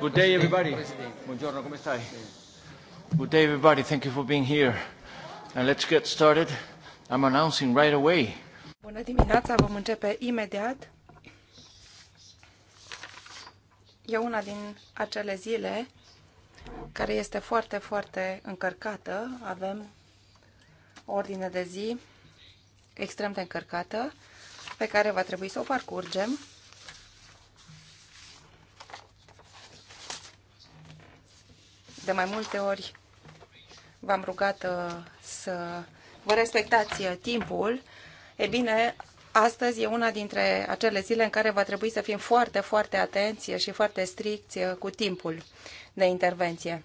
Good day, everybody. Buongiorno, come stai? Good day, everybody. Thank you for being here. And let's get started. I'm announcing right away. Bună dimineața, vom începe imediat. E una din acele zile care este foarte, foarte încărcată. Avem o ordine de zi extrem de încărcată pe care va trebui să o parcurgem. De mai multe ori v-am rugat uh, să vă respectați uh, timpul. E bine, astăzi e una dintre acele zile în care va trebui să fim foarte, foarte atenți și foarte stricți uh, cu timpul de intervenție.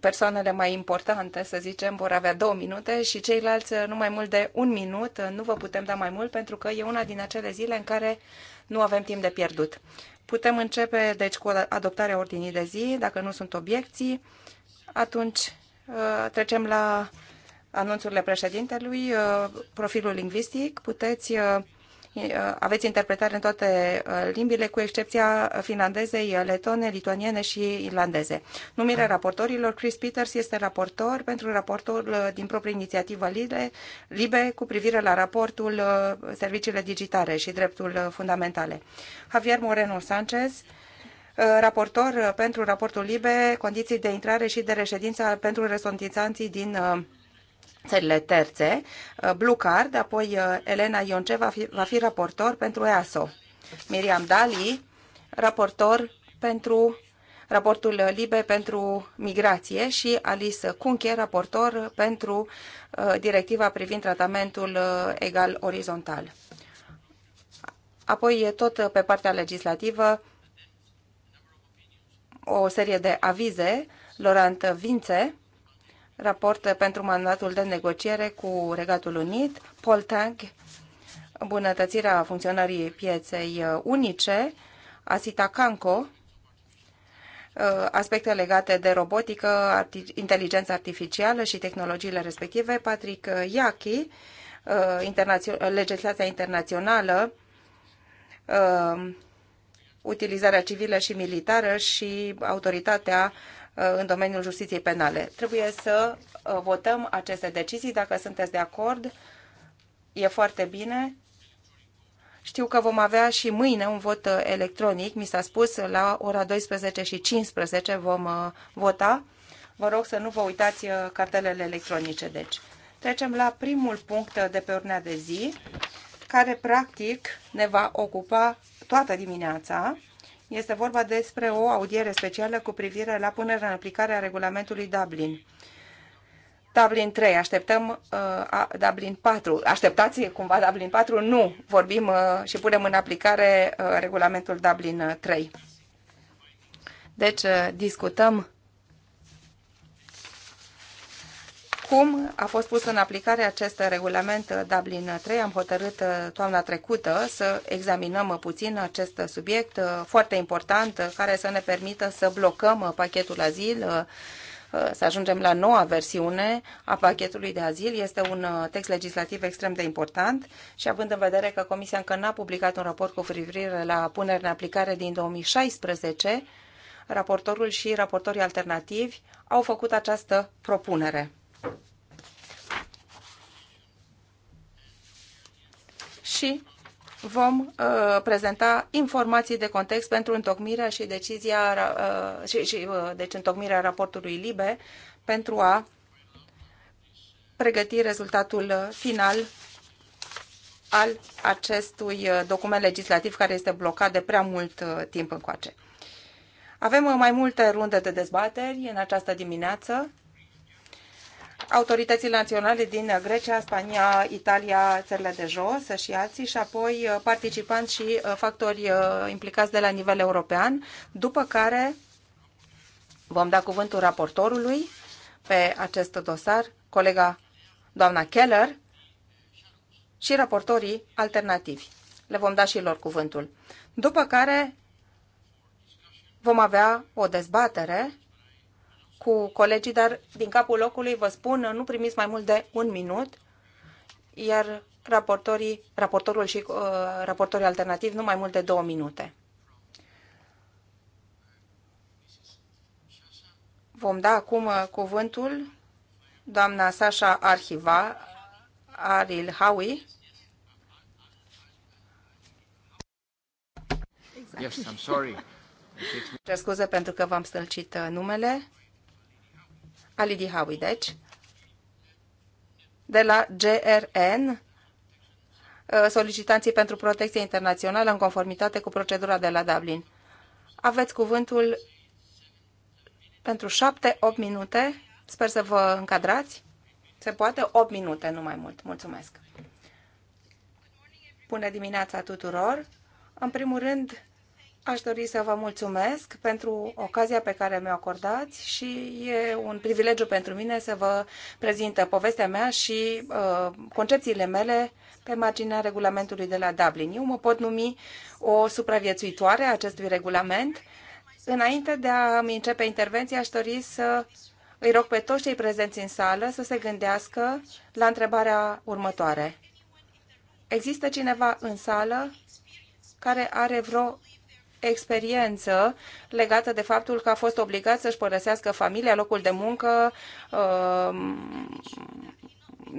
persoanele mai importante, să zicem, vor avea două minute și ceilalți nu mai mult de un minut. Nu vă putem da mai mult pentru că e una din acele zile în care nu avem timp de pierdut. Putem începe, deci, cu adoptarea ordinii de zi, dacă nu sunt obiecții. Atunci uh, trecem la anunțurile președintelui, uh, profilul lingvistic. Puteți uh, aveți interpretare în toate uh, limbile, cu excepția finlandezei, letone, lituaniene și irlandeze. Numirea raportorilor, Chris Peters este raportor pentru raportul uh, din proprie inițiativă LIBE cu privire la raportul uh, serviciile digitale și dreptul fundamentale. Javier Moreno Sanchez, raportor pentru raportul LIBE, condiții de intrare și de reședință pentru resondițanții din țările terțe, uh, Blue Card, apoi uh, Elena Ionce va fi, va fi raportor pentru EASO, Miriam Dali, raportor pentru raportul LIBE pentru migrație și Alice Cunche, raportor pentru uh, directiva privind tratamentul egal orizontal. Apoi, tot pe partea legislativă, o serie de avize, Laurent Vințe, raport pentru mandatul de negociere cu Regatul Unit, Paul Tang, îmbunătățirea funcționării pieței uh, unice, Asita Kanko, uh, aspecte legate de robotică, arti- inteligență artificială și tehnologiile respective, Patrick uh, Iachi, internațio- legislația internațională, utilizarea civilă și militară și autoritatea Uh, în domeniul justiției penale. Trebuie să uh, votăm aceste decizii dacă sunteți de acord. E foarte bine. Știu că vom avea și mâine un vot uh, electronic, mi s-a spus, la ora 12 și 15 vom vota. Vă rog să nu vă uitați cartelele electronice, deci. Trecem la primul punct de pe urnea de zi, care practic ne va ocupa toată dimineața. Este vorba despre o audiere specială cu privire la punerea în aplicare a regulamentului Dublin. Dublin 3, așteptăm uh, a, Dublin 4. Așteptați cumva Dublin 4? Nu. Vorbim uh, și punem în aplicare uh, regulamentul Dublin 3. Deci uh, discutăm cum a fost pus în aplicare acest regulament Dublin 3. Am hotărât uh, toamna trecută să examinăm puțin acest subiect uh, foarte important uh, care să ne permită să blocăm pachetul azil să ajungem la noua versiune a pachetului de azil. Este un text legislativ extrem de important și având în vedere că Comisia încă n-a publicat un raport cu privire la punerea în aplicare din 2016, raportorul și raportorii alternativi au făcut această propunere. și vom uh, prezenta informații de context pentru întocmirea și decizia uh, și, și uh, deci întocmirea raportului LIBE pentru a pregăti rezultatul final al acestui uh, document legislativ care este blocat de prea mult uh, timp încoace. Avem uh, mai multe runde de dezbateri în această dimineață autoritățile naționale din Grecia, Spania, Italia, țările de jos și alții și apoi uh, participanți și uh, factori uh, implicați de la nivel european, după care vom da cuvântul raportorului pe acest dosar, colega doamna Keller și raportorii alternativi. Le vom da și lor cuvântul. După care vom avea o dezbatere cu colegii, dar din capul locului vă spun, nu primiți mai mult de un minut, iar raportorii, raportorul și uh, raportorii alternativ, nu mai mult de două minute. Vom da acum uh, cuvântul doamna Sasha Arhiva, Aril Hawi. Yes, I'm sorry. Cer scuze pentru că v-am stălcit uh, numele. Alidi Howie, deci, de la GRN, uh, solicitanții pentru protecție internațională în conformitate cu procedura de la Dublin. Aveți cuvântul pentru 7-8 minute. Sper să vă încadrați. Se poate 8 minute, nu mai mult. Mulțumesc. Bună dimineața tuturor. În primul rând, Aș dori să vă mulțumesc pentru ocazia pe care mi-o acordați și e un privilegiu pentru mine să vă prezintă povestea mea și uh, concepțiile mele pe marginea regulamentului de la Dublin. Eu mă pot numi o supraviețuitoare a acestui regulament. Înainte de a-mi începe intervenția, aș dori să îi rog pe toți cei prezenți în sală să se gândească la întrebarea următoare. Există cineva în sală care are vreo experiență legată de faptul că a fost obligat să-și părăsească familia, locul de muncă, um,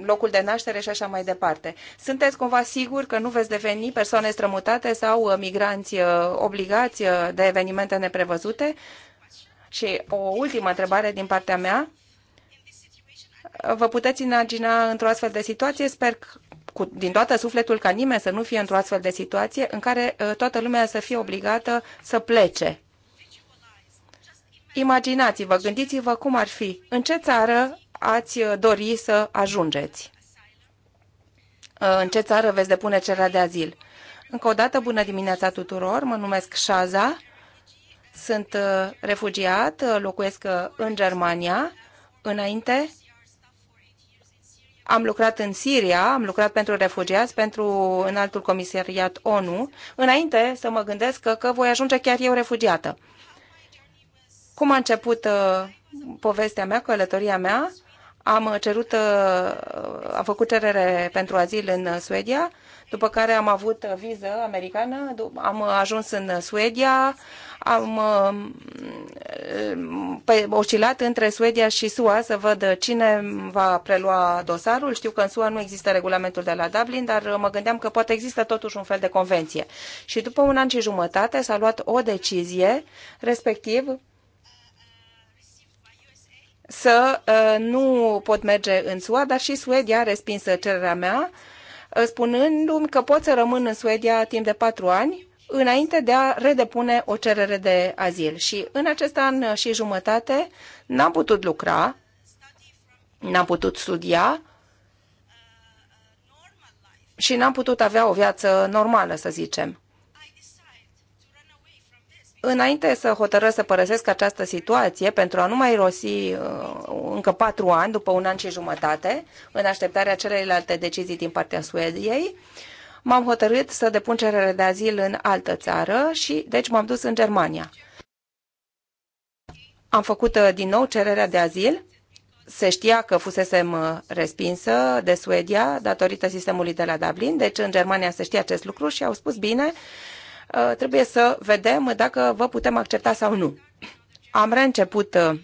locul de naștere și așa mai departe. Sunteți cumva siguri că nu veți deveni persoane strămutate sau uh, migranți uh, obligați uh, de evenimente neprevăzute? Și o ultimă întrebare din partea mea. Vă puteți imagina într-o astfel de situație? Sper cu, din toată sufletul ca nimeni să nu fie într-o astfel de situație în care uh, toată lumea să fie obligată să plece. Imaginați-vă, gândiți-vă cum ar fi, în ce țară ați uh, dori să ajungeți, uh, în ce țară veți depune cererea de azil. Încă o dată, bună dimineața tuturor, mă numesc Shaza, sunt refugiat, locuiesc în Germania. Înainte am lucrat în Siria, am lucrat pentru refugiați, pentru înaltul comisariat ONU, înainte să mă gândesc că, că voi ajunge chiar eu refugiată. Cum a început uh, povestea mea, călătoria mea? Am cerut, uh, am făcut cerere pentru azil în Suedia, după care am avut viză americană, am ajuns în Suedia, am uh, pe, oscilat între Suedia și SUA să văd cine va prelua dosarul. Știu că în SUA nu există regulamentul de la Dublin, dar mă gândeam că poate există totuși un fel de convenție. Și după un an și jumătate s-a luat o decizie, respectiv să uh, nu pot merge în SUA, dar și Suedia a respins cererea mea Uh, spunându-mi că pot să rămân în Suedia timp de patru ani înainte de a redepune o cerere de azil. Și în acest an și jumătate n-am putut lucra, n-am putut studia și n-am putut avea o viață normală, să zicem. Înainte să hotărăsc să părăsesc această situație pentru a nu mai rosi uh, încă patru ani, după un an și jumătate, în așteptarea celelalte decizii din partea Suediei, m-am hotărât să depun cerere de azil în altă țară și deci m-am dus în Germania. Am făcut uh, din nou cererea de azil. Se știa că fusesem uh, respinsă de Suedia datorită sistemului de la Dublin, deci în Germania se știa acest lucru și au spus bine, Uh, trebuie să vedem dacă vă putem accepta sau nu. Am reînceput uh,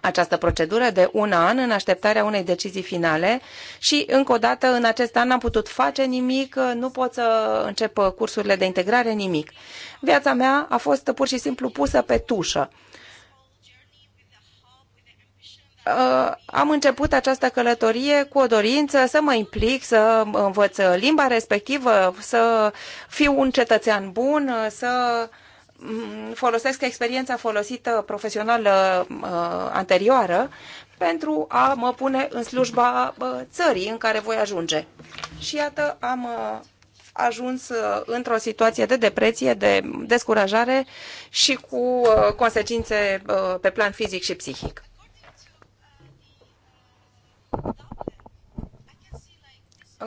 această procedură de un an în așteptarea unei decizii finale și, încă o dată, în acest an n-am putut face nimic, uh, nu pot să încep cursurile de integrare, nimic. Viața mea a fost pur și simplu pusă pe tușă Uh, am început această călătorie cu o dorință să mă implic, să învăț limba respectivă, să fiu un cetățean bun, să mm, folosesc experiența folosită profesională uh, anterioară pentru a mă pune în slujba uh, țării în care voi ajunge. Și iată, am ajuns într-o situație de depresie, de descurajare și cu consecințe pe plan fizic și psihic.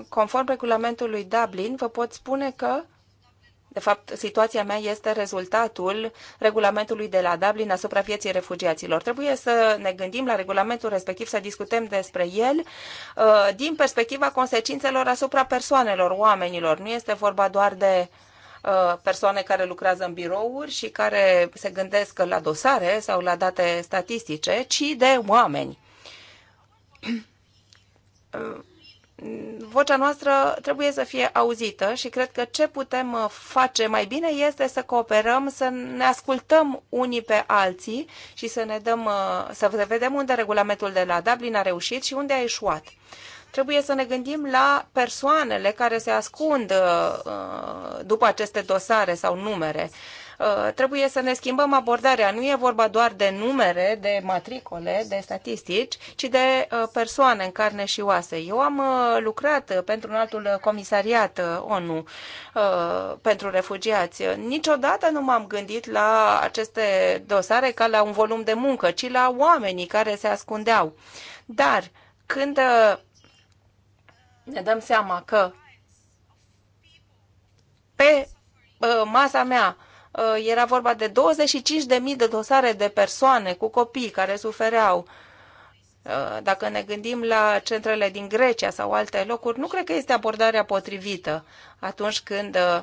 Conform regulamentului Dublin, vă pot spune că de fapt, situația mea este rezultatul regulamentului de la Dublin asupra vieții refugiaților. Trebuie să ne gândim la regulamentul respectiv, să discutăm despre el uh, din perspectiva consecințelor asupra persoanelor, oamenilor. Nu este vorba doar de uh, persoane care lucrează în birouri și care se gândesc la dosare sau la date statistice, ci de oameni. Uh, vocea noastră trebuie să fie auzită și cred că ce putem uh, face mai bine este să cooperăm, să ne ascultăm unii pe alții și să ne dăm, uh, să vedem unde regulamentul de la Dublin a reușit și unde a eșuat. Trebuie să ne gândim la persoanele care se ascund după aceste dosare sau numere. Uh, trebuie să ne schimbăm abordarea. Nu e vorba doar de numere, de matricole, de statistici, ci de uh, persoane în carne și oase. Eu am uh, lucrat pentru un altul comisariat ONU pentru refugiați. Niciodată nu m-am gândit la aceste dosare ca la un volum de muncă, ci la oamenii care se ascundeau. Dar când ne dăm seama că pe masa mea Uh, era vorba de 25.000 de dosare de persoane cu copii care sufereau. Uh, dacă ne gândim la centrele din Grecia sau alte locuri, nu cred că este abordarea potrivită atunci când uh,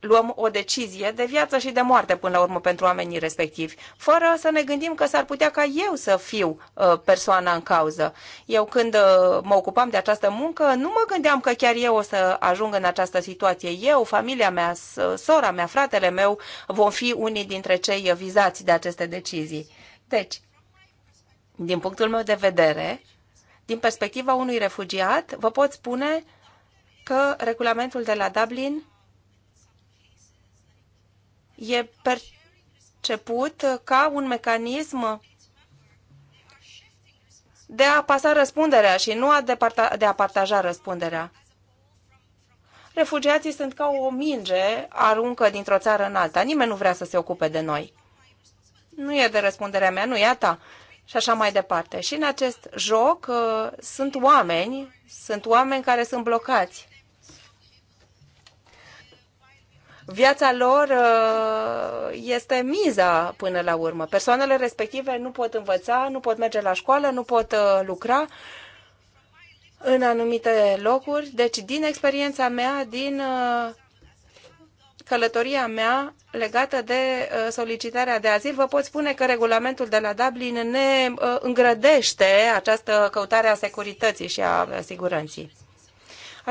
luăm o decizie de viață și de moarte până la urmă pentru oamenii respectivi, fără să ne gândim că s-ar putea ca eu să fiu uh, persoana în cauză. Eu când uh, mă ocupam de această muncă, nu mă gândeam că chiar eu o să ajung în această situație. Eu, familia mea, sora mea, fratele meu vom fi unii dintre cei vizați de aceste decizii. Deci, din punctul meu de vedere, din perspectiva unui refugiat, vă pot spune că regulamentul de la Dublin e perceput ca un mecanism de a pasa răspunderea și nu a de, de a partaja răspunderea. Refugiații sunt ca o minge aruncă dintr-o țară în alta. Nimeni nu vrea să se ocupe de noi. Nu e de răspunderea mea, nu e a ta. Și așa mai departe. Și în acest joc uh, sunt oameni, sunt oameni care sunt blocați. Viața lor uh, este miza până la urmă. Persoanele respective nu pot învăța, nu pot merge la școală, nu pot uh, lucra în anumite locuri. Deci, din experiența mea, din uh, călătoria mea legată de solicitarea de azil, vă pot spune că regulamentul de la Dublin ne îngrădește această căutare a securității și a siguranței.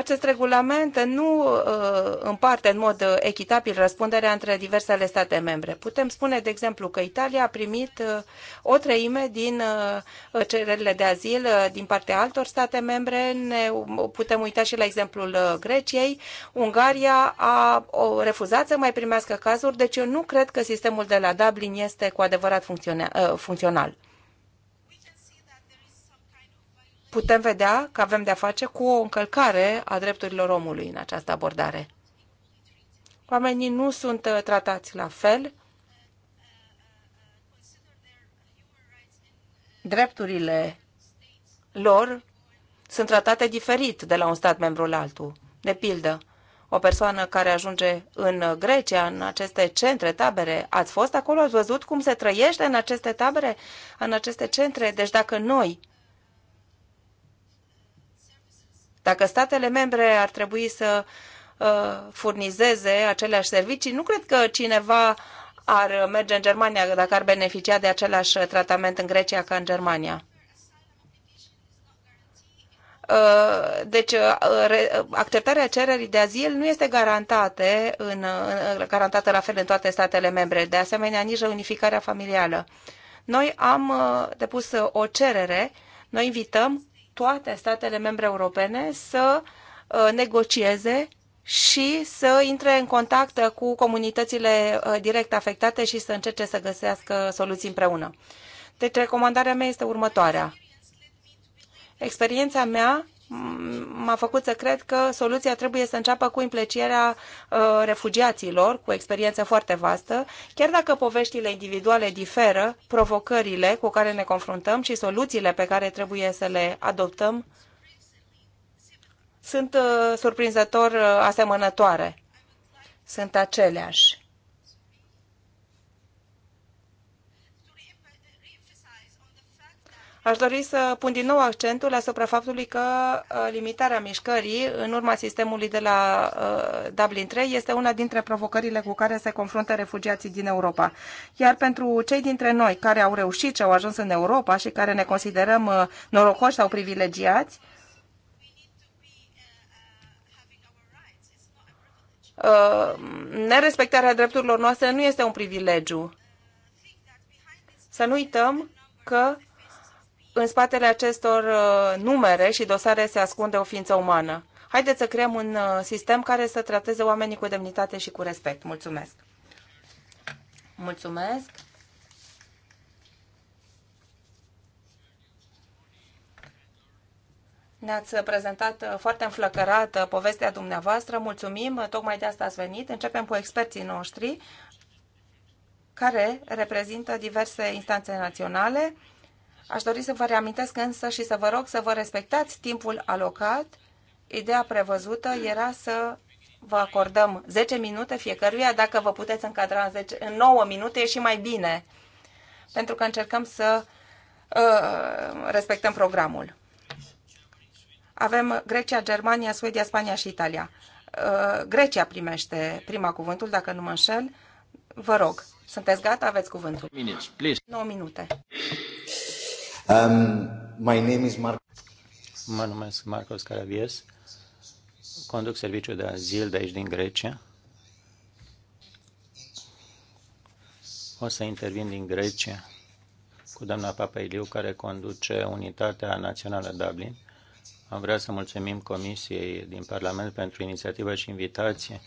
Acest regulament nu uh, împarte în mod uh, echitabil răspunderea între diversele state membre. Putem spune, de exemplu, că Italia a primit uh, o treime din cererile de azil din partea altor state membre. Ne putem uita și la exemplul Greciei. Ungaria a refuzat să mai primească cazuri, deci eu nu cred că sistemul de la Dublin este cu adevărat funcțional putem vedea că avem de-a face cu o încălcare a drepturilor omului în această abordare. Oamenii nu sunt uh, tratați la fel. Drepturile lor sunt tratate diferit de la un stat membru la altul. De pildă, o persoană care ajunge în Grecia, în aceste centre, tabere, ați fost acolo, ați văzut cum se trăiește în aceste tabere, în aceste centre? Deci dacă noi Dacă statele membre ar trebui să uh, furnizeze aceleași servicii, nu cred că cineva ar merge în Germania dacă ar beneficia de același tratament în Grecia ca în Germania. Uh, deci, uh, acceptarea cererii de azil nu este garantată, în, garantată la fel în toate statele membre, de asemenea nici reunificarea familială. Noi am depus o cerere, noi invităm toate statele membre europene să uh, negocieze și să intre în contact cu comunitățile uh, direct afectate și să încerce să găsească soluții împreună. Deci recomandarea mea este următoarea. Experiența mea m-a făcut să cred că soluția trebuie să înceapă cu implicarea uh, refugiaților, cu experiență foarte vastă, chiar dacă poveștile individuale diferă, provocările cu care ne confruntăm și soluțiile pe care trebuie să le adoptăm sunt uh, surprinzător uh, asemănătoare. Sunt aceleași. Aș dori să pun din nou accentul asupra faptului că uh, limitarea mișcării în urma sistemului de la uh, Dublin 3 este una dintre provocările cu care se confruntă refugiații din Europa. Iar pentru cei dintre noi care au reușit și au ajuns în Europa și care ne considerăm uh, norocoși sau privilegiați, nerespectarea drepturilor noastre nu este un privilegiu. Să nu uităm că în spatele acestor uh, numere și dosare se ascunde o ființă umană. Haideți să creăm un uh, sistem care să trateze oamenii cu demnitate și cu respect. Mulțumesc! Mulțumesc! Ne-ați prezentat uh, foarte înflăcărată povestea dumneavoastră. Mulțumim, tocmai de asta ați venit. Începem cu experții noștri, care reprezintă diverse instanțe naționale. Aș dori să vă reamintesc însă și să vă rog să vă respectați timpul alocat. Ideea prevăzută era să vă acordăm 10 minute fiecăruia. Dacă vă puteți încadra în, 10, în 9 minute, e și mai bine, pentru că încercăm să uh, respectăm programul. Avem Grecia, Germania, Suedia, Spania și Italia. Uh, Grecia primește prima cuvântul, dacă nu mă înșel. Vă rog, sunteți gata? Aveți cuvântul. 9 minute. Um, my name is Mar- Mă numesc Marcos Caravies, conduc serviciul de azil de aici din Grecia. O să intervin din Grecia cu doamna Iliu, care conduce Unitatea Națională Dublin. Am vrea să mulțumim Comisiei din Parlament pentru inițiativă și invitație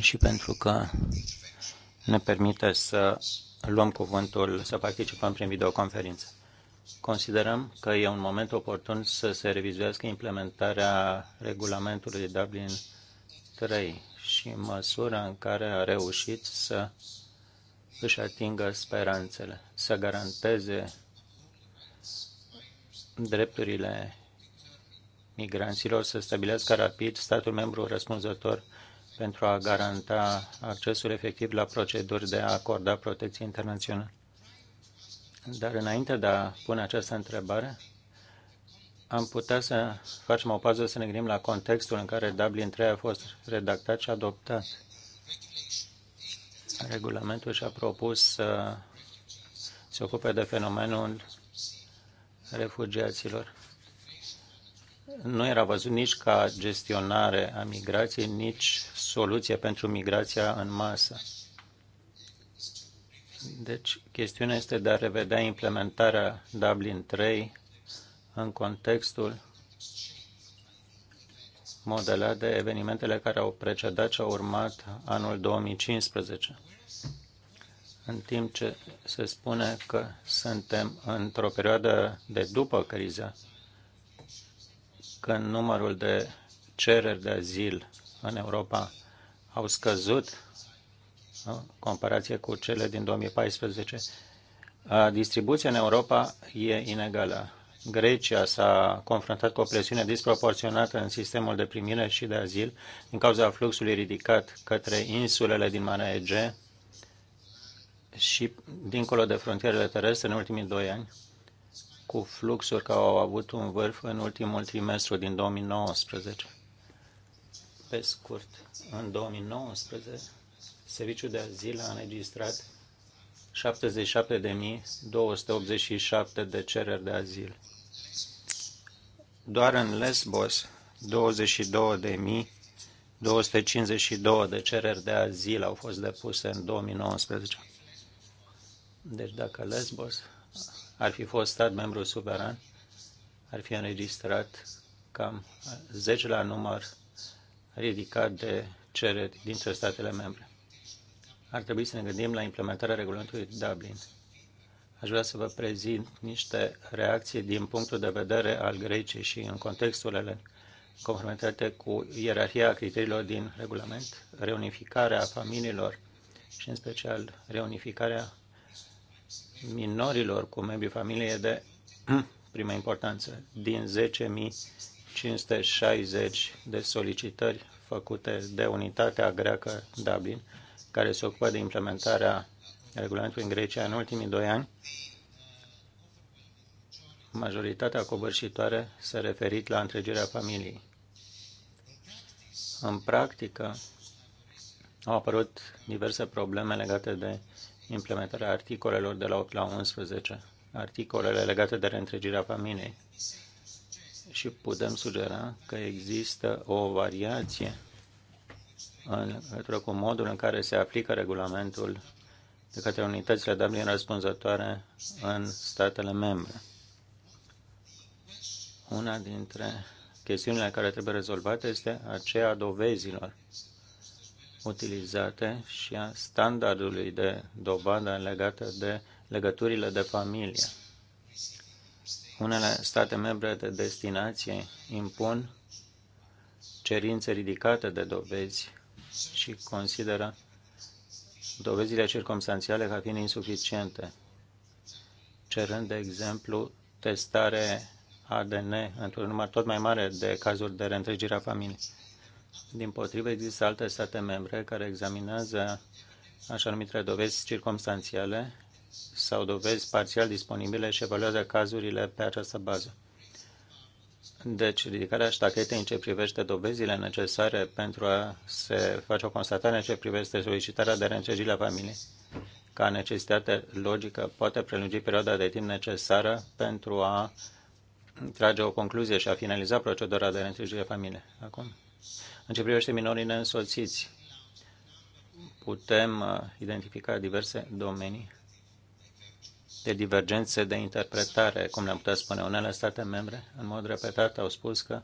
și pentru că ne permite să luăm cuvântul, să participăm prin videoconferință. Considerăm că e un moment oportun să se revizuiască implementarea regulamentului Dublin 3 și măsura în care a reușit să își atingă speranțele, să garanteze drepturile migranților, să stabilească rapid statul membru răspunzător pentru a garanta accesul efectiv la proceduri de a acorda protecție internațională. Dar înainte de a pune această întrebare, am putea să facem o pauză să ne gândim la contextul în care Dublin 3 a fost redactat și adoptat. Regulamentul și-a propus să se ocupe de fenomenul refugiaților. Nu era văzut nici ca gestionare a migrației, nici soluție pentru migrația în masă. Deci, chestiunea este de a revedea implementarea Dublin 3 în contextul modelat de evenimentele care au precedat și au urmat anul 2015. În timp ce se spune că suntem într-o perioadă de după criză, când numărul de cereri de azil în Europa au scăzut în comparație cu cele din 2014. Distribuția în Europa e inegală. Grecia s-a confruntat cu o presiune disproporționată în sistemul de primire și de azil din cauza fluxului ridicat către insulele din Marea Ege și dincolo de frontierele terestre în ultimii doi ani, cu fluxuri care au avut un vârf în ultimul trimestru din 2019. Pe scurt, în 2019 Serviciul de azil a înregistrat 77.287 de cereri de azil. Doar în Lesbos, 22.252 de cereri de azil au fost depuse în 2019. Deci dacă Lesbos ar fi fost stat membru suveran, ar fi înregistrat cam 10 la număr ridicat de cereri dintre statele membre ar trebui să ne gândim la implementarea regulamentului Dublin. Aș vrea să vă prezint niște reacții din punctul de vedere al Greciei și în contextul ele conformitate cu ierarhia criteriilor din regulament, reunificarea familiilor și în special reunificarea minorilor cu membrii familiei de prima importanță. Din 10.560 de solicitări făcute de unitatea greacă Dublin, care se ocupă de implementarea regulamentului în Grecia în ultimii doi ani, majoritatea covârșitoare s-a referit la întregirea familiei. În practică, au apărut diverse probleme legate de implementarea articolelor de la 8 la 11, articolele legate de reîntregirea familiei. Și putem sugera că există o variație în legătură cu modul în care se aplică regulamentul de către unitățile Dublin răspunzătoare în statele membre. Una dintre chestiunile care trebuie rezolvate este aceea dovezilor utilizate și a standardului de dovadă legată de legăturile de familie. Unele state membre de destinație impun cerințe ridicate de dovezi și consideră dovezile circumstanțiale ca fiind insuficiente, cerând, de exemplu, testare ADN într-un număr tot mai mare de cazuri de reîntregire a familiei. Din potrivă, există alte state membre care examinează așa numitele dovezi circumstanțiale sau dovezi parțial disponibile și evaluează cazurile pe această bază. Deci, ridicarea ștachetei în ce privește dovezile necesare pentru a se face o constatare în ce privește solicitarea de reîntregiri la familie, ca necesitate logică, poate prelungi perioada de timp necesară pentru a trage o concluzie și a finaliza procedura de reîntregire familie. Acum, în ce privește minorii neînsoțiți, putem uh, identifica diverse domenii de divergențe de interpretare, cum le-am putea spune. Unele state membre, în mod repetat, au spus că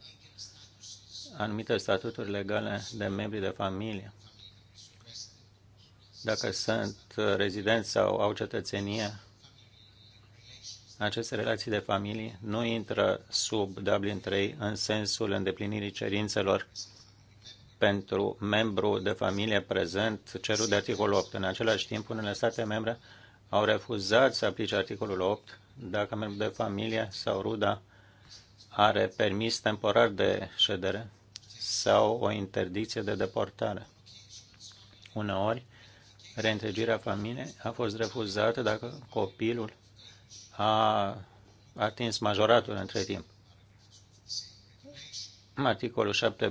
anumite statuturi legale de membri de familie, dacă sunt rezidenți sau au cetățenie, aceste relații de familie nu intră sub Dublin 3 în sensul îndeplinirii cerințelor pentru membru de familie prezent cerut de articolul 8. În același timp, unele state membre au refuzat să aplice articolul 8 dacă membrul de familie sau ruda are permis temporar de ședere sau o interdicție de deportare. Uneori, reîntregirea familiei a fost refuzată dacă copilul a atins majoratul între timp. Articolul 7.2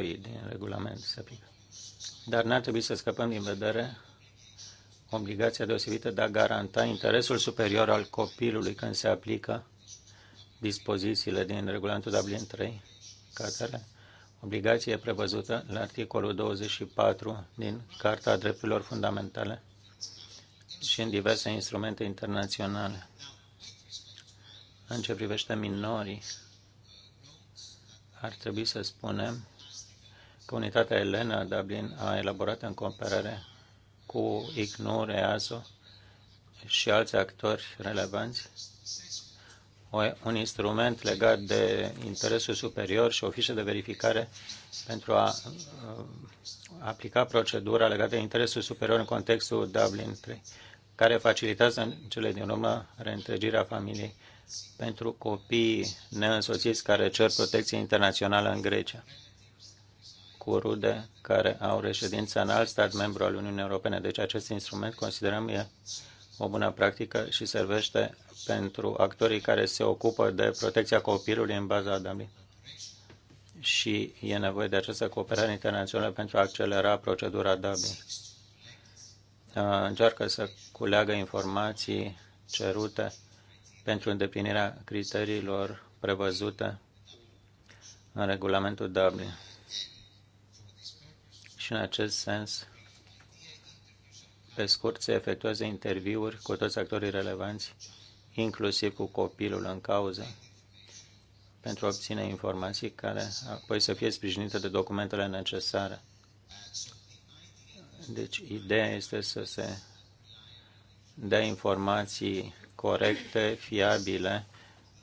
din regulament se aplică. Dar n-ar trebui să scăpăm din vedere obligația deosebită de a garanta interesul superior al copilului când se aplică dispozițiile din regulamentul Dublin 3, care obligație prevăzută la articolul 24 din Carta Drepturilor Fundamentale și în diverse instrumente internaționale. În ce privește minorii, ar trebui să spunem că unitatea Elena Dublin a elaborat în comparare cu Ignor EASO și alți actori relevanți, un instrument legat de interesul superior și o fișă de verificare pentru a uh, aplica procedura legată de interesul superior în contextul Dublin 3, care facilitează în cele din urmă reîntregirea familiei pentru copii neînsoțiți care cer protecție internațională în Grecia cu rude care au reședință în alt stat membru al Uniunii Europene. Deci acest instrument considerăm e o bună practică și servește pentru actorii care se ocupă de protecția copilului în baza Dublin. Și e nevoie de această cooperare internațională pentru a accelera procedura Dublin. Încearcă să culeagă informații cerute pentru îndeplinirea criteriilor prevăzute în regulamentul Dublin și în acest sens, pe scurt, se efectuează interviuri cu toți actorii relevanți, inclusiv cu copilul în cauză, pentru a obține informații care apoi să fie sprijinite de documentele necesare. Deci, ideea este să se dea informații corecte, fiabile,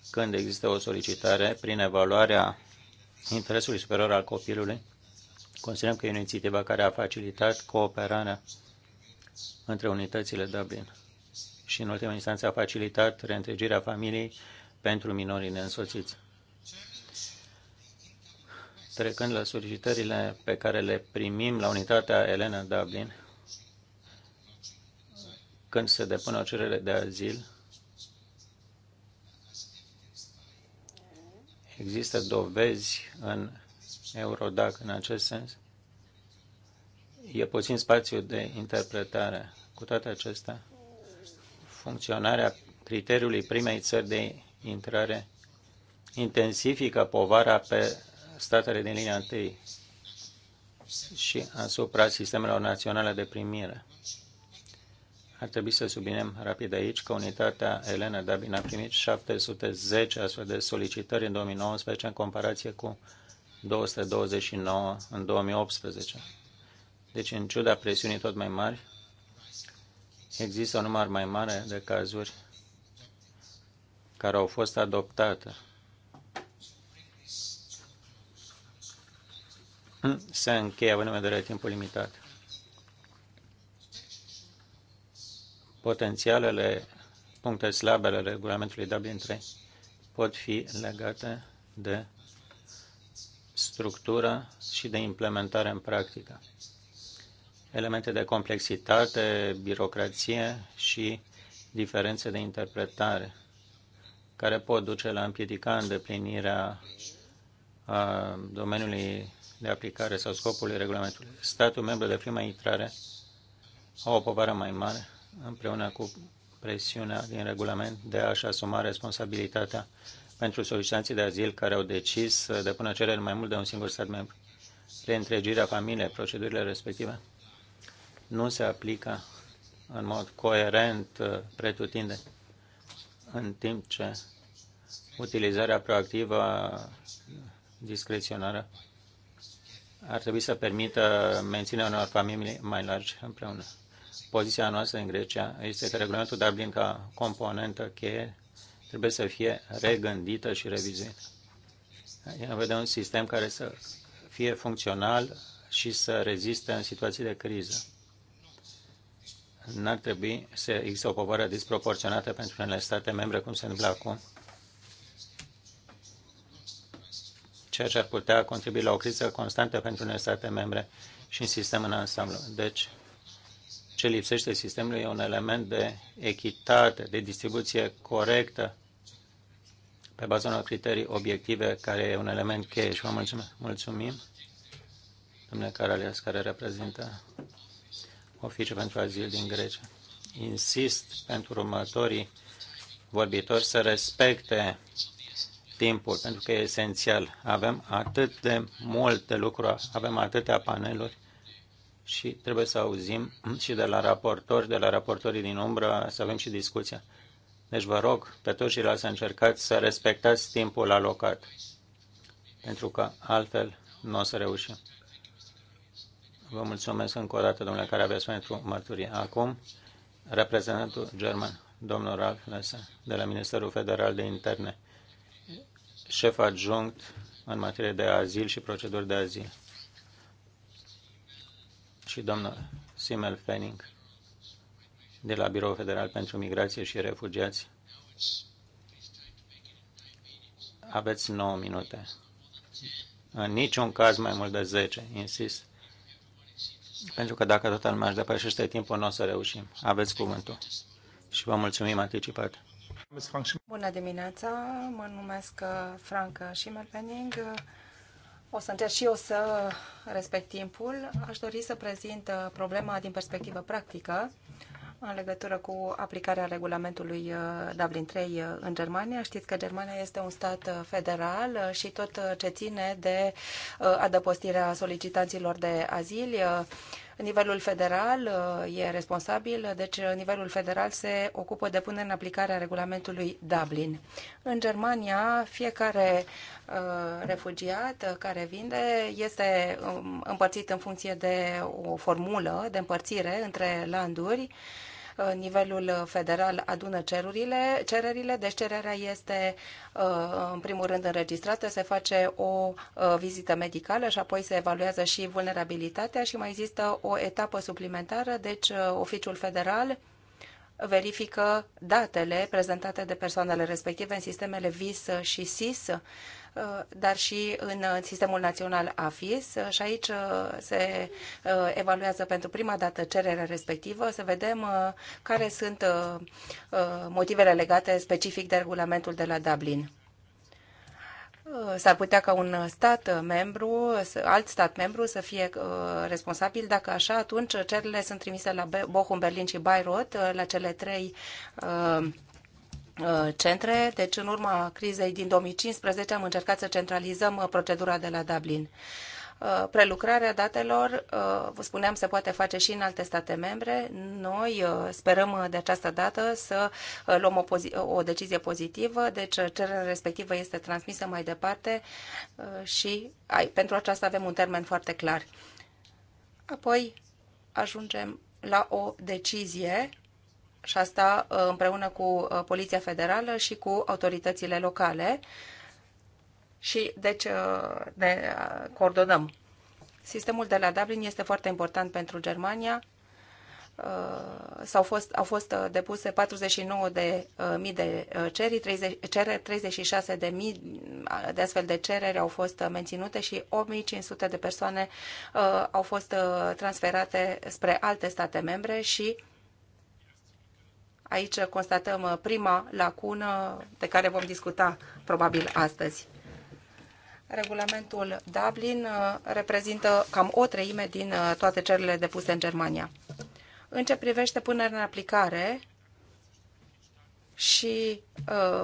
când există o solicitare prin evaluarea interesului superior al copilului Considerăm că e o inițiativă care a facilitat cooperarea între unitățile Dublin și, în ultima instanță, a facilitat reîntregirea familiei pentru minorii neînsoțiți. Trecând la solicitările pe care le primim la unitatea Elena Dublin, când se depune o cerere de azil, există dovezi în Eurodac în acest sens. E puțin spațiu de interpretare. Cu toate acestea, funcționarea criteriului primei țări de intrare intensifică povara pe statele din linia întâi și asupra sistemelor naționale de primire. Ar trebui să subliniem rapid aici că unitatea Elena Dabin a primit 710 astfel de solicitări în 2019 în comparație cu 229 în 2018. Deci, în ciuda presiunii tot mai mari, există un număr mai mare de cazuri care au fost adoptate. Se încheie având în vedere timpul limitat. Potențialele puncte slabe ale regulamentului Dublin 3 pot fi legate de structură și de implementare în practică. Elemente de complexitate, birocrație și diferențe de interpretare care pot duce la împiedica îndeplinirea a domeniului de aplicare sau scopului regulamentului. Statul membru de prima intrare au o povară mai mare împreună cu presiunea din regulament de a-și asuma responsabilitatea pentru solicitanții de azil care au decis să depună cerere în mai mult de un singur stat membru. Reîntregirea familiei, procedurile respective, nu se aplică în mod coerent uh, pretutinde, în timp ce utilizarea proactivă discreționară ar trebui să permită menținerea unor familii mai largi împreună. Poziția noastră în Grecia este că regulamentul Dublin ca componentă cheie trebuie să fie regândită și revizuită. Vedem un sistem care să fie funcțional și să reziste în situații de criză. N-ar trebui să există o povară disproporționată pentru unele state membre, cum se întâmplă acum, ceea ce ar putea contribui la o criză constantă pentru unele state membre și în sistem în ansamblu. Deci, ce lipsește sistemului e un element de echitate, de distribuție corectă pe baza unor criterii obiective, care e un element cheie și vă mulțumim. Mulțumim, domnule care reprezintă Oficiul pentru Azil din Grecia. Insist pentru următorii vorbitori să respecte timpul, pentru că e esențial. Avem atât de multe lucruri, avem atâtea paneluri și trebuie să auzim și de la raportori, de la raportorii din umbră, să avem și discuția. Deci vă rog pe toți ceilalți să încercați să respectați timpul alocat, pentru că altfel nu o să reușim. Vă mulțumesc încă o dată, domnule Carabias, pentru mărturie. Acum, reprezentantul german, domnul Ralf Lese, de la Ministerul Federal de Interne, șef adjunct în materie de azil și proceduri de azil, și domnul Simel Fenning, de la Biroul Federal pentru Migrație și Refugiați. Aveți 9 minute. În niciun caz mai mult de 10, insist. Pentru că dacă toată lumea își depășește timpul, nu o să reușim. Aveți cuvântul. Și vă mulțumim anticipat. Bună dimineața, mă numesc uh, Franca Schimmelpenning. O să încerc și eu să respect timpul. Aș dori să prezint uh, problema din perspectivă practică în legătură cu aplicarea regulamentului uh, Dublin 3 uh, în Germania. Știți că Germania este un stat uh, federal și tot ce ține de adăpostirea solicitanților de azil nivelul federal e responsabil, deci nivelul federal se ocupă de punerea în aplicare a regulamentului Dublin. În Germania, fiecare refugiat care vinde este um, împărțit în funcție de o formulă de împărțire între landuri Uh, nivelul federal adună cerurile, cererile, deci cererea este uh, în primul rând înregistrată, se face o uh, vizită medicală și apoi se evaluează și vulnerabilitatea și mai există o etapă suplimentară, deci oficiul federal verifică datele prezentate de persoanele respective în sistemele VIS și SIS Uh, dar și în uh, sistemul național AFIS uh, și aici se evaluează pentru prima dată cererea respectivă, să vedem care sunt motivele legate specific de regulamentul de la Dublin. S-ar putea ca un stat membru, alt stat membru să fie responsabil, dacă așa, atunci cererile sunt trimise la Bochum, Berlin și Bayreuth, la cele trei Uh, centre. Deci, în urma crizei din 2015, am încercat să centralizăm uh, procedura de la Dublin. Uh, prelucrarea datelor, vă spuneam, se poate face și în alte state membre. Noi sperăm de această dată să luăm o, pozi- o decizie pozitivă, deci cererea respectivă este transmisă mai departe și ai, pentru aceasta avem un termen foarte clar. Apoi ajungem la o decizie și asta uh, împreună cu uh, Poliția Federală și cu autoritățile locale. Și deci uh, ne coordonăm. Sistemul de la Dublin este foarte important pentru Germania. S-au fost, au fost depuse 49 de mii de cereri, 30, cere, 36 de mii de astfel de cereri au fost menținute și 8500 de persoane au fost transferate spre alte state membre și Aici constatăm uh, prima lacună de care vom discuta probabil astăzi. Regulamentul Dublin uh, reprezintă cam o treime din uh, toate cererile depuse în Germania. În ce privește punerea în aplicare și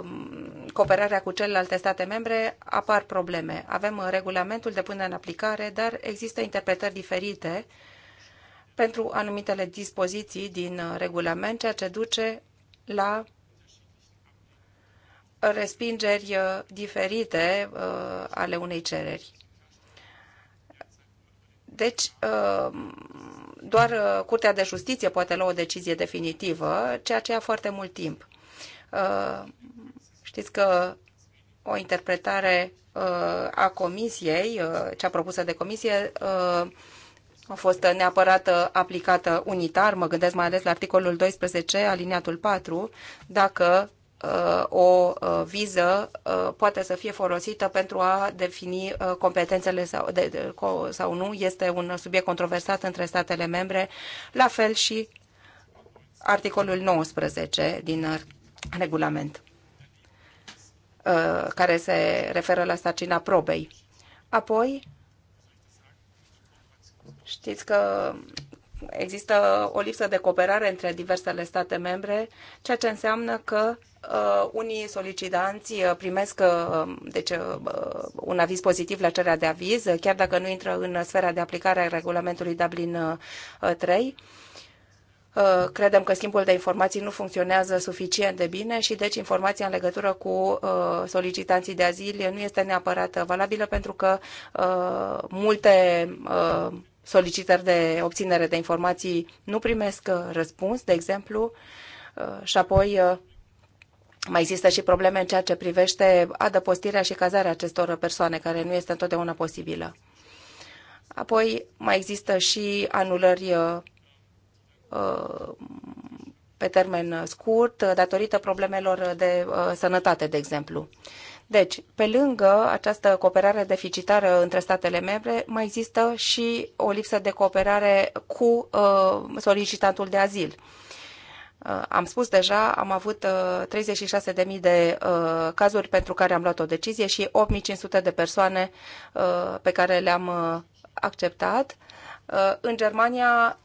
um, cooperarea cu celelalte state membre, apar probleme. Avem regulamentul de punere în aplicare, dar există interpretări diferite uh, pentru anumitele dispoziții din uh, regulament, ceea ce duce la respingeri uh, diferite uh, ale unei cereri. Deci, doar Curtea de Justiție poate lua o decizie definitivă, ceea ce ia foarte mult timp. Știți că o interpretare a comisiei, cea propusă de comisie, a fost neapărat uh, aplicată unitar, mă gândesc mai ales la articolul 12, aliniatul 4, dacă uh, o uh, viză poate să fie folosită pentru a defini competențele sau, de, de, sau nu. Este un subiect controversat între statele membre, la fel și articolul 19 din regulament, care se referă la sarcina probei. Apoi, Știți că există o lipsă de cooperare între diversele state membre, ceea ce înseamnă că uh, unii solicitanți uh, primesc uh, deci, uh, un aviz pozitiv la cererea de aviz, uh, chiar dacă nu intră în sfera de aplicare a regulamentului Dublin 3. Uh, credem că schimbul de informații nu funcționează suficient de bine și deci informația în legătură cu solicitanții de azil nu este neapărat valabilă pentru că multe solicitări de obținere de informații nu primesc uh, răspuns, de exemplu, uh, și apoi uh, mai există și probleme în ceea ce privește adăpostirea și cazarea acestor persoane, care nu este întotdeauna posibilă. Apoi mai există și anulări pe termen scurt, datorită problemelor de sănătate, de exemplu. Deci, pe lângă această cooperare deficitară între statele membre, mai există și o lipsă de cooperare cu uh, solicitantul de azil. Uh, am spus deja, am avut 36.000 uh, de uh, cazuri pentru care am luat o decizie și 8.500 de persoane pe care le-am acceptat. În Germania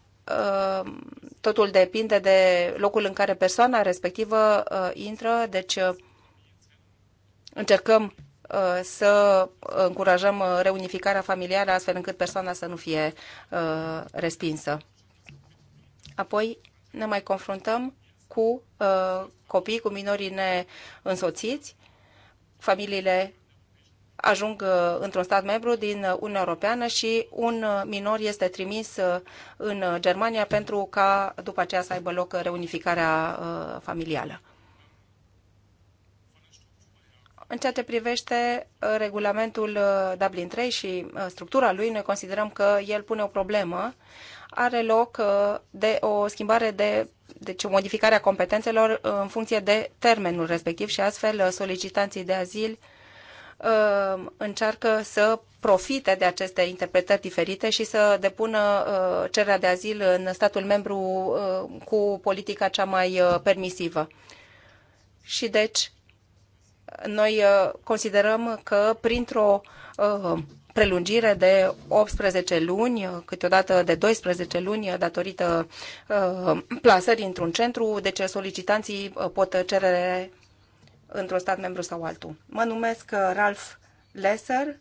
totul depinde de locul în care persoana respectivă intră, deci Încercăm uh, să încurajăm uh, reunificarea familială astfel încât persoana să nu fie uh, respinsă. Apoi ne mai confruntăm cu copii, cu minorii neînsoțiți. Familiile ajung într-un stat membru din Uniunea Europeană și un minor este trimis în Germania pentru ca după aceea să aibă loc reunificarea familială. În ceea ce privește uh, regulamentul uh, Dublin 3 și uh, structura lui, noi considerăm că el pune o problemă. Are loc de o schimbare de deci o modificare a competențelor în funcție de termenul respectiv și astfel solicitanții de azil încearcă să profite de aceste interpretări diferite și să depună cererea de azil în statul membru cu politica cea mai permisivă. Și deci noi uh, considerăm că printr-o uh, prelungire de 18 luni, uh, câteodată de 12 luni, datorită plasării într-un centru, deci solicitanții pot cere într-un stat membru sau altul. Mă numesc Ralph Lesser,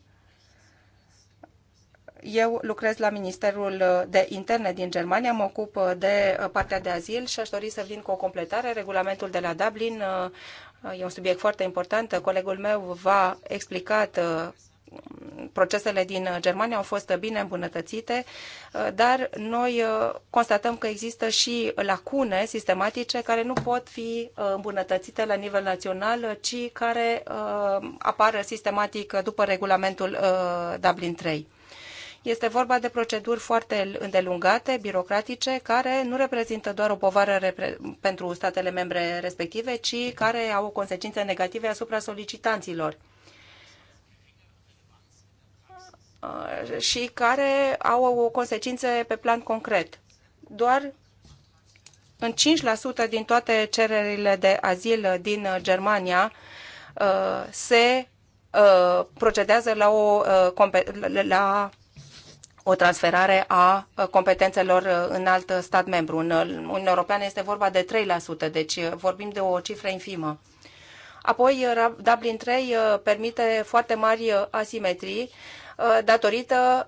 eu lucrez la Ministerul de Interne din Germania, mă ocup de partea de azil și aș dori să vin cu o completare. Regulamentul de la Dublin E un subiect foarte important. Colegul meu v-a explicat uh, procesele din Germania au fost bine îmbunătățite, uh, dar noi uh, constatăm că există și lacune sistematice care nu pot fi îmbunătățite la nivel național, ci care apar sistematic după regulamentul Dublin 3. Este vorba de proceduri foarte îndelungate, birocratice, care nu reprezintă doar o povară repre pentru statele membre respective, ci care au consecințe negative asupra solicitanților uh, și care au o consecință pe plan concret. Doar în 5% din toate cererile de azil din Germania uh, se uh, procedează la o la o transferare a competențelor în alt stat membru. În Uniunea Europeană este vorba de 3%, deci vorbim de o cifră infimă. Apoi, Dublin 3 permite foarte mari asimetrii datorită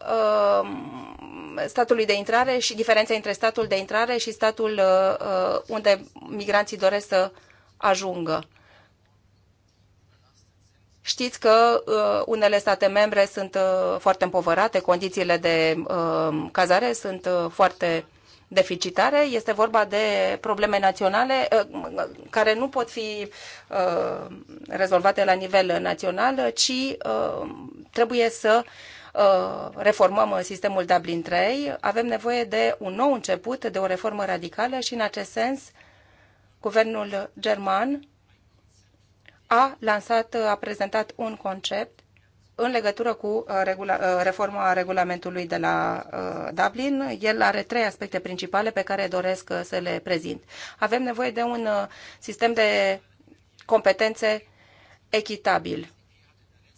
statului de intrare și diferența între statul de intrare și statul unde migranții doresc să ajungă. Știți că uh, unele state membre sunt uh, foarte împovărate, condițiile de uh, cazare sunt uh, foarte deficitare. Este vorba de probleme naționale uh, care nu pot fi uh, rezolvate la nivel național, ci uh, trebuie să uh, reformăm sistemul Dublin 3. Avem nevoie de un nou început, de o reformă radicală și în acest sens guvernul german a lansat, a prezentat un concept în legătură cu uh, regula, uh, reforma regulamentului de la uh, Dublin. El are trei aspecte principale pe care doresc să le prezint. Avem nevoie de un sistem de competențe echitabil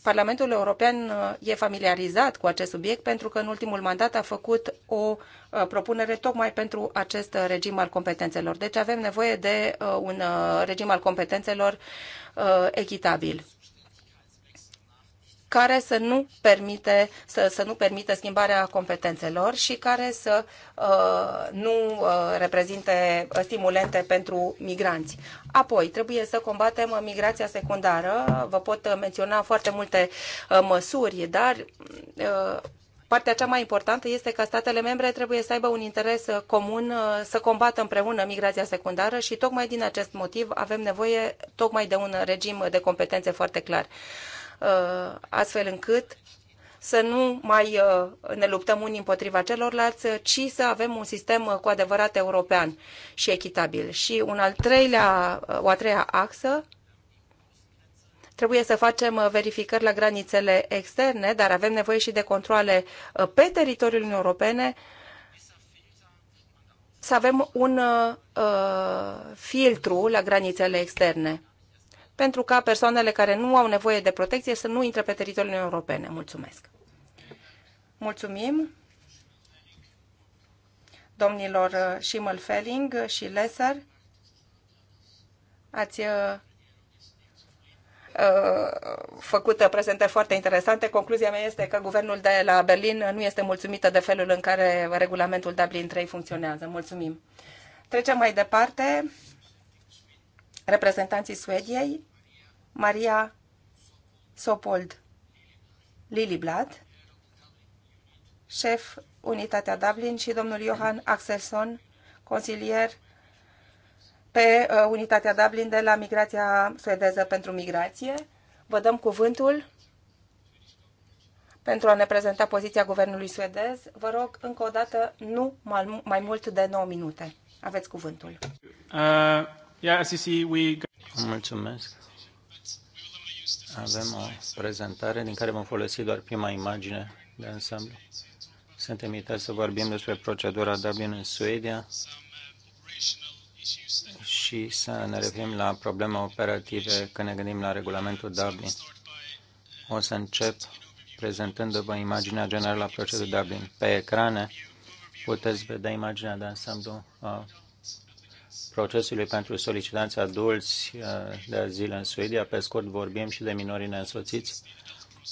Parlamentul European uh, e familiarizat cu acest subiect pentru că în ultimul mandat a făcut o uh, propunere tocmai pentru acest uh, regim al competențelor. Deci avem nevoie de un regim al competențelor echitabil care să nu, permite, să, să nu permită schimbarea competențelor și care să uh, nu uh, reprezinte stimulente pentru migranți. Apoi, trebuie să combatem migrația secundară. Vă pot menționa foarte multe uh, măsuri, dar uh, Partea cea mai importantă este că statele membre trebuie să aibă un interes uh, comun uh, să combată împreună migrația secundară și tocmai din acest motiv avem nevoie tocmai de un regim de competențe foarte clar. Uh, astfel încât să nu mai uh, ne luptăm unii împotriva celorlalți, ci să avem un sistem uh, cu adevărat european și echitabil. Și un al treilea, o a treia axă, trebuie să facem verificări la granițele externe, dar avem nevoie și de controle pe teritoriul Uniunii Europene, să avem un uh, filtru la granițele externe pentru ca persoanele care nu au nevoie de protecție să nu intre pe teritoriul Uniunii Europene. Mulțumesc! Mulțumim domnilor uh, Schimmelfelling uh, și Lesser. Ați uh, făcut prezentări foarte interesante. Concluzia mea este că guvernul de la Berlin nu este mulțumită de felul în care regulamentul Dublin 3 funcționează. Mulțumim! Trecem mai departe reprezentanții Suediei, Maria Sopold Liliblad, șef Unitatea Dublin și domnul Johan Axelson, consilier pe uh, Unitatea Dublin de la Migrația Suedeză pentru Migrație. Vă dăm cuvântul pentru a ne prezenta poziția guvernului suedez. Vă rog, încă o dată, nu mai mult de 9 minute. Aveți cuvântul. Uh... Yeah, as you see, we... Mulțumesc. Avem o prezentare din care vom folosi doar prima imagine de ansamblu. Suntem invitați să vorbim despre procedura Dublin în Suedia și să ne referim la probleme operative când ne gândim la regulamentul Dublin. O să încep prezentându-vă imaginea generală a procedurii Dublin. Pe ecrane puteți vedea imaginea de ansamblu a procesului pentru solicitanți adulți uh, de azil în Suedia. Pe scurt, vorbim și de minorii neînsoțiți,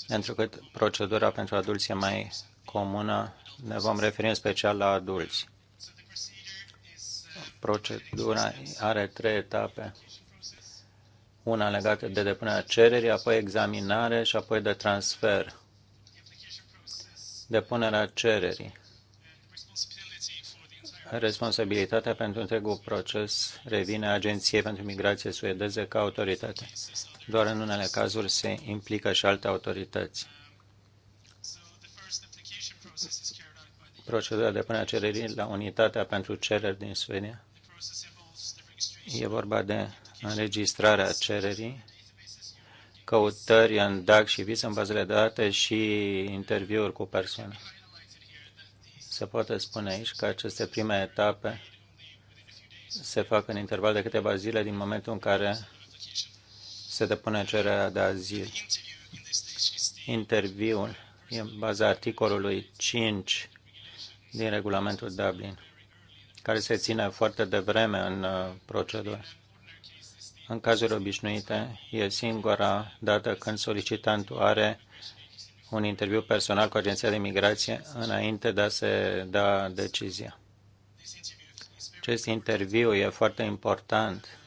pentru că procedura pentru adulți e mai comună. Ne vom referi în special la adulți. Procedura are trei etape. Una legată de depunerea cererii, apoi examinare și apoi de transfer. Depunerea cererii responsabilitatea pentru întregul proces revine Agenției pentru Migrație suedeze ca autoritate. Doar în unele cazuri se implică și alte autorități. Procedura de până a cererii la unitatea pentru cereri din Suedia. E vorba de înregistrarea cererii, căutări în DAC și vis în bazele de date și interviuri cu persoane. Se poate spune aici că aceste prime etape se fac în interval de câteva zile din momentul în care se depune cererea de azil. Interviul e în baza articolului 5 din regulamentul Dublin, care se ține foarte devreme în uh, procedură. În cazuri obișnuite, e singura dată când solicitantul are un interviu personal cu Agenția de Migrație înainte de a se da decizia. Acest interviu e foarte important.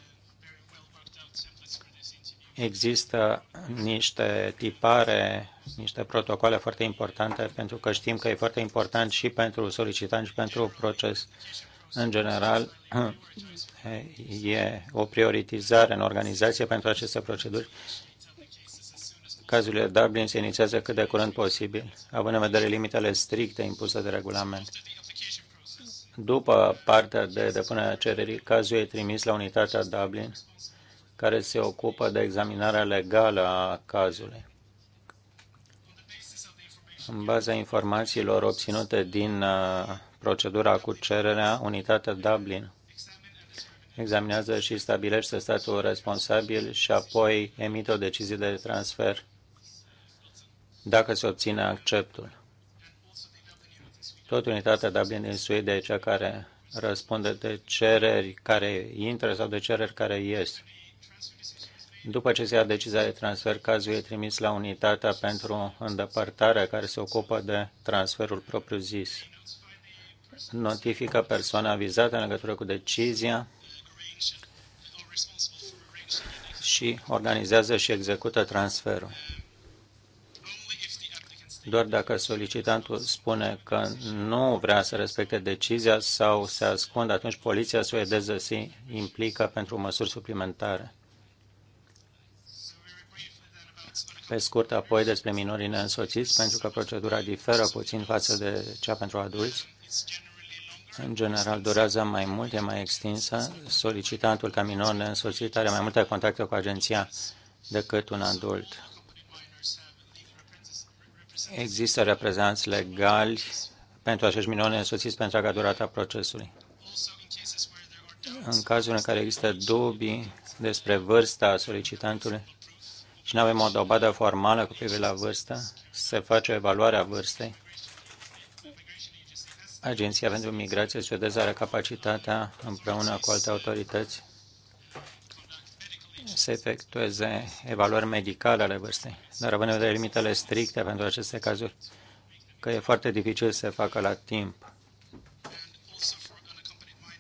Există niște tipare, niște protocoale foarte importante pentru că știm că e foarte important și pentru solicitant și pentru proces. În general, e o prioritizare în organizație pentru aceste proceduri Cazurile Dublin se inițiază cât de curând posibil, având în vedere limitele stricte impuse de regulament. După partea de depunere a cererii, cazul e trimis la unitatea Dublin, care se ocupă de examinarea legală a cazului. În baza informațiilor obținute din uh, procedura cu cererea, unitatea Dublin examinează și stabilește statul responsabil și apoi emite o decizie de transfer dacă se obține acceptul. Tot unitatea Dublin din Suedia e cea care răspunde de cereri care intră sau de cereri care ies. După ce se ia decizia de transfer, cazul e trimis la unitatea pentru îndepărtare care se ocupă de transferul propriu-zis. Notifică persoana vizată în legătură cu decizia și organizează și execută transferul doar dacă solicitantul spune că nu vrea să respecte decizia sau se ascunde, atunci poliția suedeză se implică pentru măsuri suplimentare. Pe scurt, apoi despre minorii neînsoțiți, pentru că procedura diferă puțin față de cea pentru adulți. În general, durează mai mult, e mai extinsă. Solicitantul ca minor neînsoțit are mai multe contacte cu agenția decât un adult există reprezentanți legali pentru acești minori însoțiți pe întreaga durata procesului. În cazul în care există dubii despre vârsta solicitantului și nu avem o dobadă formală cu privire la vârstă, se face evaluarea vârstei. Agenția pentru Migrație Suedeză are capacitatea, împreună cu alte autorități, se efectueze evaluări medicale ale vârstei, dar având de limitele stricte pentru aceste cazuri, că e foarte dificil să se facă la timp.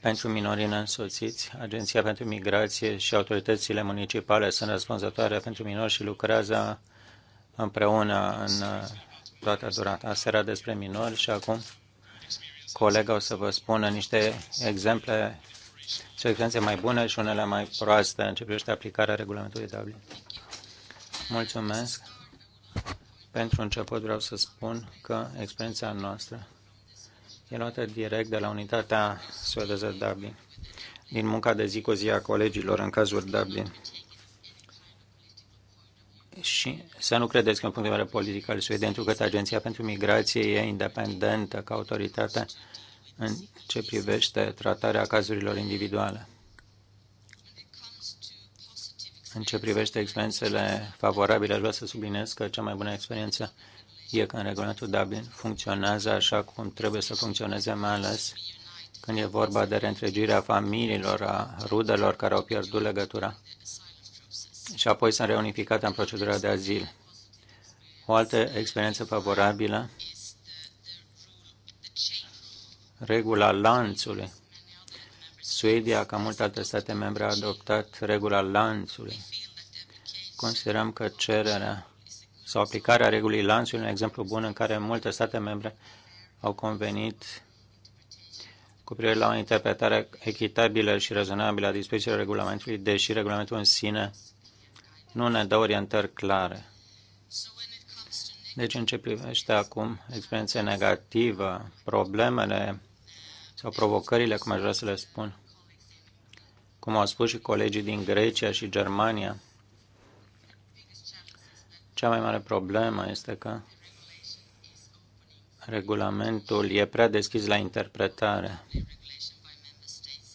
Pentru minorii însoțiți, Agenția pentru Migrație și autoritățile municipale sunt răspunzătoare pentru minori și lucrează împreună în uh, toată durata. Asta era despre minori și acum colega o să vă spună niște exemple secvențe mai bune și unele mai proaste în ce privește aplicarea regulamentului Dublin. Mulțumesc. Pentru început vreau să spun că experiența noastră e luată direct de la unitatea suedeză Dublin, din munca de zi cu zi a colegilor în cazul Dublin. Și să nu credeți că în punct de vedere politic al Suediei, pentru că agenția pentru migrație e independentă ca autoritate în ce privește tratarea cazurilor individuale. În ce privește experiențele favorabile, aș vrea să subliniez că cea mai bună experiență e că în regulamentul Dublin funcționează așa cum trebuie să funcționeze, mai ales când e vorba de reîntregirea familiilor, a rudelor care au pierdut legătura și apoi sunt reunificate în procedura de azil. O altă experiență favorabilă regula lanțului. Suedia, ca multe alte state membre, a adoptat regula lanțului. Considerăm că cererea sau aplicarea regulii lanțului un exemplu bun în care multe state membre au convenit cu privire la o interpretare echitabilă și rezonabilă a dispozițiilor regulamentului, deși regulamentul în sine nu ne dă orientări clare. Deci, în ce privește acum experiența negativă, problemele sau provocările, cum aș vrea să le spun, cum au spus și colegii din Grecia și Germania, cea mai mare problemă este că regulamentul e prea deschis la interpretare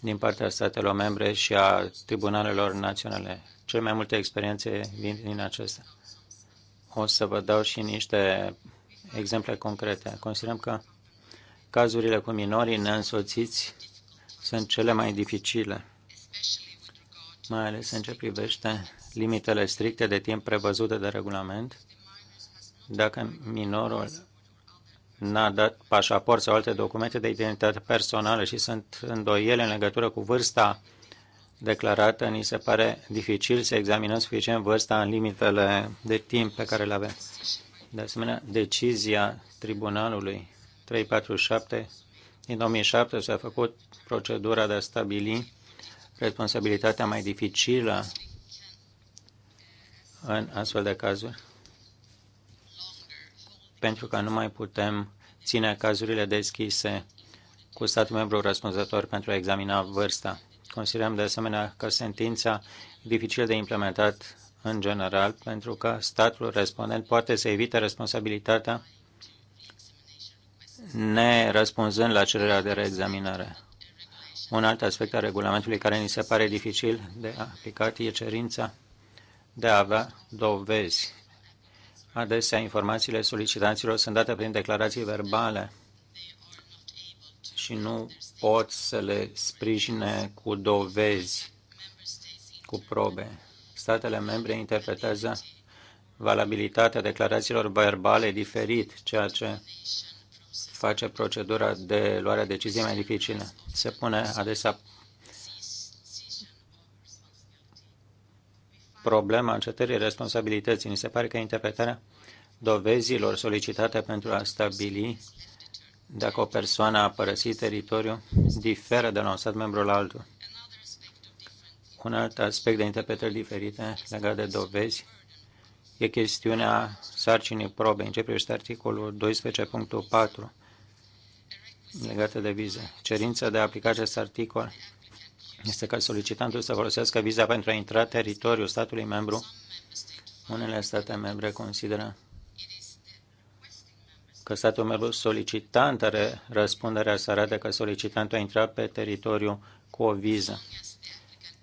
din partea statelor membre și a tribunalelor naționale. Cele mai multe experiențe vin din acestea. O să vă dau și niște exemple concrete. Considerăm că Cazurile cu minorii neînsoțiți sunt cele mai dificile, mai ales în ce privește limitele stricte de timp prevăzute de regulament. Dacă minorul n-a dat pașaport sau alte documente de identitate personală și sunt îndoiele în legătură cu vârsta declarată, ni se pare dificil să examinăm suficient vârsta în limitele de timp pe care le avem. De asemenea, decizia tribunalului 347 din 2007 s-a făcut procedura de a stabili responsabilitatea mai dificilă în astfel de cazuri, pentru că nu mai putem ține cazurile deschise cu statul membru răspunzător pentru a examina vârsta. Considerăm de asemenea că sentința e dificil de implementat în general, pentru că statul respondent poate să evite responsabilitatea ne răspunzând la cererea de reexaminare. Un alt aspect al regulamentului care ni se pare dificil de aplicat e cerința de a avea dovezi. Adesea, informațiile solicitanților sunt date prin declarații verbale și nu pot să le sprijine cu dovezi, cu probe. Statele membre interpretează valabilitatea declarațiilor verbale diferit, ceea ce face procedura de luare a deciziei mai dificilă. Se pune adesea problema încetării responsabilității. Mi se pare că interpretarea dovezilor solicitate pentru a stabili dacă o persoană a părăsit teritoriul diferă de la un stat membru la altul. Un alt aspect de interpretări diferite legat de dovezi e chestiunea sarcinii probe. În ce privește articolul 12.4, legate de vize. Cerința de a aplica acest articol este ca solicitantul să folosească viza pentru a intra teritoriul statului membru. Unele state membre consideră că statul membru solicitant are răspunderea să arate că solicitantul a intrat pe teritoriu cu o viză.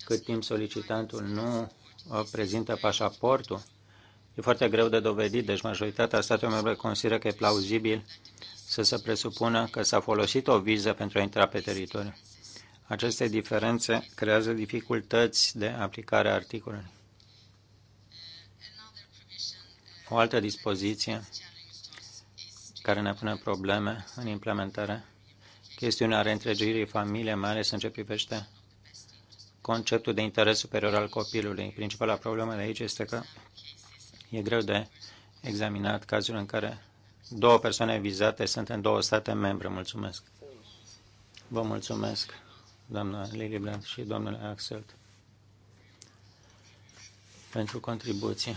Cât timp solicitantul nu uh, prezintă pașaportul, e foarte greu de dovedit, deci majoritatea statelor membre consideră că e plauzibil să se presupună că s-a folosit o viză pentru a intra pe teritoriu. Aceste diferențe creează dificultăți de aplicare a articolului. O altă dispoziție care ne pune probleme în implementare, chestiunea reîntregirii familiei, mai ales în ce privește conceptul de interes superior al copilului. Principala problemă de aici este că e greu de examinat cazul în care Două persoane vizate sunt în două state membre. Mulțumesc. Vă mulțumesc, doamna Brandt și domnule Axel, pentru contribuție.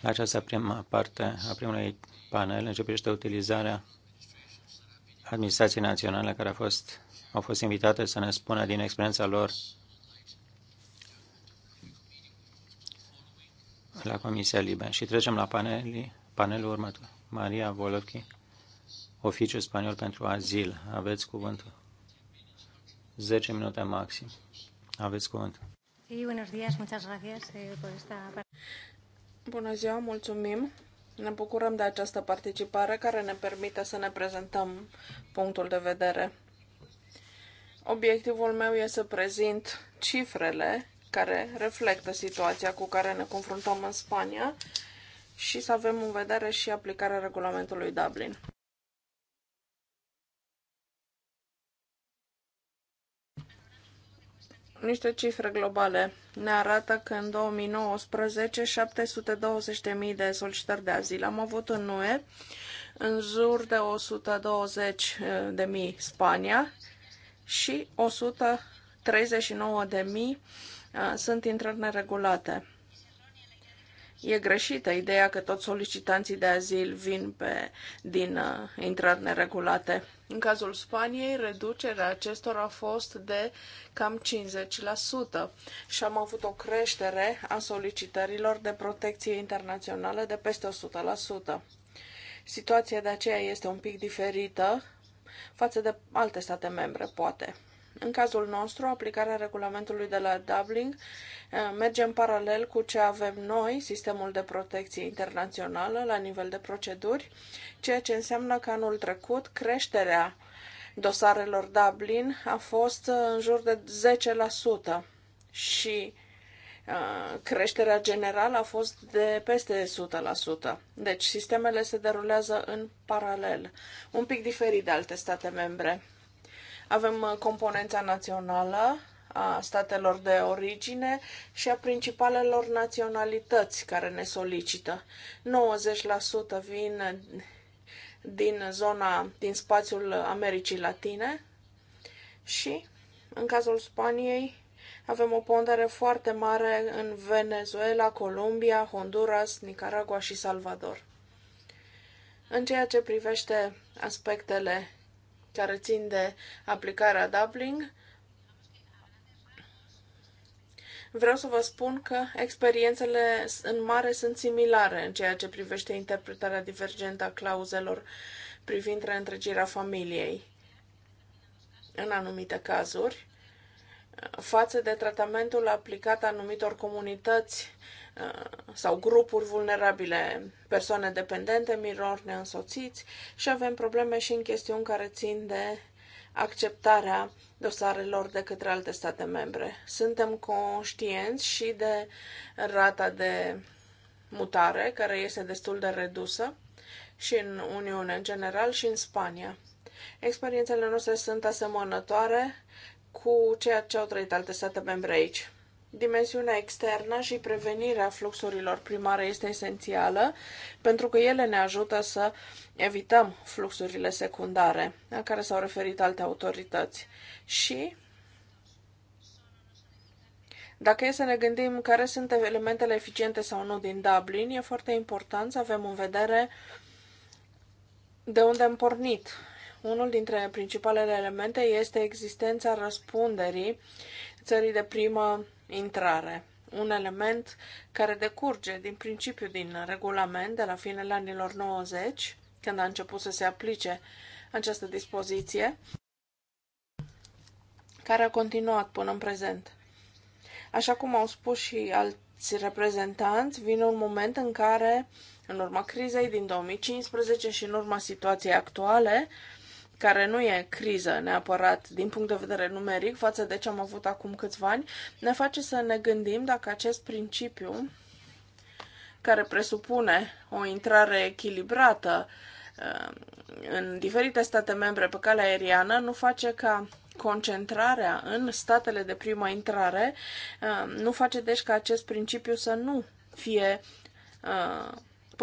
La această prima parte a primului panel începește utilizarea administrației naționale care a fost, au fost invitate să ne spună din experiența lor la Comisia Libe. Și trecem la panelii panelul următor. Maria Volovchi, oficiu spaniol pentru azil. Aveți cuvântul. 10 minute maxim. Aveți cuvântul. Eh, Bună ziua, mulțumim. Ne bucurăm de această participare care ne permite să ne prezentăm punctul de vedere. Obiectivul meu este să prezint cifrele care reflectă situația cu care ne confruntăm în Spania și să avem în vedere și aplicarea regulamentului Dublin. Niște cifre globale ne arată că în 2019 720.000 de solicitări de azil am avut în UE, în jur de 120.000 Spania și 139.000 uh, sunt intrări neregulate. E greșită ideea că toți solicitanții de azil vin pe, din uh, intrări neregulate. În cazul Spaniei, reducerea acestora a fost de cam 50% și am avut o creștere a solicitărilor de protecție internațională de peste 100%. Situația de aceea este un pic diferită față de alte state membre, poate. În cazul nostru, aplicarea regulamentului de la Dublin eh, merge în paralel cu ce avem noi, sistemul de protecție internațională, la nivel de proceduri, ceea ce înseamnă că anul trecut creșterea dosarelor Dublin a fost eh, în jur de 10% și eh, creșterea generală a fost de peste 100%. Deci sistemele se derulează în paralel, un pic diferit de alte state membre. Avem uh, componența națională a statelor de origine și a principalelor naționalități care ne solicită. 90% vin din zona, din spațiul Americii Latine și, în cazul Spaniei, avem o pondere foarte mare în Venezuela, Columbia, Honduras, Nicaragua și Salvador. În ceea ce privește aspectele care țin de aplicarea doubling. vreau să vă spun că experiențele în mare sunt similare în ceea ce privește interpretarea divergentă a clauzelor privind reîntregirea familiei. În anumite cazuri, față de tratamentul aplicat anumitor comunități Uh, sau grupuri vulnerabile, persoane dependente, minori neînsoțiți și avem probleme și în chestiuni care țin de acceptarea dosarelor de către alte state membre. Suntem conștienți și de rata de mutare, care este destul de redusă și în Uniune în general și în Spania. Experiențele noastre sunt asemănătoare cu ceea ce au trăit alte state membre aici. Dimensiunea externă și prevenirea fluxurilor primare este esențială pentru că ele ne ajută să evităm fluxurile secundare la care s-au referit alte autorități. Și dacă e să ne gândim care sunt elementele eficiente sau nu din Dublin, e foarte important să avem în vedere de unde am pornit. Unul dintre principalele elemente este existența răspunderii țării de primă intrare. Un element care decurge din principiu din regulament de la finele anilor 90, când a început să se aplice această dispoziție, care a continuat până în prezent. Așa cum au spus și alți reprezentanți, vine un moment în care, în urma crizei din 2015 și în urma situației actuale, care nu e criză neapărat din punct de vedere numeric față de ce am avut acum câțiva ani, ne face să ne gândim dacă acest principiu care presupune o intrare echilibrată uh, în diferite state membre pe calea aeriană nu face ca concentrarea în statele de prima intrare uh, nu face deci ca acest principiu să nu fie uh,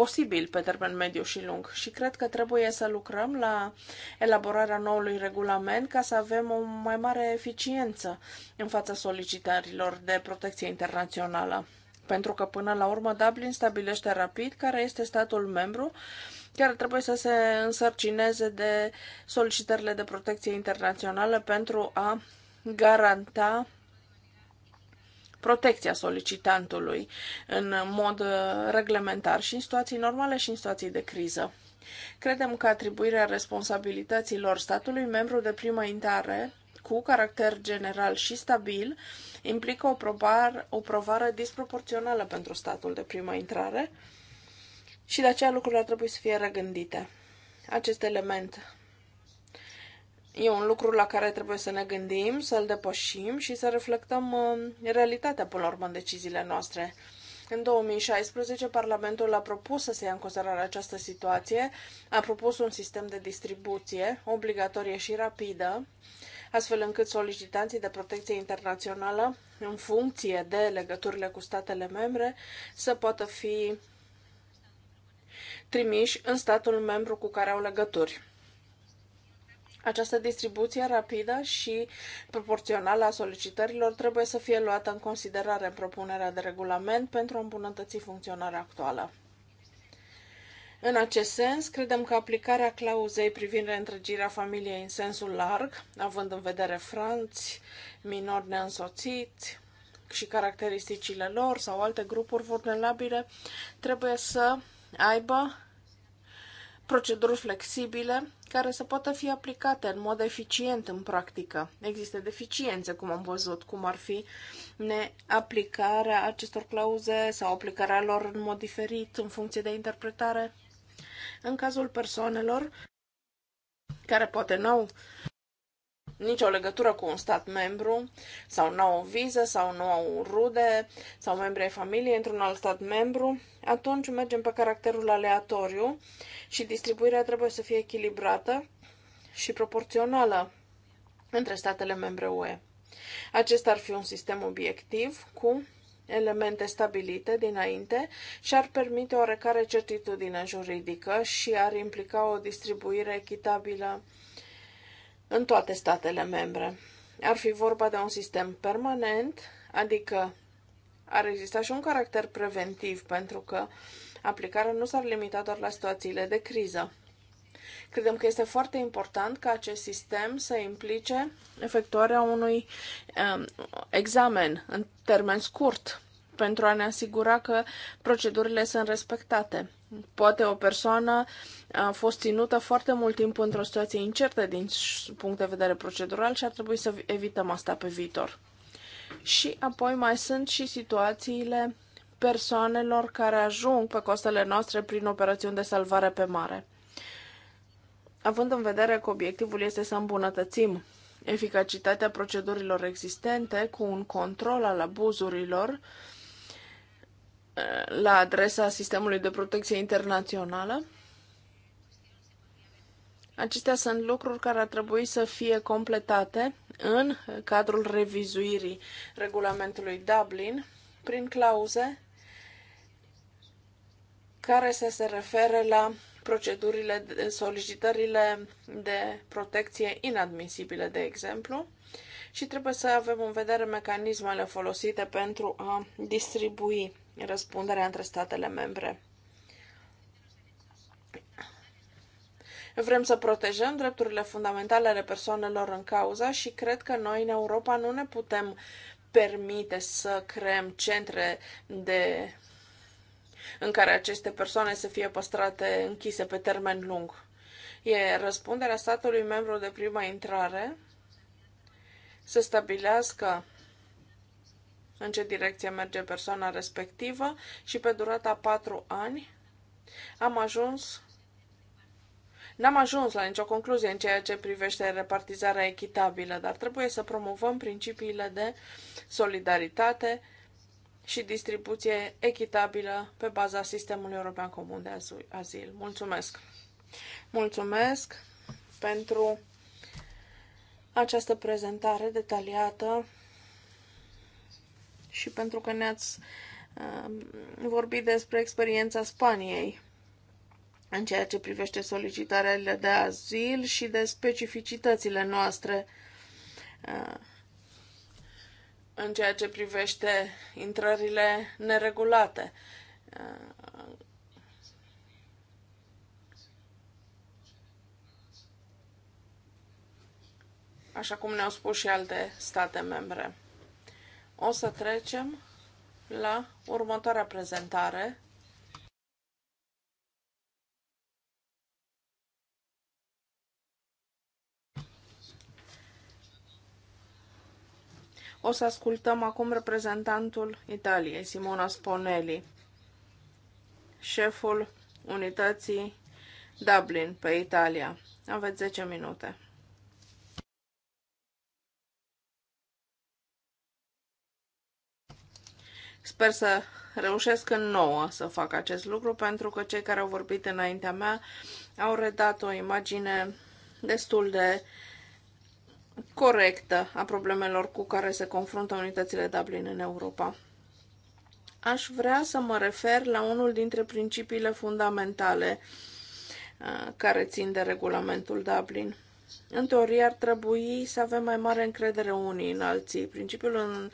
posibil pe termen mediu și lung. Și cred că trebuie să lucrăm la elaborarea noului regulament ca să avem o mai mare eficiență în fața solicitărilor de protecție internațională. Pentru că, până la urmă, Dublin stabilește rapid care este statul membru care trebuie să se însărcineze de solicitările de protecție internațională pentru a garanta protecția solicitantului în mod uh, reglementar și în situații normale și în situații de criză. Credem că atribuirea responsabilităților statului membru de primă intare cu caracter general și stabil implică o, probar, o provară disproporțională pentru statul de primă intrare și de aceea lucrurile ar trebui să fie regândite. Acest element E un lucru la care trebuie să ne gândim, să-l depășim și să reflectăm uh, realitatea până la urmă în deciziile noastre. În 2016, Parlamentul a propus să se ia în considerare această situație, a propus un sistem de distribuție obligatorie și rapidă, astfel încât solicitanții de protecție internațională, în funcție de legăturile cu statele membre, să poată fi trimiși în statul membru cu care au legături. Această distribuție rapidă și proporțională a solicitărilor trebuie să fie luată în considerare în propunerea de regulament pentru a îmbunătăți funcționarea actuală. În acest sens, credem că aplicarea clauzei privind reîntregirea familiei în sensul larg, având în vedere franți, minori neînsoțiți și caracteristicile lor sau alte grupuri vulnerabile, trebuie să aibă proceduri flexibile care să poată fi aplicate în mod eficient în practică. Există deficiențe, cum am văzut, cum ar fi neaplicarea acestor clauze sau aplicarea lor în mod diferit în funcție de interpretare. În cazul persoanelor care poate nu au nicio legătură cu un stat membru sau nu au o viză sau nu au rude sau membri ai familiei într-un alt stat membru, atunci mergem pe caracterul aleatoriu și distribuirea trebuie să fie echilibrată și proporțională între statele membre UE. Acesta ar fi un sistem obiectiv cu elemente stabilite dinainte și ar permite oarecare certitudine juridică și ar implica o distribuire echitabilă în toate statele membre. Ar fi vorba de un sistem permanent, adică ar exista și un caracter preventiv, pentru că aplicarea nu s-ar limita doar la situațiile de criză. Credem că este foarte important ca acest sistem să implice efectuarea unui um, examen în termen scurt pentru a ne asigura că procedurile sunt respectate. Poate o persoană a fost ținută foarte mult timp într-o situație incertă din punct de vedere procedural și ar trebui să evităm asta pe viitor. Și apoi mai sunt și situațiile persoanelor care ajung pe costele noastre prin operațiuni de salvare pe mare. Având în vedere că obiectivul este să îmbunătățim eficacitatea procedurilor existente cu un control al abuzurilor, la adresa sistemului de protecție internațională. Acestea sunt lucruri care ar trebui să fie completate în cadrul revizuirii regulamentului Dublin prin clauze care să se refere la procedurile, solicitările de protecție inadmisibile, de exemplu, și trebuie să avem în vedere mecanismele folosite pentru a distribui răspunderea între statele membre. Vrem să protejăm drepturile fundamentale ale persoanelor în cauza și cred că noi în Europa nu ne putem permite să creăm centre de în care aceste persoane să fie păstrate închise pe termen lung. E răspunderea statului membru de prima intrare să stabilească în ce direcție merge persoana respectivă și pe durata 4 ani am ajuns N-am ajuns la nicio concluzie în ceea ce privește repartizarea echitabilă, dar trebuie să promovăm principiile de solidaritate și distribuție echitabilă pe baza sistemului european comun de azil. Mulțumesc! Mulțumesc pentru această prezentare detaliată și pentru că ne-ați um, vorbit despre experiența Spaniei în ceea ce privește solicitările de azil și de specificitățile noastre uh, în ceea ce privește intrările neregulate. Uh, așa cum ne-au spus și alte state membre. O să trecem la următoarea prezentare. O să ascultăm acum reprezentantul Italiei, Simona Sponelli, șeful unității Dublin pe Italia. Aveți 10 minute. Sper să reușesc în nouă să fac acest lucru, pentru că cei care au vorbit înaintea mea au redat o imagine destul de corectă a problemelor cu care se confruntă unitățile Dublin în Europa. Aș vrea să mă refer la unul dintre principiile fundamentale uh, care țin de regulamentul Dublin în teorie ar trebui să avem mai mare încredere unii în alții. Principiul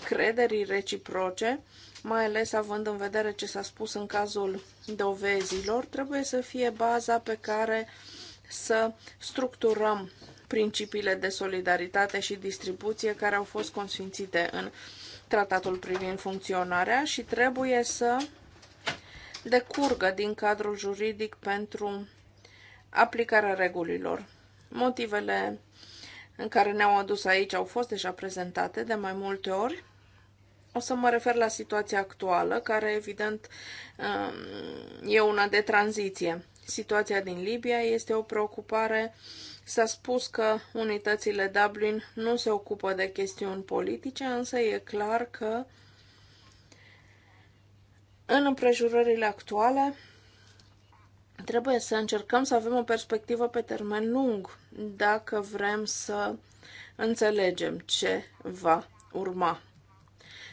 încrederii reciproce, mai ales având în vedere ce s-a spus în cazul dovezilor, trebuie să fie baza pe care să structurăm principiile de solidaritate și distribuție care au fost consfințite în tratatul privind funcționarea și trebuie să decurgă din cadrul juridic pentru aplicarea regulilor. Motivele în care ne-au adus aici au fost deja prezentate de mai multe ori. O să mă refer la situația actuală, care evident um, e una de tranziție. Situația din Libia este o preocupare. S-a spus că unitățile Dublin nu se ocupă de chestiuni politice, însă e clar că în împrejurările actuale Trebuie să încercăm să avem o perspectivă pe termen lung dacă vrem să înțelegem ce va urma.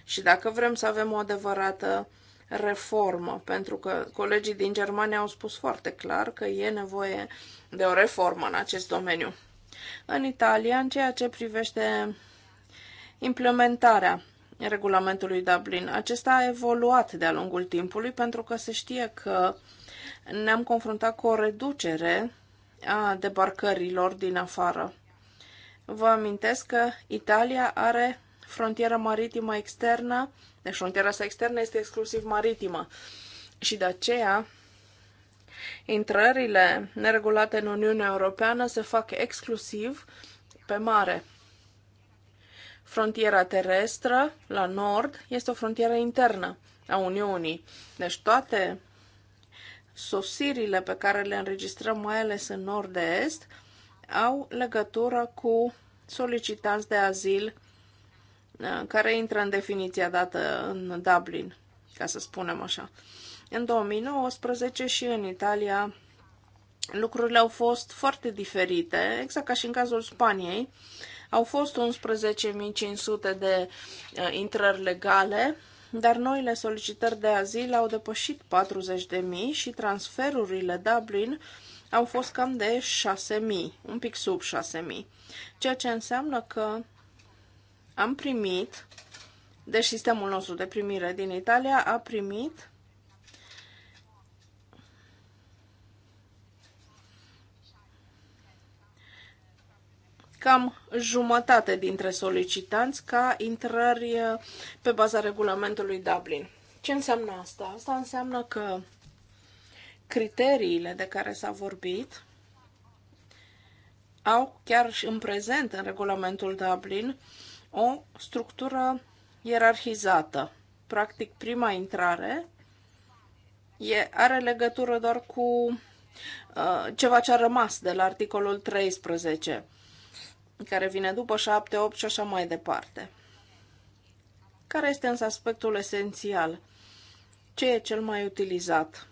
Și dacă vrem să avem o adevărată reformă, pentru că colegii din Germania au spus foarte clar că e nevoie de o reformă în acest domeniu. În Italia, în ceea ce privește implementarea regulamentului Dublin, acesta a evoluat de-a lungul timpului pentru că se știe că uh, ne-am confruntat cu o reducere a debarcărilor din afară. Vă amintesc că Italia are frontiera maritimă externă, deci frontiera sa externă este exclusiv maritimă. Și de aceea, intrările neregulate în Uniunea Europeană se fac exclusiv pe mare. Frontiera terestră, la nord, este o frontieră internă a Uniunii. Deci toate sosirile pe care le înregistrăm, mai ales în nord-est, au legătură cu solicitanți de azil uh, care intră în definiția dată în Dublin, ca să spunem așa. În 2019 și în Italia lucrurile au fost foarte diferite, exact ca și în cazul Spaniei. Au fost 11.500 de uh, intrări legale, dar noile solicitări de azil au depășit 40.000 și transferurile Dublin au fost cam de 6.000, un pic sub 6.000, ceea ce înseamnă că am primit, deci sistemul nostru de primire din Italia a primit cam jumătate dintre solicitanți ca intrări eh, pe baza regulamentului Dublin. Ce înseamnă asta? Asta înseamnă că criteriile de care s-a vorbit au chiar și în prezent în regulamentul Dublin o structură ierarhizată. Practic, prima intrare e, are legătură doar cu uh, ceva ce a rămas de la articolul 13 care vine după 7, 8 și așa mai departe. Care este însă aspectul esențial? Ce e cel mai utilizat?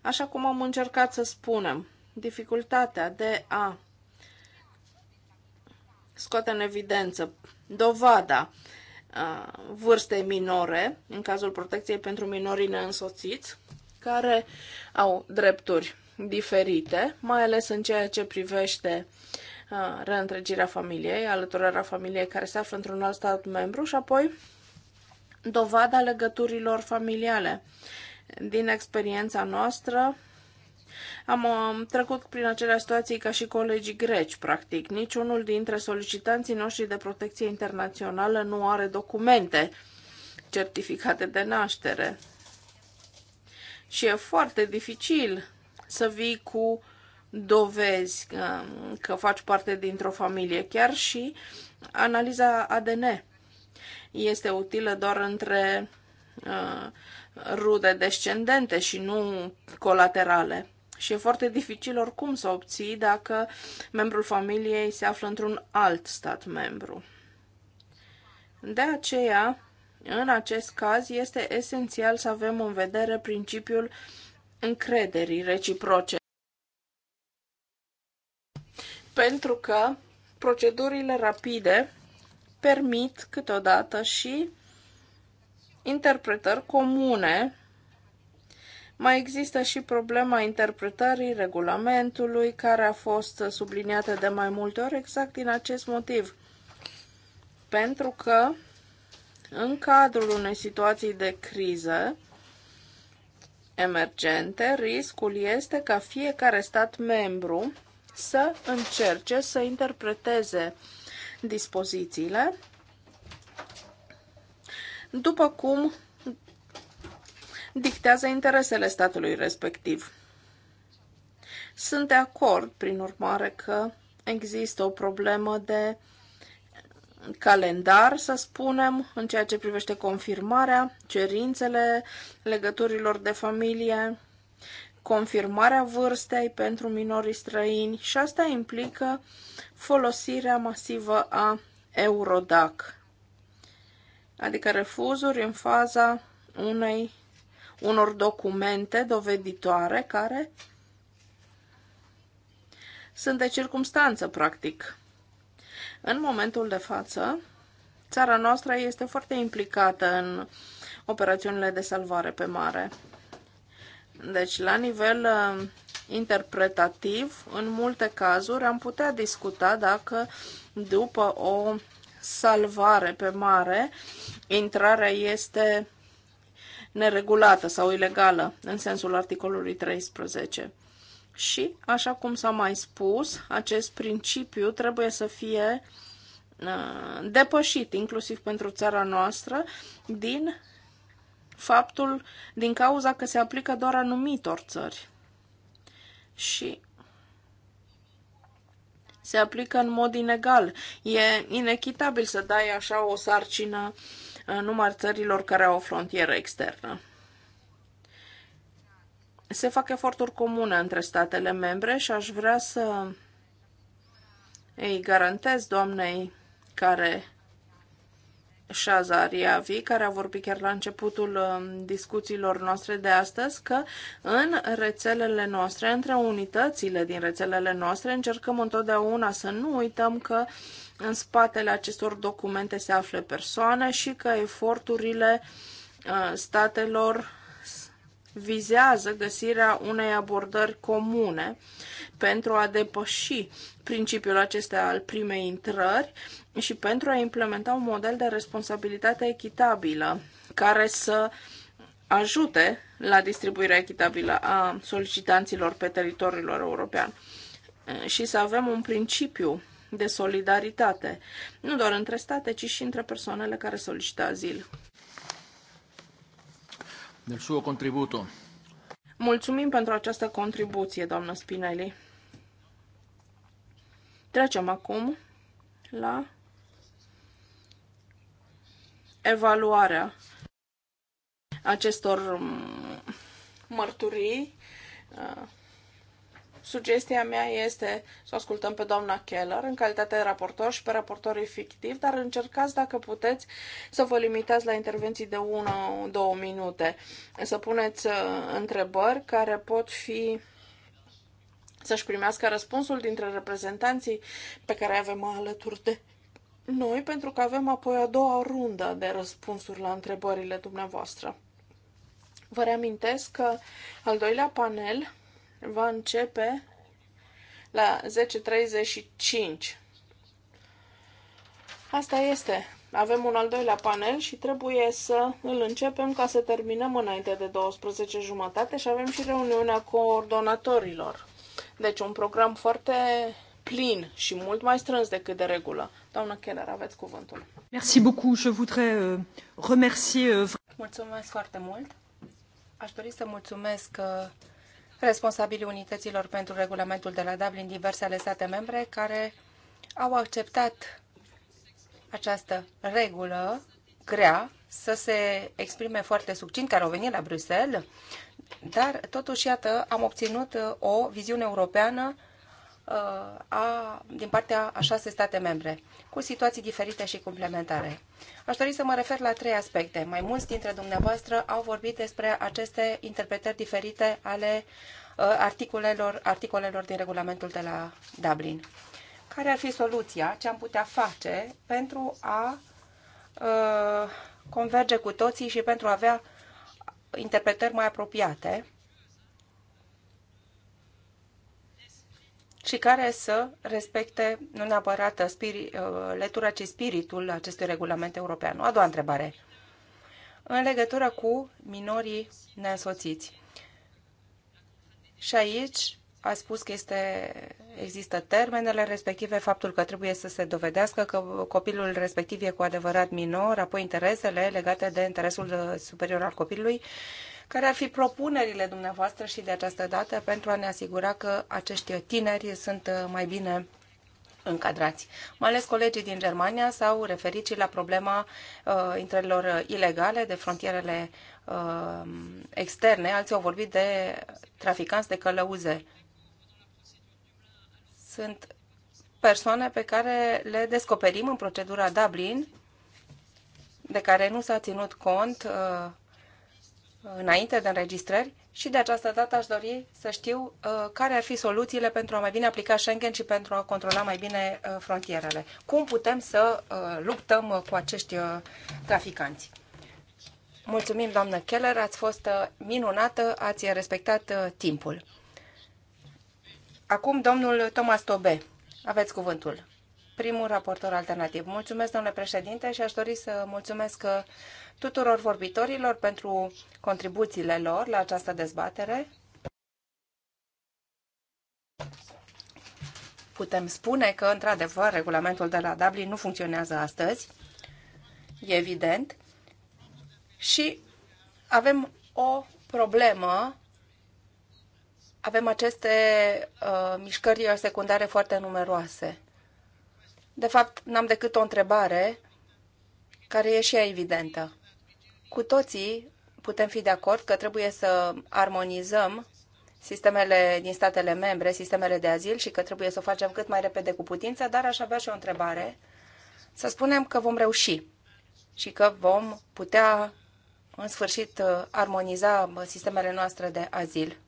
Așa cum am încercat să spunem, dificultatea de a scoate în evidență dovada vârstei minore, în cazul protecției pentru minorii neînsoțiți, care au drepturi diferite, mai ales în ceea ce privește uh, reîntregirea familiei, alăturarea familiei care se află într-un alt stat membru și apoi dovada legăturilor familiale. Din experiența noastră, am, am trecut prin aceleași situații ca și colegii greci, practic. Niciunul dintre solicitanții noștri de protecție internațională nu are documente certificate de naștere. Și e foarte dificil să vii cu dovezi că, că faci parte dintr-o familie, chiar și analiza ADN este utilă doar între uh, rude descendente și nu colaterale. Și e foarte dificil oricum să obții dacă membrul familiei se află într-un alt stat membru. De aceea, în acest caz, este esențial să avem în vedere principiul încrederii reciproce pentru că procedurile rapide permit câteodată și interpretări comune. Mai există și problema interpretării regulamentului, care a fost subliniată de mai multe ori exact din acest motiv. Pentru că, în cadrul unei situații de criză emergente, riscul este ca fiecare stat membru să încerce să interpreteze dispozițiile după cum dictează interesele statului respectiv. Sunt de acord, prin urmare, că există o problemă de calendar, să spunem, în ceea ce privește confirmarea, cerințele legăturilor de familie confirmarea vârstei pentru minorii străini și asta implică folosirea masivă a Eurodac, adică refuzuri în faza unei, unor documente doveditoare care sunt de circumstanță, practic. În momentul de față, țara noastră este foarte implicată în operațiunile de salvare pe mare. Deci, la nivel uh, interpretativ, în multe cazuri am putea discuta dacă după o salvare pe mare, intrarea este neregulată sau ilegală, în sensul articolului 13. Și, așa cum s-a mai spus, acest principiu trebuie să fie uh, depășit, inclusiv pentru țara noastră, din faptul din cauza că se aplică doar anumitor țări. Și se aplică în mod inegal. E inechitabil să dai așa o sarcină numai țărilor care au o frontieră externă. Se fac eforturi comune între statele membre și aș vrea să îi garantez doamnei care Shazariavi, care a vorbit chiar la începutul um, discuțiilor noastre de astăzi, că în rețelele noastre, între unitățile din rețelele noastre, încercăm întotdeauna să nu uităm că în spatele acestor documente se află persoane și că eforturile uh, statelor vizează găsirea unei abordări comune pentru a depăși principiul acesta al primei intrări și pentru a implementa un model de responsabilitate echitabilă care să ajute la distribuirea echitabilă a solicitanților pe teritoriul european și să avem un principiu de solidaritate, nu doar între state, ci și între persoanele care solicită azil del suo contributo. Mulțumim pentru această contribuție, doamnă Spinelli. Trecem acum la evaluarea acestor mm, mărturii uh, Sugestia mea este să ascultăm pe doamna Keller în calitate de raportor și pe raportorii fictiv, dar încercați dacă puteți să vă limitați la intervenții de 1-2 minute, să puneți uh, întrebări care pot fi să-și primească răspunsul dintre reprezentanții pe care avem alături de noi, pentru că avem apoi a doua rundă de răspunsuri la întrebările dumneavoastră. Vă reamintesc că al doilea panel va începe la 10.35. Asta este. Avem un al doilea panel și trebuie să îl începem ca să terminăm înainte de 12 jumătate și avem și reuniunea coordonatorilor. Deci un program foarte plin și mult mai strâns decât de regulă. Doamna Keller, aveți cuvântul. Merci beaucoup. Je voudrais euh, remercier... Euh, mulțumesc foarte mult. Aș dori să mulțumesc uh, responsabilii unităților pentru regulamentul de la Dublin diversele state membre care au acceptat această regulă grea să se exprime foarte succint, care au venit la Bruxelles, dar totuși, iată, am obținut uh, o viziune europeană Uh, a, din partea a șase state membre, cu situații diferite și complementare. Aș dori să mă refer la trei aspecte. Mai mulți dintre dumneavoastră au vorbit despre aceste interpretări diferite ale uh, articolelor, articolelor din regulamentul de la Dublin. Care ar fi soluția, ce am putea face pentru a uh, converge cu toții și pentru a avea interpretări mai apropiate și care să respecte nu neapărat spiri, uh, letura, ci spiritul acestui regulament european. O a doua întrebare. În legătură cu minorii neasoțiți. Și aici a spus că este, există termenele respective, faptul că trebuie să se dovedească că copilul respectiv e cu adevărat minor, apoi interesele legate de interesul uh, superior al copilului care ar fi propunerile dumneavoastră și de această dată pentru a ne asigura că acești tineri sunt uh, mai bine încadrați. Mai ales colegii din Germania s-au referit și la problema uh, intrărilor ilegale de frontierele uh, externe. Alții au vorbit de traficanți de călăuze. Sunt persoane pe care le descoperim în procedura Dublin, de care nu s-a ținut cont uh, înainte de înregistrări și de această dată aș dori să știu uh, care ar fi soluțiile pentru a mai bine aplica Schengen și pentru a controla mai bine uh, frontierele. Cum putem să uh, luptăm cu acești traficanți? Mulțumim, doamnă Keller, ați fost minunată, ați respectat timpul. Acum, domnul Thomas Tobe, aveți cuvântul primul raportor alternativ. Mulțumesc, domnule președinte, și aș dori să mulțumesc tuturor vorbitorilor pentru contribuțiile lor la această dezbatere. Putem spune că, într-adevăr, regulamentul de la Dublin nu funcționează astăzi, e evident, și avem o problemă avem aceste uh, mișcări secundare foarte numeroase. De fapt, n-am decât o întrebare care e și ea evidentă. Cu toții putem fi de acord că trebuie să armonizăm sistemele din statele membre, sistemele de azil și că trebuie să o facem cât mai repede cu putință, dar aș avea și o întrebare. Să spunem că vom reuși și că vom putea în sfârșit armoniza sistemele noastre de azil.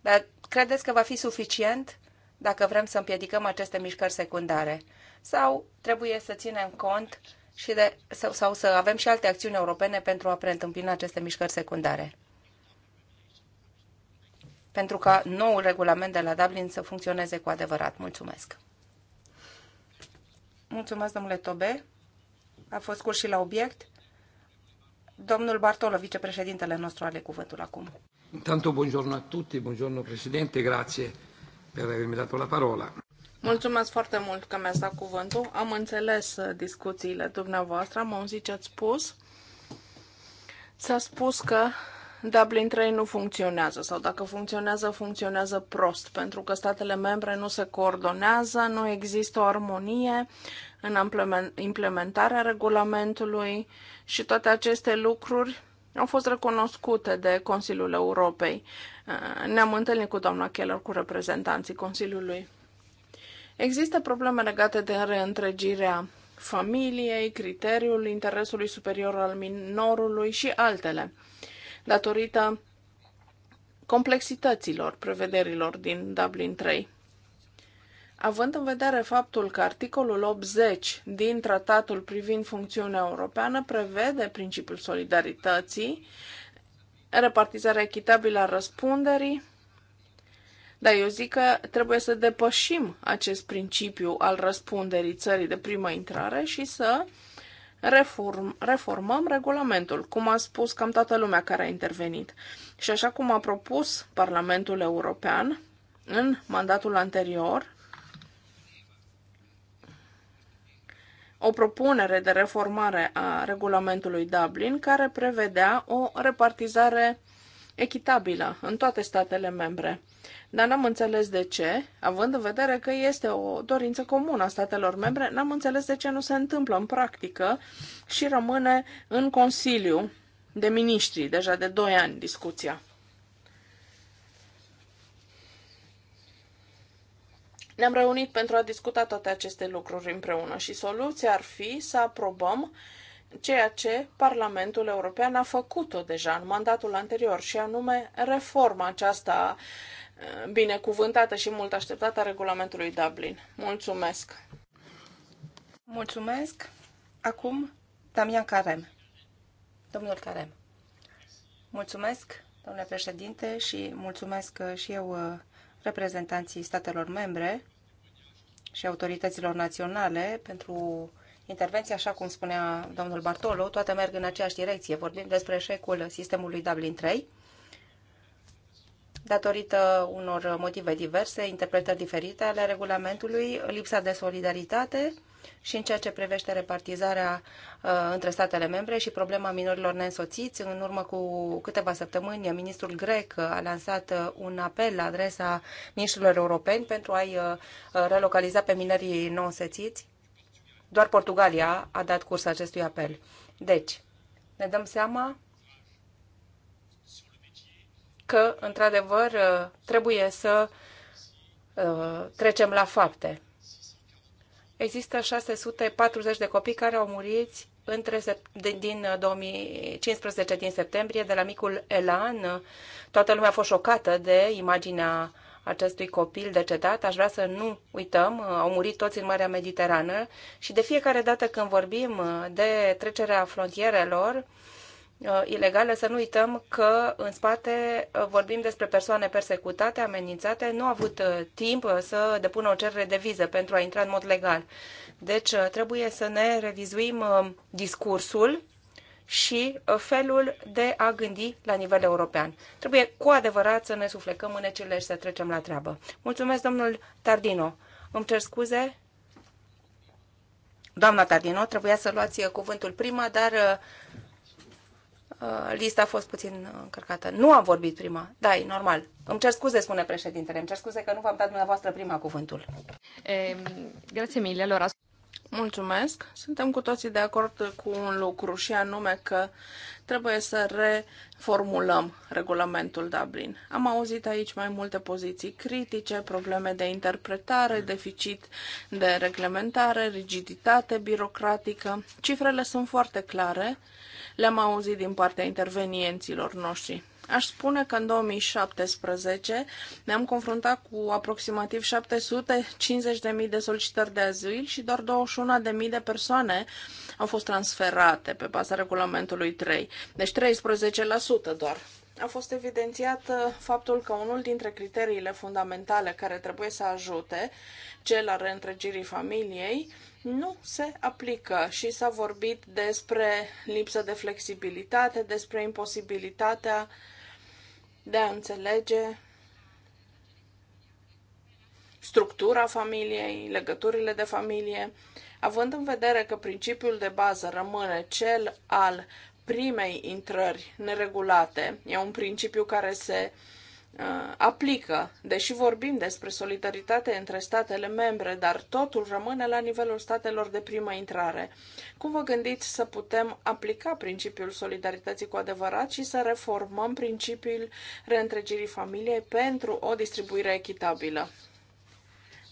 Dar credeți că va fi suficient dacă vrem să împiedicăm aceste mișcări secundare? sau trebuie să ținem cont și de, sau, sau să avem și alte acțiuni europene pentru a preîntâmpina aceste mișcări secundare? Pentru ca noul regulament de la Dublin să funcționeze cu adevărat. Mulțumesc! Mulțumesc, domnule Tobe. A fost scurs și la obiect. Domnul Bartolo, vicepreședintele nostru, are cuvântul acum. Intanto buongiorno a tutti, buongiorno Presidente, grazie per avermi dato la parola. Mulțumesc foarte mult că mi-ați dat cuvântul. Am înțeles uh, discuțiile dumneavoastră, am auzit ce ați spus. S-a spus că Dublin 3 nu funcționează sau dacă funcționează, funcționează prost, pentru că statele membre nu se coordonează, nu există o armonie în implementarea regulamentului și toate aceste lucruri au fost recunoscute de Consiliul Europei. Uh, ne-am întâlnit cu doamna Keller, cu reprezentanții Consiliului Există probleme legate de reîntregirea familiei, criteriul interesului superior al minorului și altele, datorită complexităților prevederilor din Dublin 3. Având în vedere faptul că articolul 80 din tratatul privind funcțiunea europeană prevede principiul solidarității, repartizarea echitabilă a răspunderii, dar eu zic că trebuie să depășim acest principiu al răspunderii țării de primă intrare și să reform, reformăm regulamentul, cum a spus cam toată lumea care a intervenit. Și așa cum a propus Parlamentul European în mandatul anterior, o propunere de reformare a regulamentului Dublin care prevedea o repartizare echitabilă în toate statele membre. Dar n-am înțeles de ce, având în vedere că este o dorință comună a statelor membre, n-am înțeles de ce nu se întâmplă în practică și rămâne în Consiliu de Ministri, deja de 2 ani discuția. Ne-am reunit pentru a discuta toate aceste lucruri împreună și soluția ar fi să aprobăm uh, ceea ce Parlamentul European a făcut-o deja în mandatul anterior, și anume reforma aceasta eh, binecuvântată și mult așteptată a regulamentului Dublin. Mulțumesc! Mulțumesc! Acum, Damian Carem. Domnul Carem. Mulțumesc, domnule președinte, și mulțumesc eh, și eu eh, reprezentanții statelor membre și autorităților naționale pentru intervenții, așa cum spunea domnul Bartolo, toate merg în aceeași direcție. Vorbim despre eșecul sistemului Dublin 3, datorită unor motive diverse, interpretări diferite ale regulamentului, lipsa de solidaritate și în ceea ce privește repartizarea uh, între statele membre și problema minorilor neînsoțiți. În urmă cu câteva săptămâni, ministrul grec a lansat uh, un apel la adresa ministrilor europeni pentru a-i uh, relocaliza pe minerii neînsoțiți doar Portugalia a dat curs acestui apel. Deci, ne dăm seama că, într-adevăr, trebuie să uh, trecem la fapte. Există 640 de copii care au murit între din 2015 uh, din septembrie de la micul Elan. Toată lumea a fost șocată de imaginea acestui copil decedat, aș vrea să nu uităm, uh, au murit toți în Marea Mediterană și de fiecare dată când vorbim uh, de trecerea frontierelor, uh, ilegale, să nu uităm că în spate vorbim despre persoane persecutate, amenințate, nu au avut timp să depună o cerere de viză pentru a intra în mod legal. Deci trebuie să ne revizuim discursul și uh, felul de a gândi la nivel european. Trebuie cu adevărat să ne suflecăm mânecile și să trecem la treabă. Mulțumesc, domnul Tardino. Îmi cer scuze. Doamna Tardino, trebuia să luați uh, cuvântul prima, dar uh, lista a fost puțin încărcată. Nu am vorbit prima. Da, e normal. Îmi cer scuze, spune președintele. Îmi cer scuze că nu v-am dat dumneavoastră prima cuvântul. E, grazie mille. Mulțumesc. Suntem cu toții de acord cu un lucru și anume că trebuie să reformulăm regulamentul Dublin. Am auzit aici mai multe poziții critice, probleme de interpretare, deficit de reglementare, rigiditate birocratică. Cifrele sunt foarte clare, le-am auzit din partea intervenienților noștri. Aș spune că în 2017 ne-am confruntat cu aproximativ 750.000 de solicitări de azil și doar 21.000 de persoane au fost transferate pe baza regulamentului 3, deci 13% doar. A fost evidențiat uh, faptul că unul dintre criteriile fundamentale care trebuie să ajute, cel al reîntregirii familiei, nu se aplică și s-a vorbit despre lipsă de flexibilitate, despre imposibilitatea de a înțelege structura familiei, legăturile de familie, având în vedere că principiul de bază rămâne cel al primei intrări neregulate, e un principiu care se uh, Uh, aplică, deși vorbim despre solidaritate între statele membre, dar totul rămâne la nivelul statelor de primă intrare. Cum vă gândiți să putem aplica principiul solidarității cu adevărat și să reformăm principiul reîntregirii familiei pentru o distribuire echitabilă?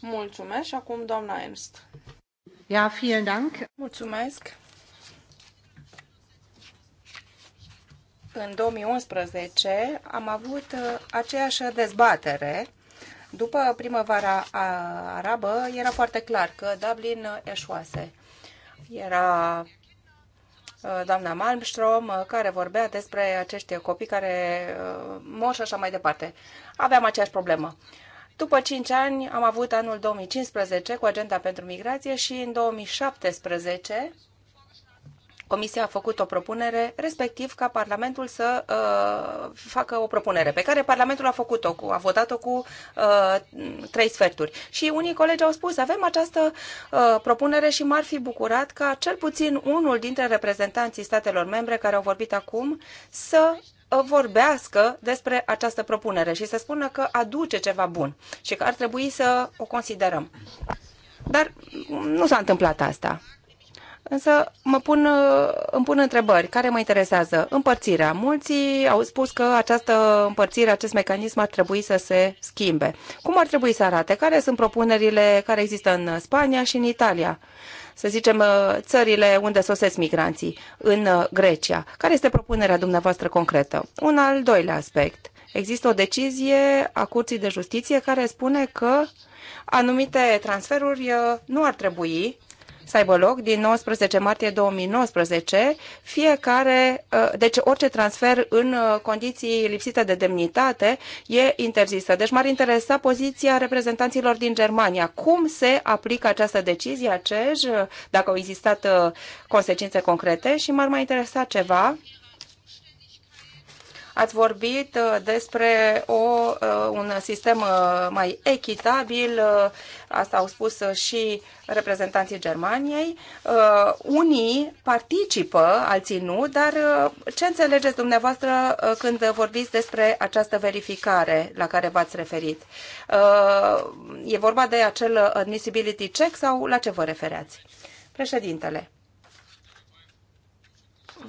Mulțumesc și acum doamna Ernst. Ja, vielen Dank. Mulțumesc. în 2011 am avut uh, aceeași dezbatere. După primăvara arabă era foarte clar că Dublin uh, eșuase. Era uh, doamna Malmström, care vorbea despre acești copii care mor și așa mai departe. Aveam aceeași problemă. După 5 ani am avut anul 2015 cu agenda pentru migrație și în 2017 Comisia a făcut o propunere, respectiv ca Parlamentul să uh, facă o propunere, pe care Parlamentul a făcut-o, cu, a votat-o cu uh, trei sferturi. Și unii colegi au spus, avem această uh, propunere și m-ar fi bucurat ca cel puțin unul dintre reprezentanții statelor membre care au vorbit acum să uh, vorbească despre această propunere și să spună că aduce ceva bun și că ar trebui să o considerăm. Dar nu s-a întâmplat asta. Însă mă pun, uh, îmi pun întrebări care mă interesează. Împărțirea. Mulți au spus că această împărțire, acest mecanism ar trebui să se schimbe. Cum ar trebui să arate? Care sunt propunerile care există în Spania și în Italia? Să zicem, uh, țările unde sosesc migranții, în uh, Grecia. Care este propunerea dumneavoastră concretă? Un al doilea aspect. Există o decizie a Curții de Justiție care spune că anumite transferuri nu ar trebui să aibă loc din 19 martie 2019, fiecare, uh, deci orice transfer în uh, condiții lipsite de demnitate e interzisă. Deci m-ar interesa poziția reprezentanților din Germania. Cum se aplică această decizie a CEJ, uh, dacă au existat consecințe concrete și m-ar mai interesa ceva Ați vorbit uh, despre o, uh, un sistem uh, mai echitabil, asta au spus și reprezentanții Germaniei. Unii participă, alții nu, dar ce înțelegeți dumneavoastră când vorbiți despre această verificare la care v-ați referit? E vorba de acel admissibility check sau la ce vă refereați? Președintele,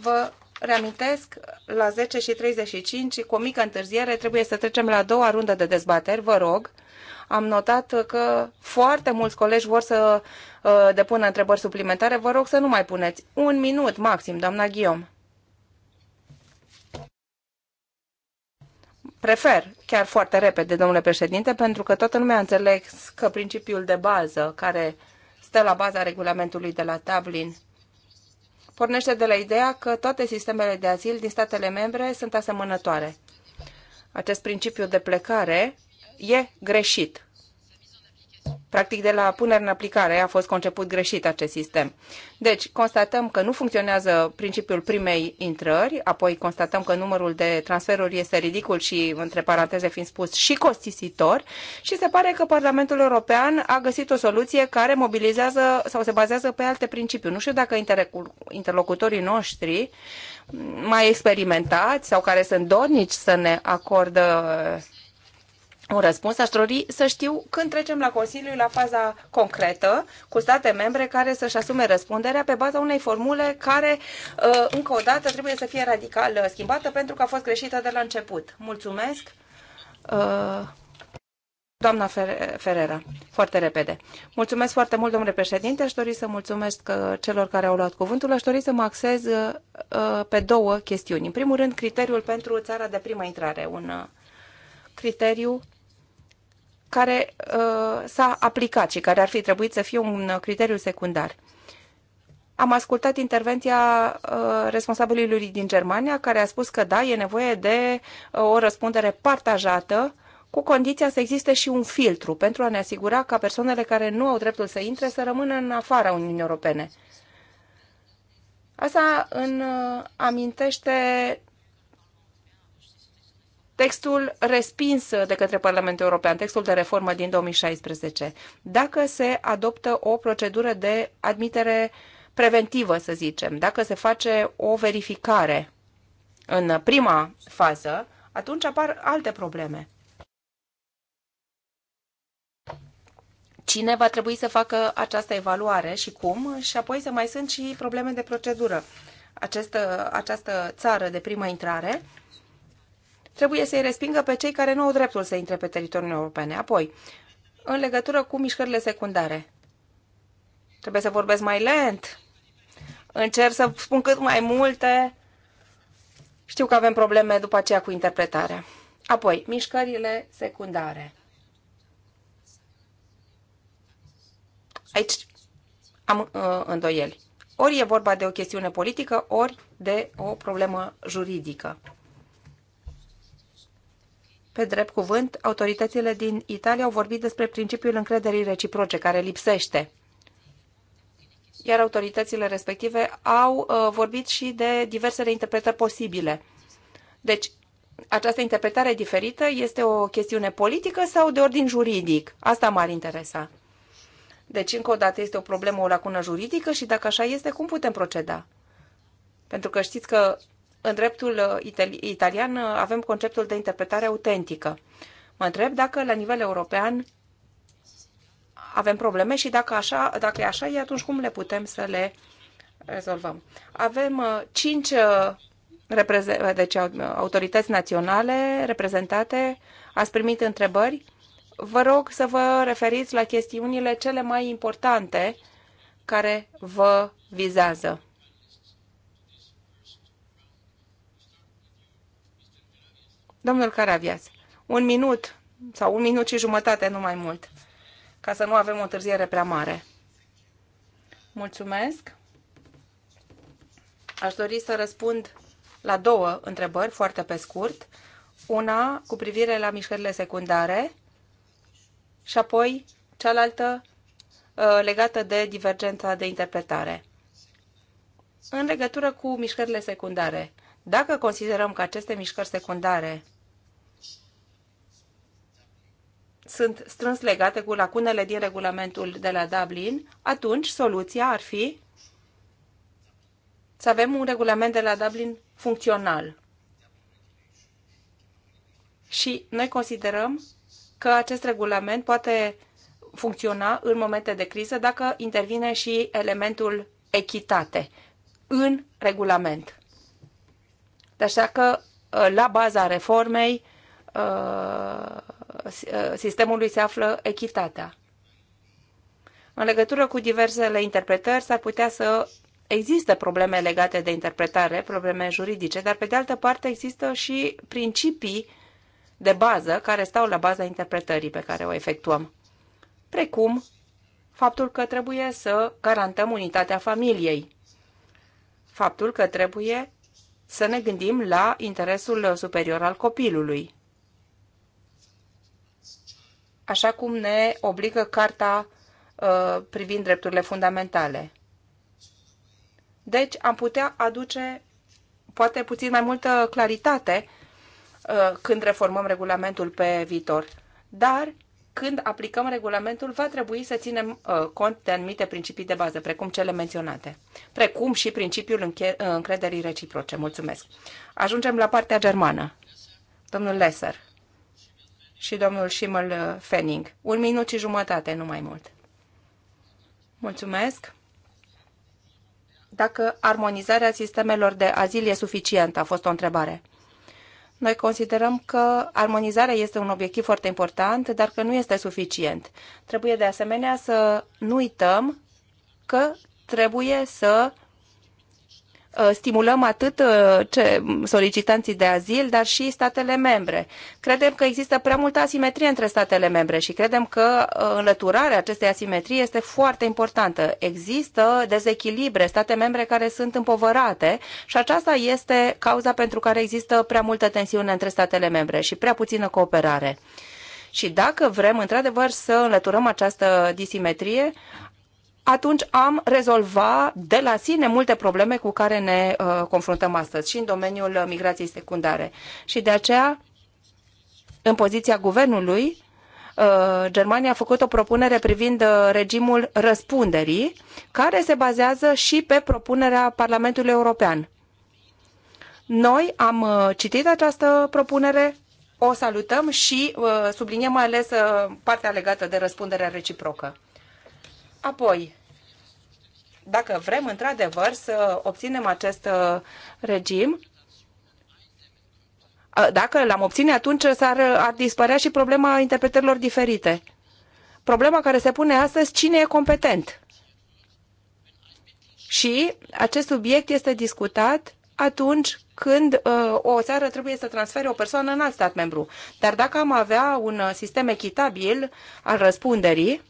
vă reamintesc, la 10 și 35, cu o mică întârziere, trebuie să trecem la a doua rundă de dezbateri, vă rog. Am notat că foarte mulți colegi vor să uh, depună întrebări suplimentare. Vă rog să nu mai puneți. Un minut maxim, doamna Ghiom. Prefer chiar foarte repede, domnule președinte, pentru că toată lumea înțeleg că principiul de bază care stă la baza regulamentului de la Dublin pornește de la ideea că toate sistemele de azil din statele membre sunt asemănătoare. Acest principiu de plecare e greșit Practic, de la punerea în aplicare a fost conceput greșit acest sistem. Deci, constatăm că nu funcționează principiul primei intrări, apoi constatăm că numărul de transferuri este ridicul și, între paranteze fiind spus, și costisitor și se pare că Parlamentul European a găsit o soluție care mobilizează sau se bazează pe alte principii. Nu știu dacă interlocutorii noștri mai experimentați sau care sunt dornici să ne acordă un răspuns, aș dori să știu când trecem la Consiliu la faza concretă cu state membre care să-și asume răspunderea pe baza unei formule care, uh, încă o dată, trebuie să fie radical uh, schimbată pentru că a fost greșită de la început. Mulțumesc! Uh, doamna Ferera, foarte repede. Mulțumesc foarte mult, domnule președinte. Aș dori să mulțumesc celor care au luat cuvântul. Aș dori să mă axez pe două chestiuni. În primul rând, criteriul pentru țara de primă intrare. Un criteriu care uh, s-a aplicat și care ar fi trebuit să fie un uh, criteriu secundar. Am ascultat intervenția uh, responsabilului din Germania, care a spus că da, e nevoie de uh, o răspundere partajată, cu condiția să existe și un filtru pentru a ne asigura ca persoanele care nu au dreptul să intre să rămână în afara Uniunii Europene. Asta în uh, amintește textul respins de către Parlamentul European, textul de reformă din 2016, dacă se adoptă o procedură de admitere preventivă, să zicem, dacă se face o verificare în prima fază, atunci apar alte probleme. Cine va trebui să facă această evaluare și cum? Și apoi să mai sunt și probleme de procedură. Această, această țară de prima intrare trebuie să-i respingă pe cei care nu au dreptul să intre pe teritoriul european. Apoi, în legătură cu mișcările secundare, trebuie să vorbesc mai lent, încerc să spun cât mai multe, știu că avem probleme după aceea cu interpretarea. Apoi, mișcările secundare. Aici am uh, îndoieli. Ori e vorba de o chestiune politică, ori de o problemă juridică. Pe drept cuvânt, autoritățile din Italia au vorbit despre principiul încrederii reciproce care lipsește. Iar autoritățile respective au uh, vorbit și de diversele interpretări posibile. Deci, această interpretare diferită este o chestiune politică sau de ordin juridic? Asta m-ar interesa. Deci, încă o dată, este o problemă, o lacună juridică și dacă așa este, cum putem proceda? Pentru că știți că în dreptul uh, italian uh, avem conceptul de interpretare autentică. Mă întreb dacă la nivel european avem probleme și dacă, așa, dacă e așa, e atunci cum le putem să le rezolvăm. Avem uh, cinci deci, autorități naționale reprezentate. Ați primit întrebări. Vă rog să vă referiți la chestiunile cele mai importante care vă vizează. Domnul Caravias, un minut sau un minut și jumătate, nu mai mult, ca să nu avem o întârziere prea mare. Mulțumesc. Aș dori să răspund la două întrebări, foarte pe scurt. Una cu privire la mișcările secundare și apoi cealaltă uh, legată de divergența de interpretare. În legătură cu mișcările secundare, dacă considerăm că aceste mișcări secundare sunt strâns legate cu lacunele din regulamentul de la Dublin, atunci soluția ar fi să avem un regulament de la Dublin funcțional. Și noi considerăm că acest regulament poate funcționa în momente de criză dacă intervine și elementul echitate în regulament. Deci că la baza reformei uh, Uh, sistemului se află echitatea. În legătură cu diversele interpretări, s-ar putea să există probleme legate de interpretare, probleme juridice, dar pe de altă parte există și principii de bază care stau la baza interpretării pe care o efectuăm, precum faptul că trebuie să garantăm unitatea familiei, faptul că trebuie să ne gândim la interesul superior al copilului, așa cum ne obligă Carta uh, privind drepturile fundamentale. Deci am putea aduce poate puțin mai multă claritate uh, când reformăm regulamentul pe viitor. Dar când aplicăm regulamentul, va trebui să ținem uh, cont de anumite principii de bază, precum cele menționate, precum și principiul uh, încrederii reciproce. Mulțumesc. Ajungem la partea germană. Domnul Lesser și domnul Schimmel uh, Fenning. Un minut și jumătate, nu mai mult. Mulțumesc. Dacă armonizarea sistemelor de azil e suficientă, a fost o întrebare. Noi considerăm că armonizarea este un obiectiv foarte important, dar că nu este suficient. Trebuie de asemenea să nu uităm că trebuie să Uh, stimulăm atât uh, ce solicitanții de azil, dar și statele membre. Credem că există prea multă asimetrie între statele membre și credem că uh, înlăturarea acestei asimetrii este foarte importantă. Există dezechilibre, state membre care sunt împovărate și aceasta este cauza pentru care există prea multă tensiune între statele membre și prea puțină cooperare. Și dacă vrem, într-adevăr, să înlăturăm această disimetrie, atunci am rezolva de la sine multe probleme cu care ne uh, confruntăm astăzi și în domeniul migrației secundare. Și de aceea, în poziția guvernului, uh, Germania a făcut o propunere privind uh, regimul răspunderii, care se bazează și pe propunerea Parlamentului European. Noi am uh, citit această propunere, o salutăm și subliniem mai ales partea legată de răspunderea reciprocă. Apoi, dacă vrem într-adevăr să obținem acest uh, regim, uh, dacă l-am obține, atunci s-ar, uh, ar dispărea și problema interpretărilor diferite. Problema care se pune astăzi, cine e competent? Și acest subiect este discutat atunci când uh, o țară trebuie să transfere o persoană în alt stat membru. Dar dacă am avea un sistem echitabil al răspunderii,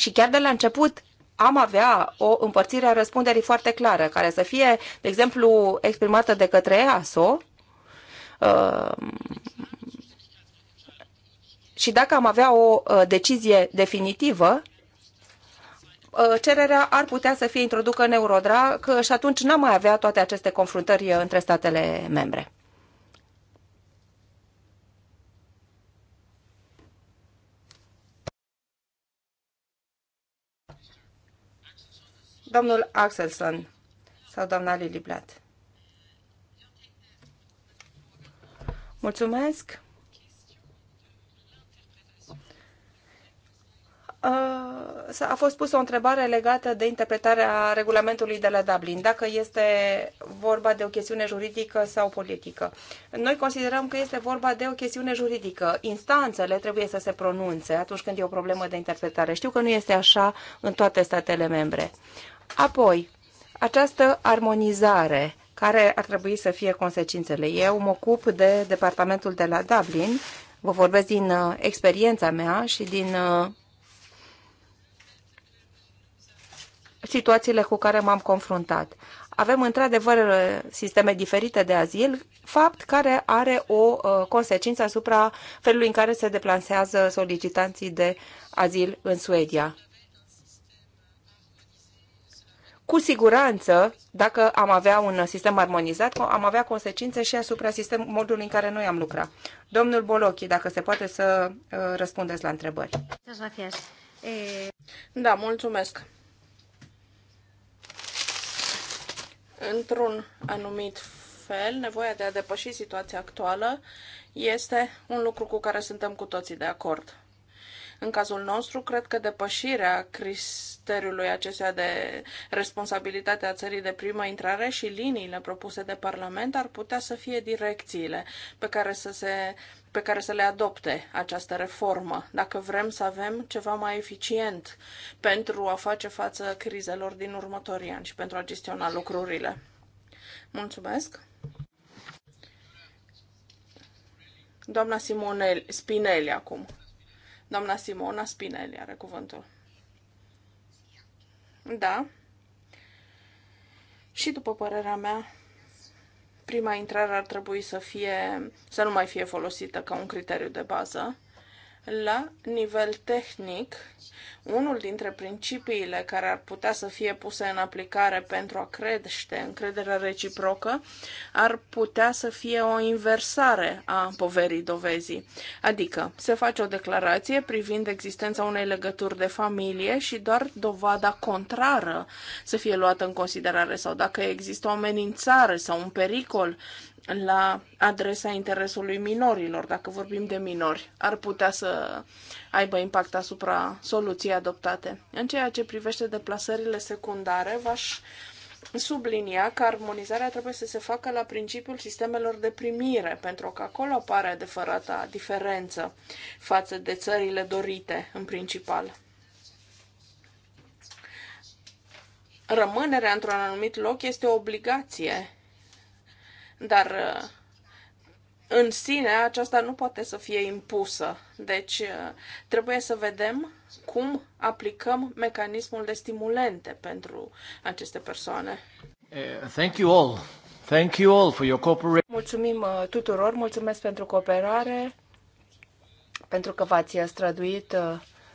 și chiar de la început am avea o împărțire a răspunderii foarte clară, care să fie, de exemplu, exprimată de către EASO, uh, și dacă am avea o uh, decizie definitivă, uh, cererea ar putea să fie introducă în Eurodrag uh, și atunci n-am mai avea toate aceste confruntări între statele membre. domnul Axelson sau doamna Lili Blatt. Mulțumesc! Uh, a fost pusă o întrebare legată de interpretarea regulamentului de la Dublin, dacă este vorba de o chestiune juridică sau politică. Noi considerăm că este vorba de o chestiune juridică. Instanțele trebuie să se pronunțe atunci când e o problemă de interpretare. Știu că nu este așa în toate statele membre. Apoi, această armonizare, care ar trebui să fie consecințele. Eu mă ocup de departamentul de la Dublin, vă vorbesc din uh, experiența mea și din uh, situațiile cu care m-am confruntat. Avem într-adevăr sisteme diferite de azil, fapt care are o uh, consecință asupra felului în care se deplasează solicitanții de azil în Suedia cu siguranță, dacă am avea un sistem armonizat, am avea consecințe și asupra sistemului modului în care noi am lucrat. Domnul Bolochi, dacă se poate să uh, răspundeți la întrebări. Eh, da, mulțumesc. Într-un anumit fel, nevoia de a depăși situația actuală este un lucru cu care suntem cu toții de acord. În cazul nostru, cred că depășirea criteriului acestea de responsabilitate a țării de primă intrare și liniile propuse de Parlament ar putea să fie direcțiile pe care să se pe care să le adopte această reformă, dacă vrem să avem ceva mai eficient pentru a face față crizelor din următorii ani și pentru a gestiona lucrurile. Mulțumesc! Doamna Simone Spinelli acum. Doamna Simona Spinelli are cuvântul. Da. Și după părerea mea, prima intrare ar trebui să fie, să nu mai fie folosită ca un criteriu de bază. La nivel tehnic, unul dintre principiile care ar putea să fie puse în aplicare pentru a crește încrederea reciprocă ar putea să fie o inversare a poverii dovezii. Adică, se face o declarație privind existența unei legături de familie și doar dovada contrară să fie luată în considerare sau dacă există o amenințare sau un pericol la adresa interesului minorilor, dacă vorbim de minori, ar putea să aibă impact asupra soluției adoptate. În ceea ce privește deplasările secundare, v-aș sublinia că armonizarea trebuie să se facă la principiul sistemelor de primire, pentru că acolo apare adevărata diferență față de țările dorite, în principal. Rămânerea într-un anumit loc este o obligație dar uh, în sine aceasta nu poate să fie impusă. Deci uh, trebuie să vedem cum aplicăm mecanismul de stimulente pentru aceste persoane. Eh, thank you all. Thank you all for your cooperation. Mulțumim uh, tuturor, mulțumesc pentru cooperare, pentru că v-ați străduit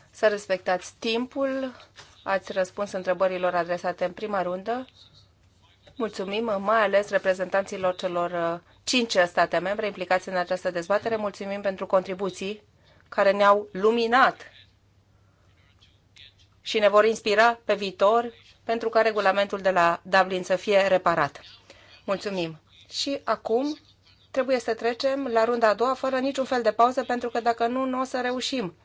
să respectați timpul, ați răspuns întrebărilor adresate în prima rundă. Mulțumim mai ales reprezentanților celor uh, cinci state membre implicați în această dezbatere. Mulțumim pentru contribuții care ne-au luminat și ne vor inspira pe viitor pentru ca regulamentul de la Dublin să fie reparat. Mulțumim! Și acum trebuie să trecem la runda a doua fără niciun fel de pauză, pentru că dacă nu, nu o să reușim.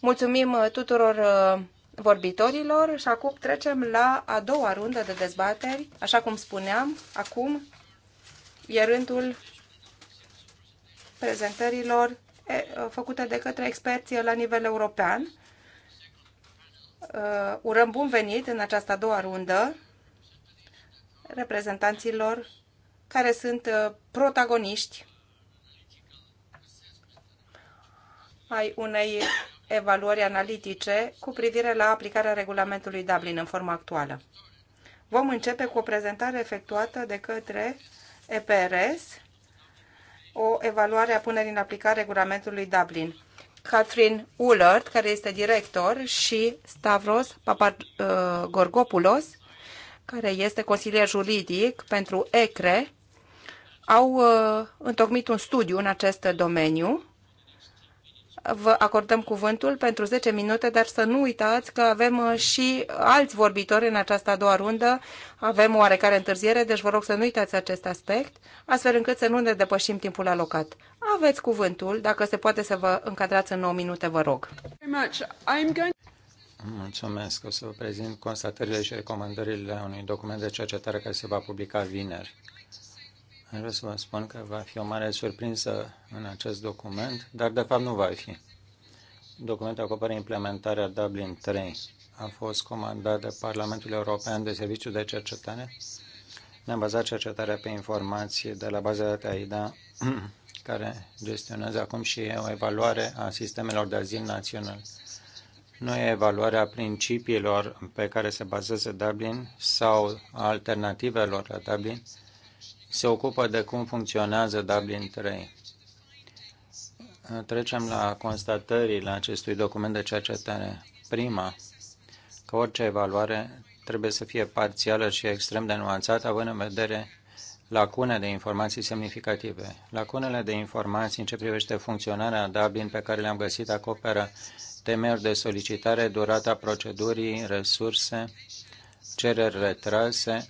Mulțumim uh, tuturor uh, vorbitorilor și acum trecem la a doua rundă de dezbateri. Așa cum spuneam, acum e rândul prezentărilor făcute de către experții la nivel european. Uh, urăm bun venit în această a doua rundă reprezentanților care sunt uh, protagoniști ai unei evaluări analitice cu privire la aplicarea regulamentului Dublin în forma actuală. Vom începe cu o prezentare efectuată de către EPRS, o evaluare a punerii în aplicare regulamentului Dublin. Catherine Ullert, care este director, și Stavros Papagorgopoulos, care este consilier juridic pentru ECRE, au uh, întocmit un studiu în acest domeniu vă acordăm cuvântul pentru 10 minute, dar să nu uitați că avem uh, și alți vorbitori în această a doua rundă. Avem oarecare întârziere, deci vă rog să nu uitați acest aspect, astfel încât să nu ne depășim timpul alocat. Aveți cuvântul, dacă se poate să vă încadrați în 9 minute, vă rog. Mulțumesc. O să vă prezint constatările și recomandările unui document de cercetare care se va publica vineri vrea să vă spun că va fi o mare surprinsă în acest document, dar de fapt nu va fi. Documentul acoperă implementarea Dublin 3. A fost comandat de Parlamentul European de Serviciu de Cercetare. Ne-am bazat cercetarea pe informații de la baza de date AIDA, care gestionează acum și o evaluare a sistemelor de azil național. Nu e evaluarea principiilor pe care se bazează Dublin sau alternativelor la Dublin, se ocupă de cum funcționează Dublin 3. Trecem la constatările acestui document de cercetare. Prima, că orice evaluare trebuie să fie parțială și extrem de nuanțată, având în vedere lacune de informații semnificative. Lacunele de informații în ce privește funcționarea Dublin pe care le-am găsit acoperă temeri de solicitare, durata procedurii, resurse, cereri retrase,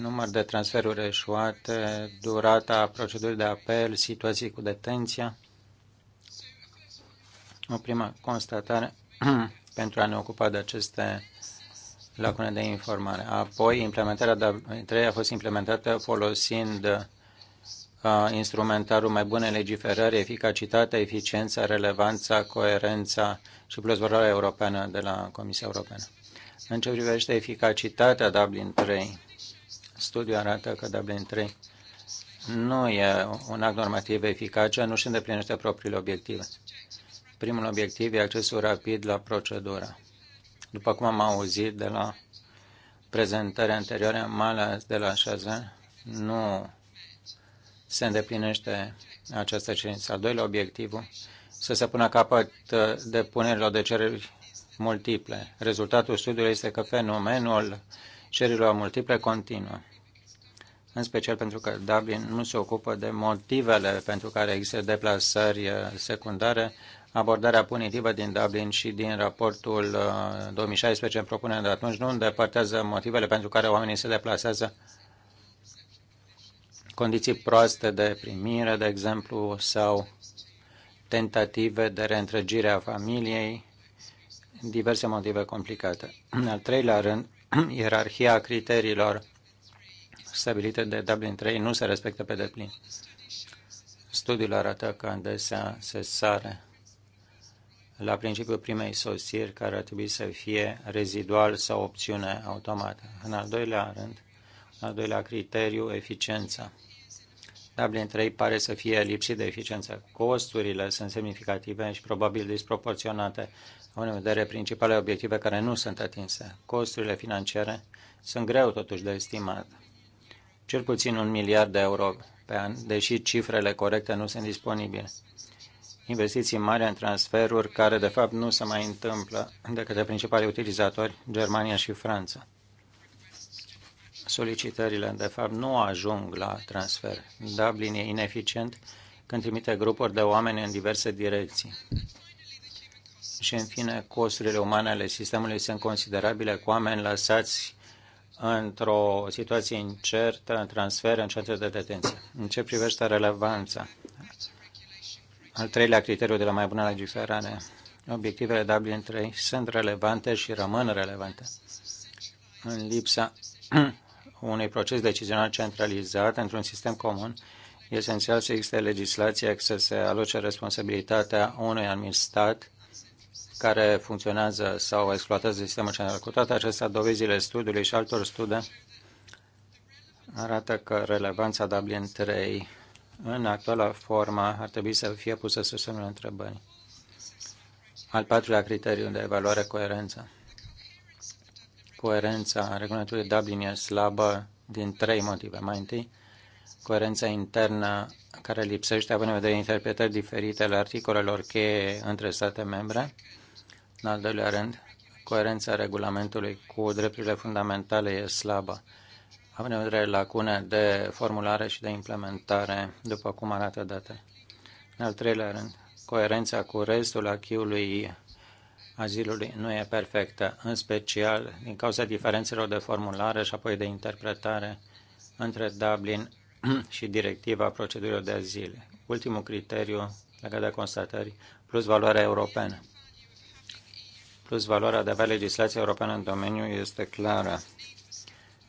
număr de transferuri eșuate, durata procedurii de apel, situații cu detenția. O primă constatare pentru a ne ocupa de aceste lacune de informare. Apoi, implementarea de a fost implementată folosind uh, instrumentarul mai bune legiferări, eficacitatea, eficiența, relevanța, coerența și plus valoarea europeană de la Comisia Europeană. În ce privește eficacitatea Dublin 3, studiul arată că Dublin 3 nu e un act normativ eficace, nu și îndeplinește propriile obiective. Primul obiectiv e accesul rapid la procedură. După cum am auzit de la prezentarea anterioară, mai ales de la șase, nu se îndeplinește această cerință. Al doilea obiectiv, să se pună capăt uh, depunerilor de cereri multiple. Rezultatul studiului este că fenomenul cererilor multiple continuă, în special pentru că Dublin nu se ocupă de motivele pentru care există deplasări uh, secundare, abordarea punitivă din Dublin și din raportul 2016 uh, în propunerea de atunci nu îndepărtează motivele pentru care oamenii se deplasează condiții proaste de primire, de exemplu, sau tentative de reîntrăgire a familiei, diverse motive complicate. În al treilea rând, ierarhia criteriilor stabilite de Dublin 3 nu se respectă pe deplin. Studiul arată că adesea se sare la principiul primei sosiri, care ar trebui să fie rezidual sau opțiune automată. În al doilea rând, în al doilea criteriu, eficiența. Dublin 3 pare să fie lipsit de eficiență. Costurile sunt semnificative și probabil disproporționate având în vedere principalele obiective care nu sunt atinse. Costurile financiare sunt greu totuși de estimat. Cel puțin un miliard de euro pe an, deși cifrele corecte nu sunt disponibile. Investiții mari în transferuri care de fapt nu se mai întâmplă de către principalii utilizatori, Germania și Franța. Solicitările de fapt nu ajung la transfer. Dublin e ineficient când trimite grupuri de oameni în diverse direcții. Și, în fine, costurile umane ale sistemului sunt considerabile cu oameni lăsați într-o situație incertă, în transfer, în centru de detenție. În ce privește relevanța? Al treilea criteriu de la mai bună legiferare. Obiectivele Dublin 3 sunt relevante și rămân relevante. În lipsa unui proces decizional centralizat într-un sistem comun, e esențial să existe legislație care să se aloce responsabilitatea unui anumit stat care funcționează sau exploatează sistemul general. Cu toate acestea, dovezile studiului și altor studii arată că relevanța Dublin 3 în actuala formă ar trebui să fie pusă sub semnul întrebării. Al patrulea criteriu de evaluare coerență. Coerența regulamentului Dublin e slabă din trei motive. Mai întâi, coerența internă care lipsește având în vedere interpretări diferite ale articolelor cheie între state membre. În al doilea rând, coerența regulamentului cu drepturile fundamentale e slabă, având în vedere lacune de formulare și de implementare, după cum arată date. În al treilea rând, coerența cu restul achiului azilului nu e perfectă, în special din cauza diferențelor de formulare și apoi de interpretare între Dublin și directiva procedurilor de azil. Ultimul criteriu legat de constatări plus valoarea europeană. Plus, valoarea de a avea legislația europeană în domeniu este clară.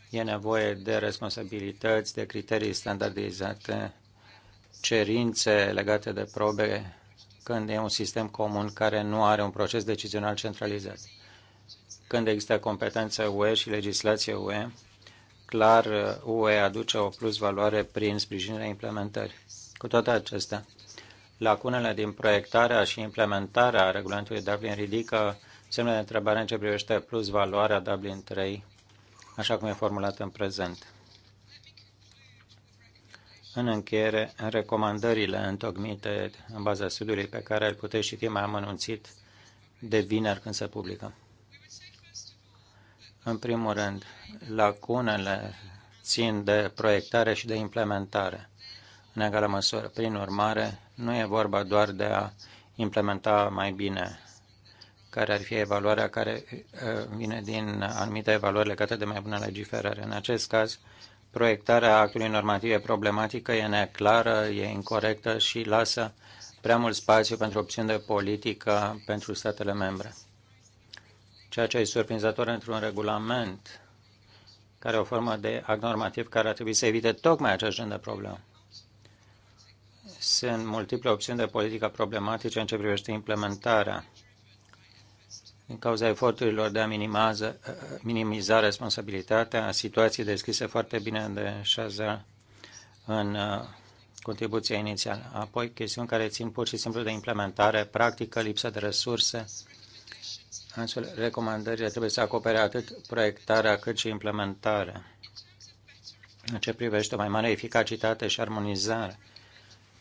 E nevoie de responsabilități, de criterii standardizate, cerințe legate de probe când e un sistem comun care nu are un proces decizional centralizat. Când există competență UE și legislație UE, clar UE aduce o plus valoare prin sprijinirea implementării. Cu toate acestea, lacunele din proiectarea și implementarea regulamentului Dublin ridică semne de întrebare în ce privește plus valoarea Dublin 3, așa cum e formulată în prezent. În încheiere, în recomandările întocmite în baza studiului pe care îl puteți citi mai amănunțit de vineri când se publică. În primul rând, lacunele țin de proiectare și de implementare. În egală măsură, prin urmare, nu e vorba doar de a implementa mai bine care ar fi evaluarea care uh, vine din anumite evaluări legate de mai bună legiferare. În acest caz, proiectarea actului normativ e problematică, e neclară, e incorrectă și lasă prea mult spațiu pentru opțiuni de politică pentru statele membre. Ceea ce e surprinzător într-un regulament care e o formă de act normativ care ar trebui să evite tocmai acest gen de problemă. Sunt multiple opțiuni de politică problematice în ce privește implementarea din cauza eforturilor de a minimiza, minimiza responsabilitatea, situații descrise foarte bine de Shaza în uh, contribuția inițială. Apoi, chestiuni care țin pur și simplu de implementare, practică, lipsă de resurse. Astfel, recomandările trebuie să acopere atât proiectarea cât și implementarea. În ce privește o mai mare eficacitate și armonizare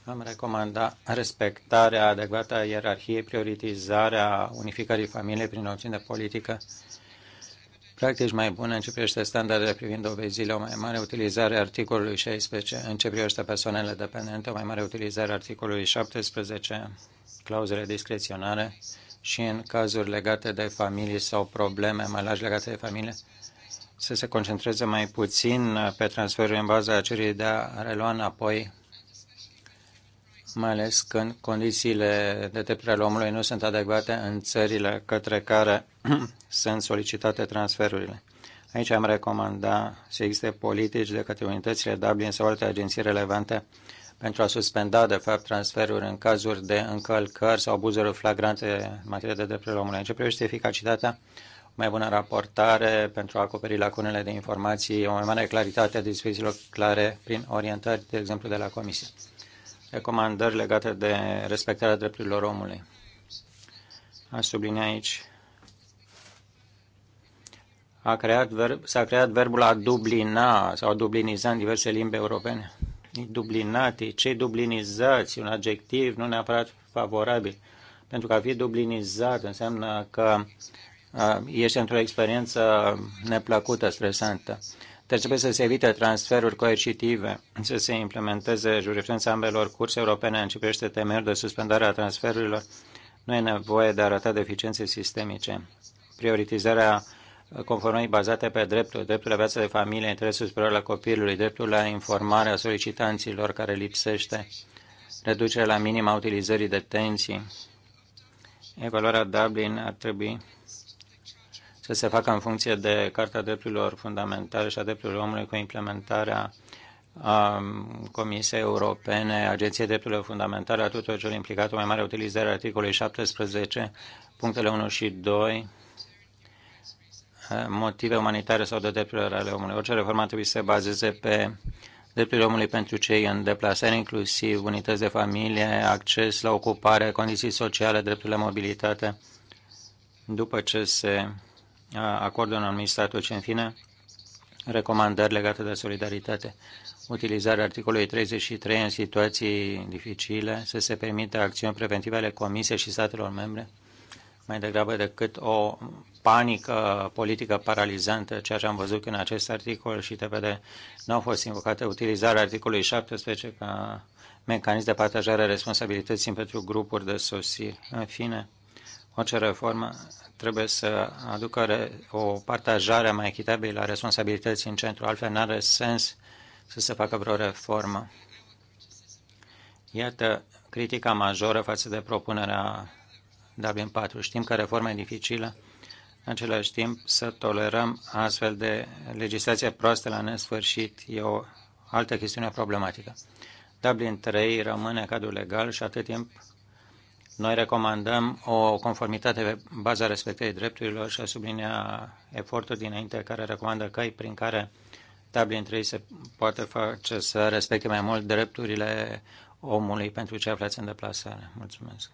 am recomandat respectarea adecvată a ierarhiei, prioritizarea unificării familiei prin opțiune politică, practici mai bune începește standardele privind obeziile, o mai mare utilizare a articolului 16, începește persoanele dependente, o mai mare utilizare a articolului 17, clauzele discreționare și în cazuri legate de familie sau probleme mai largi legate de familie, să se concentreze mai puțin pe transferul în baza cererii de a relua înapoi mai ales când condițiile de drepturi ale omului nu sunt adecvate în țările către care sunt solicitate transferurile. Aici am recomandat să existe politici de către unitățile Dublin sau alte agenții relevante pentru a suspenda, de fapt, transferuri în cazuri de încălcări sau abuzuri flagrante în materie de drepturile omului. În ce privește eficacitatea, mai bună raportare pentru a acoperi lacunele de informații, o mai mare claritate a dispozițiilor clare prin orientări, de exemplu, de la Comisie recomandări legate de respectarea drepturilor omului. Aș sublinia aici a creat verb, s-a creat verbul a dublina sau a dubliniza în diverse limbi europene. Dublinati, cei dublinizați, un adjectiv nu neapărat favorabil. Pentru că a fi dublinizat înseamnă că a, uh, ești într-o experiență neplăcută, stresantă. Deci trebuie să se evite transferuri coercitive, să se implementeze jurisprudența ambelor curse europene în ce privește temeri de suspendare a transferurilor. Nu e nevoie de a arăta deficiențe sistemice. Prioritizarea conformării bazate pe dreptul, dreptul la viață de familie, interesul superior la copilului, dreptul la informare a solicitanților care lipsește, reducerea la minim a utilizării detenții. Evaluarea Dublin ar trebui să se facă în funcție de Carta Drepturilor Fundamentale și a Drepturilor Omului cu implementarea um, Comisiei Europene, Agenției Drepturilor Fundamentale, a tuturor celor implicate, o mai mare utilizare a articolului 17, punctele 1 și 2, uh, motive umanitare sau de drepturile ale omului. Orice reformă trebuie să se bazeze pe drepturile omului pentru cei în deplasare, inclusiv unități de familie, acces la ocupare, condiții sociale, drepturile mobilitate, după ce se acordul în anumit statul, și, în fine, recomandări legate de solidaritate. Utilizarea articolului 33 în situații dificile, să se permită acțiuni preventive ale Comisiei și statelor membre, mai degrabă decât o panică politică paralizantă, ceea ce am văzut în acest articol și vede nu au fost invocate. Utilizarea articolului 17 ca mecanism de partajare a responsabilității pentru grupuri de sosiri. În fine, Orice reformă trebuie să aducă o partajare mai echitabilă a responsabilității în centru, altfel nu are sens să se facă vreo reformă. Iată critica majoră față de propunerea Dublin 4. Știm că reforma e dificilă, în același timp să tolerăm astfel de legislație proastă la nesfârșit e o altă chestiune problematică. Dublin 3 rămâne cadrul legal și atât timp noi recomandăm o conformitate pe baza respectării drepturilor și a sublinea efortul dinainte care recomandă căi prin care Dublin 3 se poate face să respecte mai mult drepturile omului pentru ce aflați în deplasare. Mulțumesc.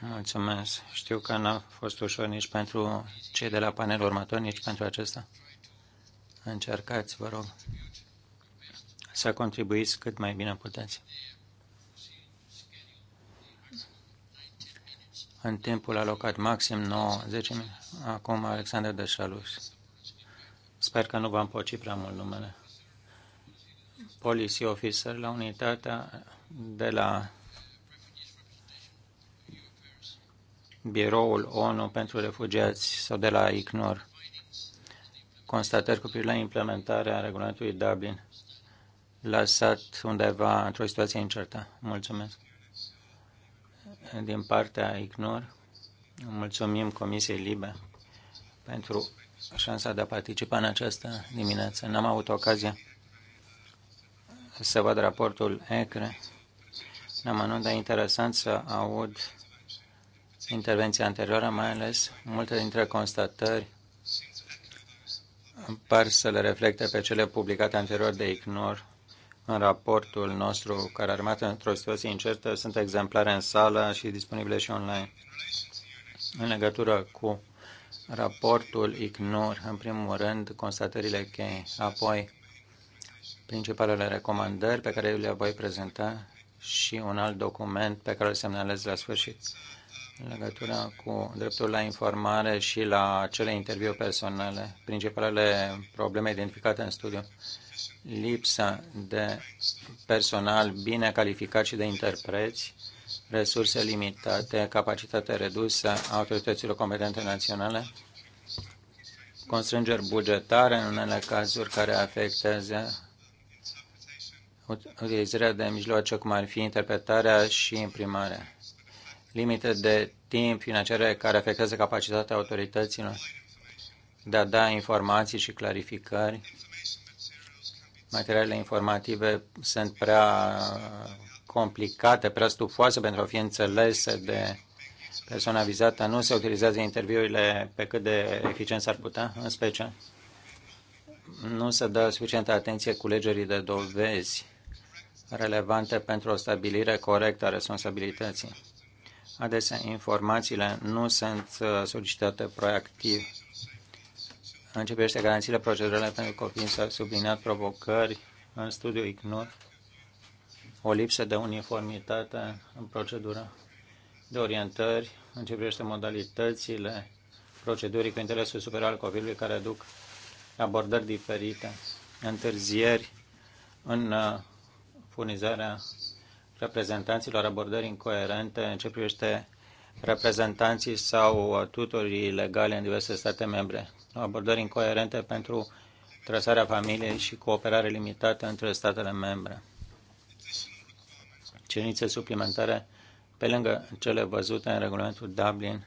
Mulțumesc. Știu că n-a fost ușor nici pentru cei de la panelul următor, nici pentru acesta. Încercați, vă rog să contribuiți cât mai bine puteți. În timpul alocat maxim 9-10 minute. Acum Alexandru Șaluș. Sper că nu v-am poci prea mult numele. Policy Officer la unitatea de la Biroul ONU pentru Refugiați sau de la ICNUR. Constatări cu privire la implementarea regulamentului Dublin lăsat undeva într-o situație incertă. Mulțumesc. Din partea IGNOR, mulțumim Comisiei Libe pentru șansa de a participa în această dimineață. N-am avut ocazia să văd raportul ECRE. N-am anunț, dar interesant să aud intervenția anterioară, mai ales multe dintre constatări par să le reflecte pe cele publicate anterior de IGNOR în raportul nostru care a rămas într-o situație incertă. Sunt exemplare în sală și disponibile și online. În legătură cu raportul ICNUR, în primul rând, constatările cheie, apoi principalele recomandări pe care eu le voi prezenta și un alt document pe care îl semnalez la sfârșit. În legătură cu dreptul la informare și la cele interviu personale, principalele probleme identificate în studiu lipsa de personal bine calificat și de interpreți, resurse limitate, capacitate redusă a autorităților competente naționale, constrângeri bugetare în unele cazuri care afectează utilizarea de mijloace cum ar fi interpretarea și imprimarea, limite de timp financiare care afectează capacitatea autorităților de a da informații și clarificări, Materialele informative sunt prea complicate, prea stufoase pentru a fi înțelese de persoana vizată. Nu se utilizează interviurile pe cât de eficient s-ar putea, în special. Nu se dă suficientă atenție culegerii de dovezi relevante pentru o stabilire corectă a responsabilității. Adesea, informațiile nu sunt uh, solicitate proactiv începește garanțiile procedurale pentru copii, s subliniat provocări în studiu ICNUR, o lipsă de uniformitate în procedură de orientări, începește modalitățile procedurii cu interesul superior al copilului care aduc abordări diferite, întârzieri în uh, furnizarea reprezentanților abordări incoerente în ce privește reprezentanții sau tutorii legale în diverse state membre abordări incoerente pentru trasarea familiei și cooperare limitată între statele membre. Cerințe suplimentare pe lângă cele văzute în regulamentul Dublin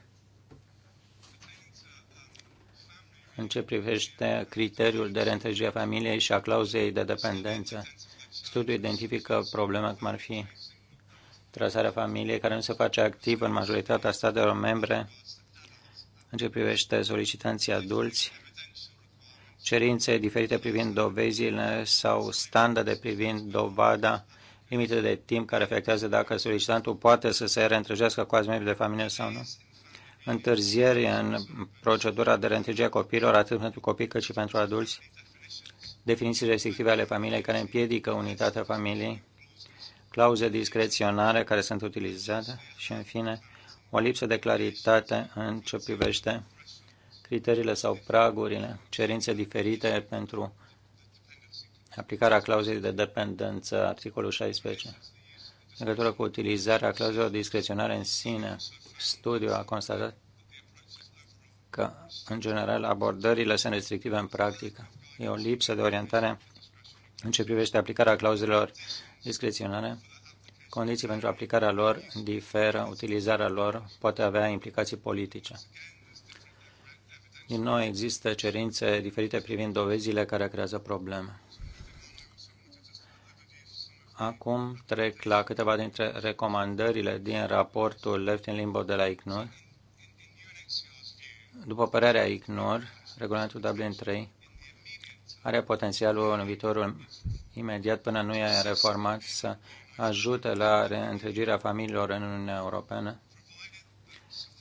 în ce privește criteriul de reîntregire a familiei și a clauzei de dependență. Studiul identifică probleme cum ar fi trasarea familiei care nu se face activ în majoritatea statelor membre în ce privește solicitanții adulți, cerințe diferite privind dovezile sau standarde privind dovada, limite de timp care afectează dacă solicitantul poate să se reîntrăjească cu alți membri de familie sau nu, întârzieri în procedura de reîntregire a copiilor, atât pentru copii cât și pentru adulți, definiții restrictive ale familiei care împiedică unitatea familiei, clauze discreționare care sunt utilizate și, în fine, o lipsă de claritate în ce privește criteriile sau pragurile, cerințe diferite pentru aplicarea clauzei de dependență, articolul 16. În legătură cu utilizarea clauzelor discreționare în sine, studiu a constatat că, în general, abordările sunt restrictive în practică. E o lipsă de orientare în ce privește aplicarea clauzelor discreționare Condiții pentru aplicarea lor diferă, utilizarea lor poate avea implicații politice. Din nou există cerințe diferite privind dovezile care creează probleme. Acum trec la câteva dintre recomandările din raportul Left in Limbo de la ICNUR. După părerea ICNUR, regulamentul Dublin 3 are potențialul în viitorul imediat până nu e reformat să ajută la reîntregirea familiilor în Uniunea Europeană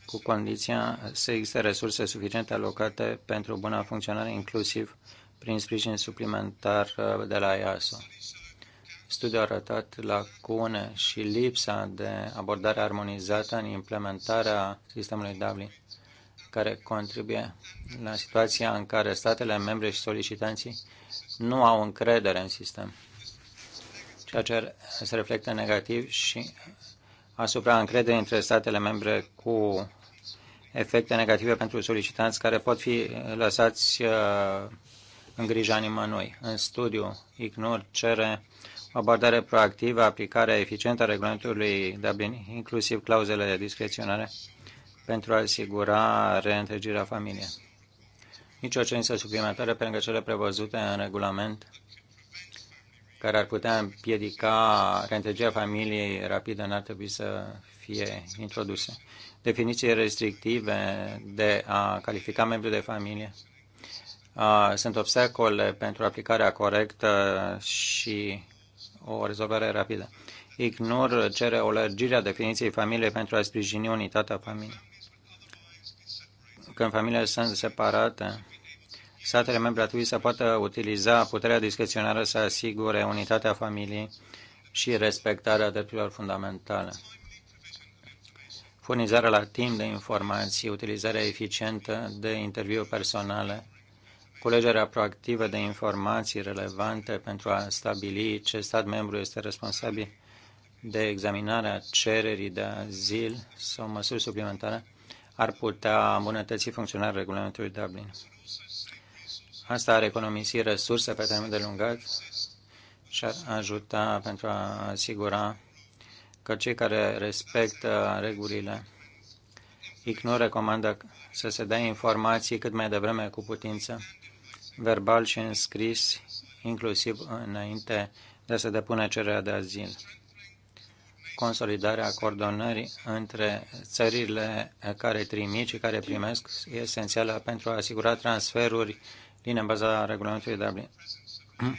cu condiția să existe resurse suficiente alocate pentru buna funcționare, inclusiv prin sprijin suplimentar uh, de la EASO. Studiul a arătat lacune și lipsa de abordare armonizată în implementarea sistemului Dublin, care contribuie la situația în care statele membre și solicitanții nu au încredere în sistem ceea ce se reflectă negativ și asupra încrederii între statele membre cu efecte negative pentru solicitanți care pot fi lăsați uh, în grija nimănui. În studiu, ICNUR cere o abordare proactivă, aplicarea eficientă a regulamentului Dublin, inclusiv clauzele de discreționare, pentru a asigura reîntregirea familiei. Nici o cerință suplimentară pe lângă cele prevăzute în regulament care ar putea împiedica reîntregirea familiei rapidă n-ar trebui să fie introduse. Definiții restrictive de a califica membru de familie sunt obstacole pentru aplicarea corectă și o rezolvare rapidă. Ignor cere o lărgire a definiției familiei pentru a sprijini unitatea familiei. Când familiile sunt separate, statele membre ar trebui să poată utiliza puterea discreționară să asigure unitatea familiei și respectarea drepturilor fundamentale. Furnizarea la timp de informații, utilizarea eficientă de interviuri personale, culegerea proactivă de informații relevante pentru a stabili ce stat membru este responsabil de examinarea cererii de azil sau măsuri suplimentare ar putea îmbunătăți funcționarea regulamentului Dublin. Asta ar economisi resurse pe termen de lungat și ar ajuta pentru a asigura că cei care respectă regulile nu recomandă să se dea informații cât mai devreme cu putință, verbal și înscris, inclusiv înainte de a se depune cererea de azil. Consolidarea coordonării între țările care trimit și care primesc e esențială pentru a asigura transferuri din în baza regulamentului Dublin.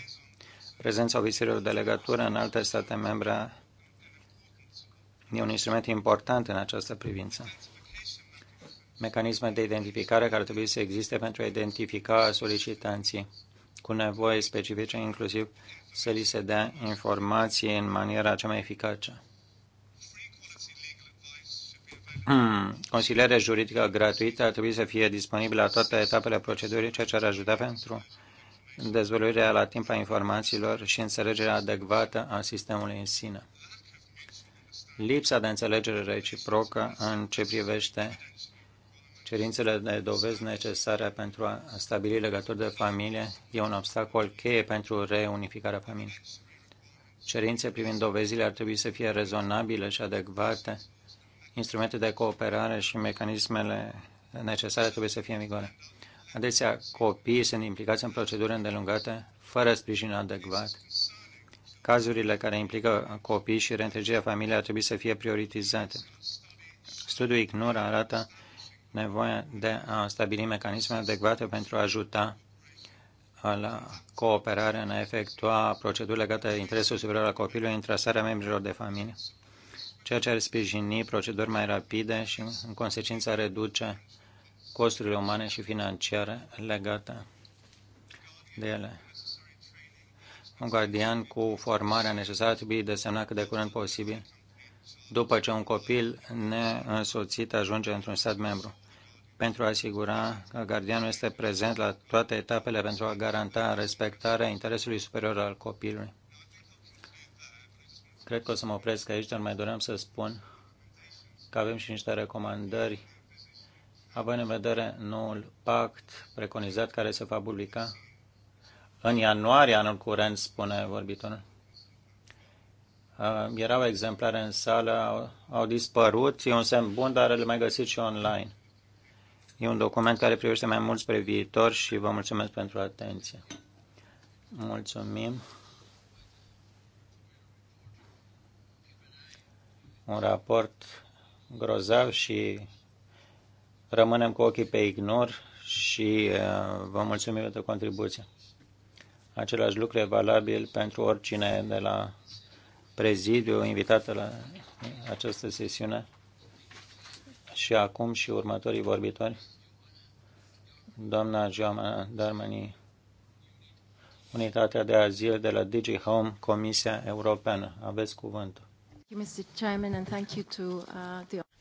Prezența ofițerilor de legătură în alte state membre e un instrument important în această privință. Mecanisme de identificare care trebuie să existe pentru a identifica solicitanții cu nevoi specifice, inclusiv să li se dea informații în maniera cea mai eficace. Hmm. consiliere juridică gratuită ar trebui să fie disponibilă la toate etapele procedurii, ceea ce ar ajuta pentru dezvoltarea la timp a informațiilor și înțelegerea adecvată a sistemului în sine. Lipsa de înțelegere reciprocă în ce privește cerințele de dovezi necesare pentru a stabili legături de familie e un obstacol cheie pentru reunificarea familiei. Cerințe privind dovezile ar trebui să fie rezonabile și adecvate instrumente de cooperare și mecanismele necesare trebuie să fie în vigoare. Adesea, copiii sunt implicați în proceduri îndelungate, fără sprijin adecvat. Cazurile care implică copii și reîntregirea familiei ar trebui să fie prioritizate. Studiul IGNUR arată nevoia de a stabili mecanisme adecvate pentru a ajuta la cooperare în a efectua proceduri legate de interesul superior al copilului în trasarea membrilor de familie ceea ce ar sprijini proceduri mai rapide și, în consecință, reduce costurile umane și financiare legate de ele. Un gardian cu formarea necesară ar trebui desemnat cât de curând posibil după ce un copil neînsoțit ajunge într-un stat membru, pentru a asigura că gardianul este prezent la toate etapele pentru a garanta respectarea interesului superior al copilului. Cred că o să mă opresc aici, dar mai doream să spun că avem și niște recomandări având în vedere noul pact preconizat care se va publica în ianuarie anul curent, spune vorbitorul. Uh, erau exemplare în sală, au, au dispărut, e un semn bun, dar le mai găsiți și online. E un document care privește mai mult spre viitor și vă mulțumesc pentru atenție. Mulțumim. un raport grozav și rămânem cu ochii pe ignor și uh, vă mulțumim pentru contribuție. Același lucru e valabil pentru oricine de la prezidiu invitată la această sesiune și acum și următorii vorbitori. Doamna Joana Darmani, Unitatea de Azil de la DG Home, Comisia Europeană. Aveți cuvântul. Uh,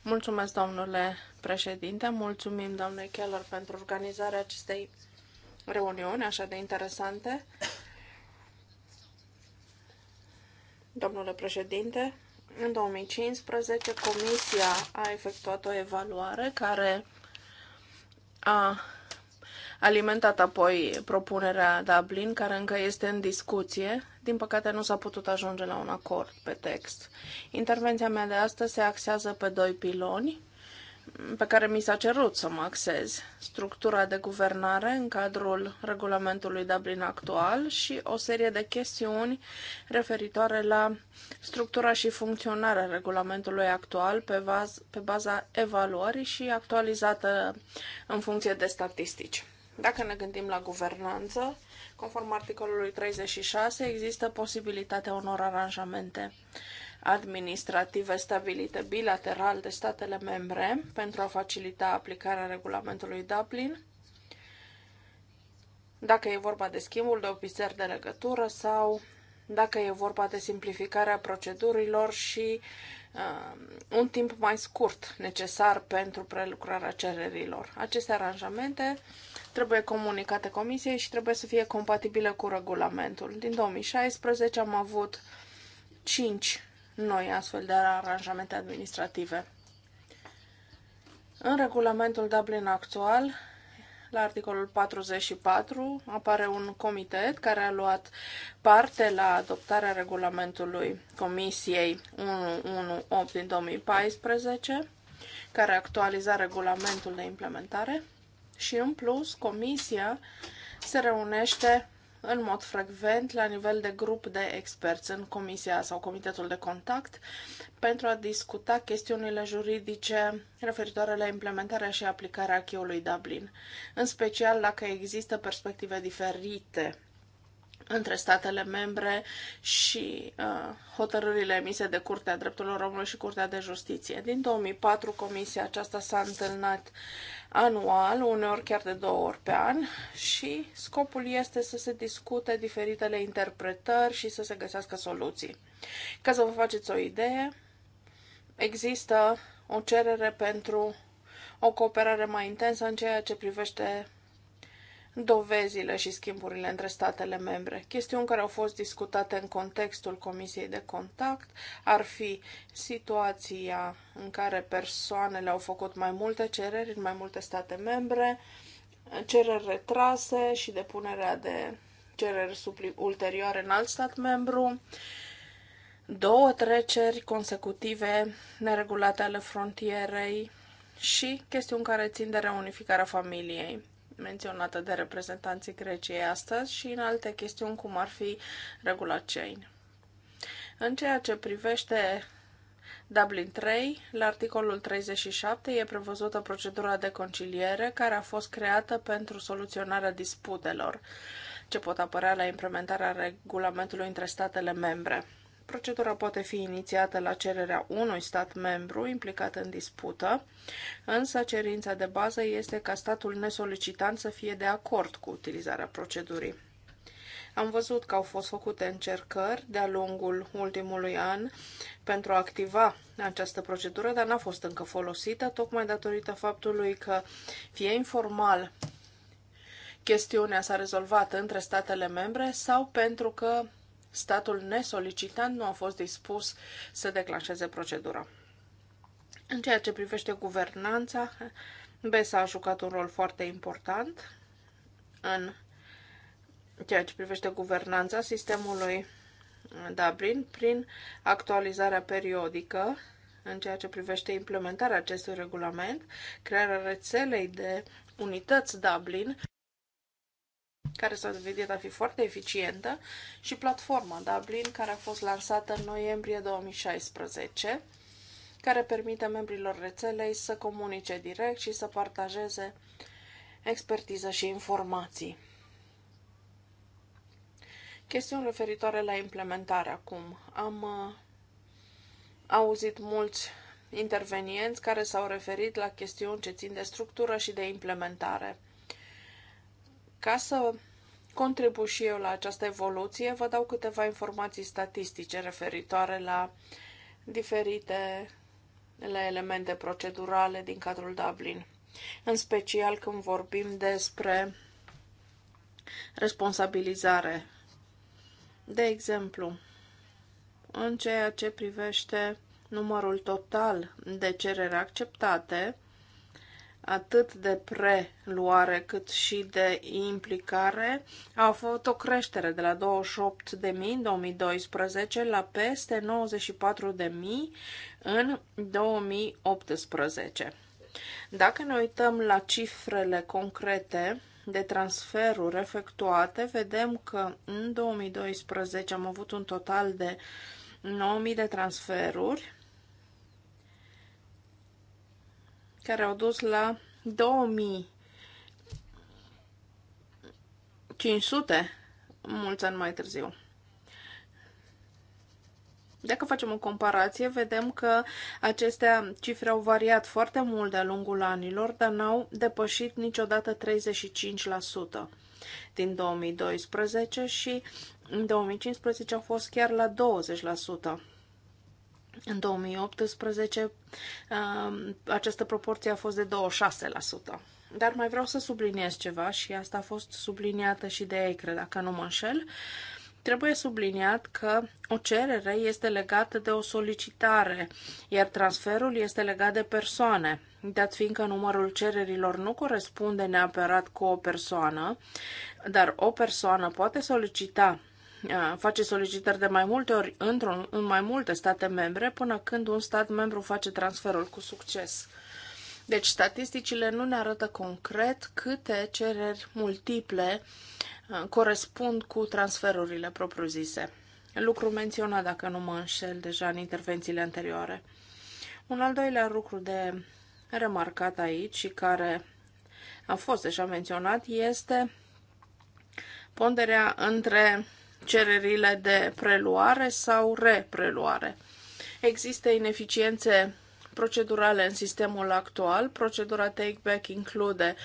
Mulțumesc, domnule președinte. Mulțumim, doamnei Keller, pentru organizarea acestei reuniuni așa de interesante. Domnule președinte, în 2015 Comisia a efectuat o evaluare care a alimentat apoi propunerea Dublin, care încă este în discuție. Din păcate nu s-a putut ajunge la un acord pe text. Intervenția mea de astăzi se axează pe doi piloni pe care mi s-a cerut să mă axez. Structura de guvernare în cadrul regulamentului Dublin actual și o serie de chestiuni referitoare la structura și funcționarea regulamentului actual pe, vaz, pe baza evaluării și actualizată în funcție de statistici. Dacă ne gândim la guvernanță, conform articolului 36, există posibilitatea unor aranjamente administrative stabilite bilateral de statele membre pentru a facilita aplicarea regulamentului Dublin, dacă e vorba de schimbul de ofițeri de legătură sau dacă e vorba de simplificarea procedurilor și uh, un timp mai scurt necesar pentru prelucrarea cererilor. Aceste aranjamente uh, trebuie comunicate comisiei și trebuie să fie compatibile cu regulamentul. Din 2016 am avut 5 noi astfel de aranjamente administrative. În regulamentul Dublin actual, la articolul 44, apare un comitet care a luat parte la adoptarea regulamentului Comisiei 118 din 2014, care actualiza regulamentul de implementare și, în plus, comisia se reunește în mod frecvent la nivel de grup de experți în comisia sau comitetul de contact pentru a discuta chestiunile juridice referitoare la implementarea și aplicarea acquis Dublin, în special dacă există perspective diferite între statele membre și uh, hotărârile emise de Curtea Drepturilor Omului și Curtea de Justiție. Din 2004, comisia aceasta s-a întâlnat anual, uneori chiar de două ori pe an, și scopul este să se discute diferitele interpretări și să se găsească soluții. Ca să vă faceți o idee, există o cerere pentru o cooperare mai intensă în ceea ce privește dovezile și schimburile între statele membre. Chestiuni care au fost discutate în contextul Comisiei de Contact ar fi situația în care persoanele au făcut mai multe cereri în mai multe state membre, cereri retrase și depunerea de cereri ulterioare în alt stat membru, două treceri consecutive neregulate ale frontierei și chestiuni care țin de reunificarea familiei menționată de reprezentanții Greciei astăzi și în alte chestiuni, cum ar fi regula chain. În ceea ce privește Dublin 3, la articolul 37 e prevăzută procedura de conciliere care a fost creată pentru soluționarea disputelor ce pot apărea la implementarea regulamentului între statele membre. Procedura poate fi inițiată la cererea unui stat membru implicat în dispută, însă cerința de bază este ca statul nesolicitant să fie de acord cu utilizarea procedurii. Am văzut că au fost făcute încercări de-a lungul ultimului an pentru a activa această procedură, dar n-a fost încă folosită, tocmai datorită faptului că, fie informal, chestiunea s-a rezolvat între statele membre sau pentru că statul nesolicitant nu a fost dispus să declanșeze procedura. În ceea ce privește guvernanța, BESA a jucat un rol foarte important în ceea ce privește guvernanța sistemului Dublin prin actualizarea periodică în ceea ce privește implementarea acestui regulament, crearea rețelei de unități Dublin care s-a dovedit a fi foarte eficientă, și platforma Dublin, care a fost lansată în noiembrie 2016, care permite membrilor rețelei să comunice direct și să partajeze expertiză și informații. Chestiuni referitoare la implementare acum. Am uh, auzit mulți intervenienți care s-au referit la chestiuni ce țin de structură și de implementare. Ca să contribu și eu la această evoluție, vă dau câteva informații statistice referitoare la diferite la elemente procedurale din cadrul Dublin. În special când vorbim despre responsabilizare. De exemplu, în ceea ce privește numărul total de cereri acceptate, atât de preluare cât și de implicare, au avut o creștere de la 28.000 în 2012 la peste 94.000 în 2018. Dacă ne uităm la cifrele concrete de transferuri efectuate, vedem că în 2012 am avut un total de 9.000 de transferuri, care au dus la 2500 mulți ani mai târziu. Dacă facem o comparație, vedem că aceste cifre au variat foarte mult de-a lungul anilor, dar n-au depășit niciodată 35% din 2012 și în 2015 au fost chiar la 20%. În 2018 um, această proporție a fost de 26%. Dar mai vreau să subliniez ceva și asta a fost subliniată și de ei, cred, dacă nu mă înșel. Trebuie subliniat că o cerere este legată de o solicitare, iar transferul este legat de persoane. Dat fiindcă numărul cererilor nu corespunde neapărat cu o persoană, dar o persoană poate solicita face solicitări de mai multe ori într-un, în mai multe state membre până când un stat membru face transferul cu succes. Deci statisticile nu ne arată concret câte cereri multiple corespund cu transferurile propriu-zise. Lucru menționat, dacă nu mă înșel, deja în intervențiile anterioare. Un al doilea lucru de remarcat aici și care a fost deja menționat este ponderea între cererile de preluare sau repreluare. Există ineficiențe procedurale în sistemul actual. Procedura take-back include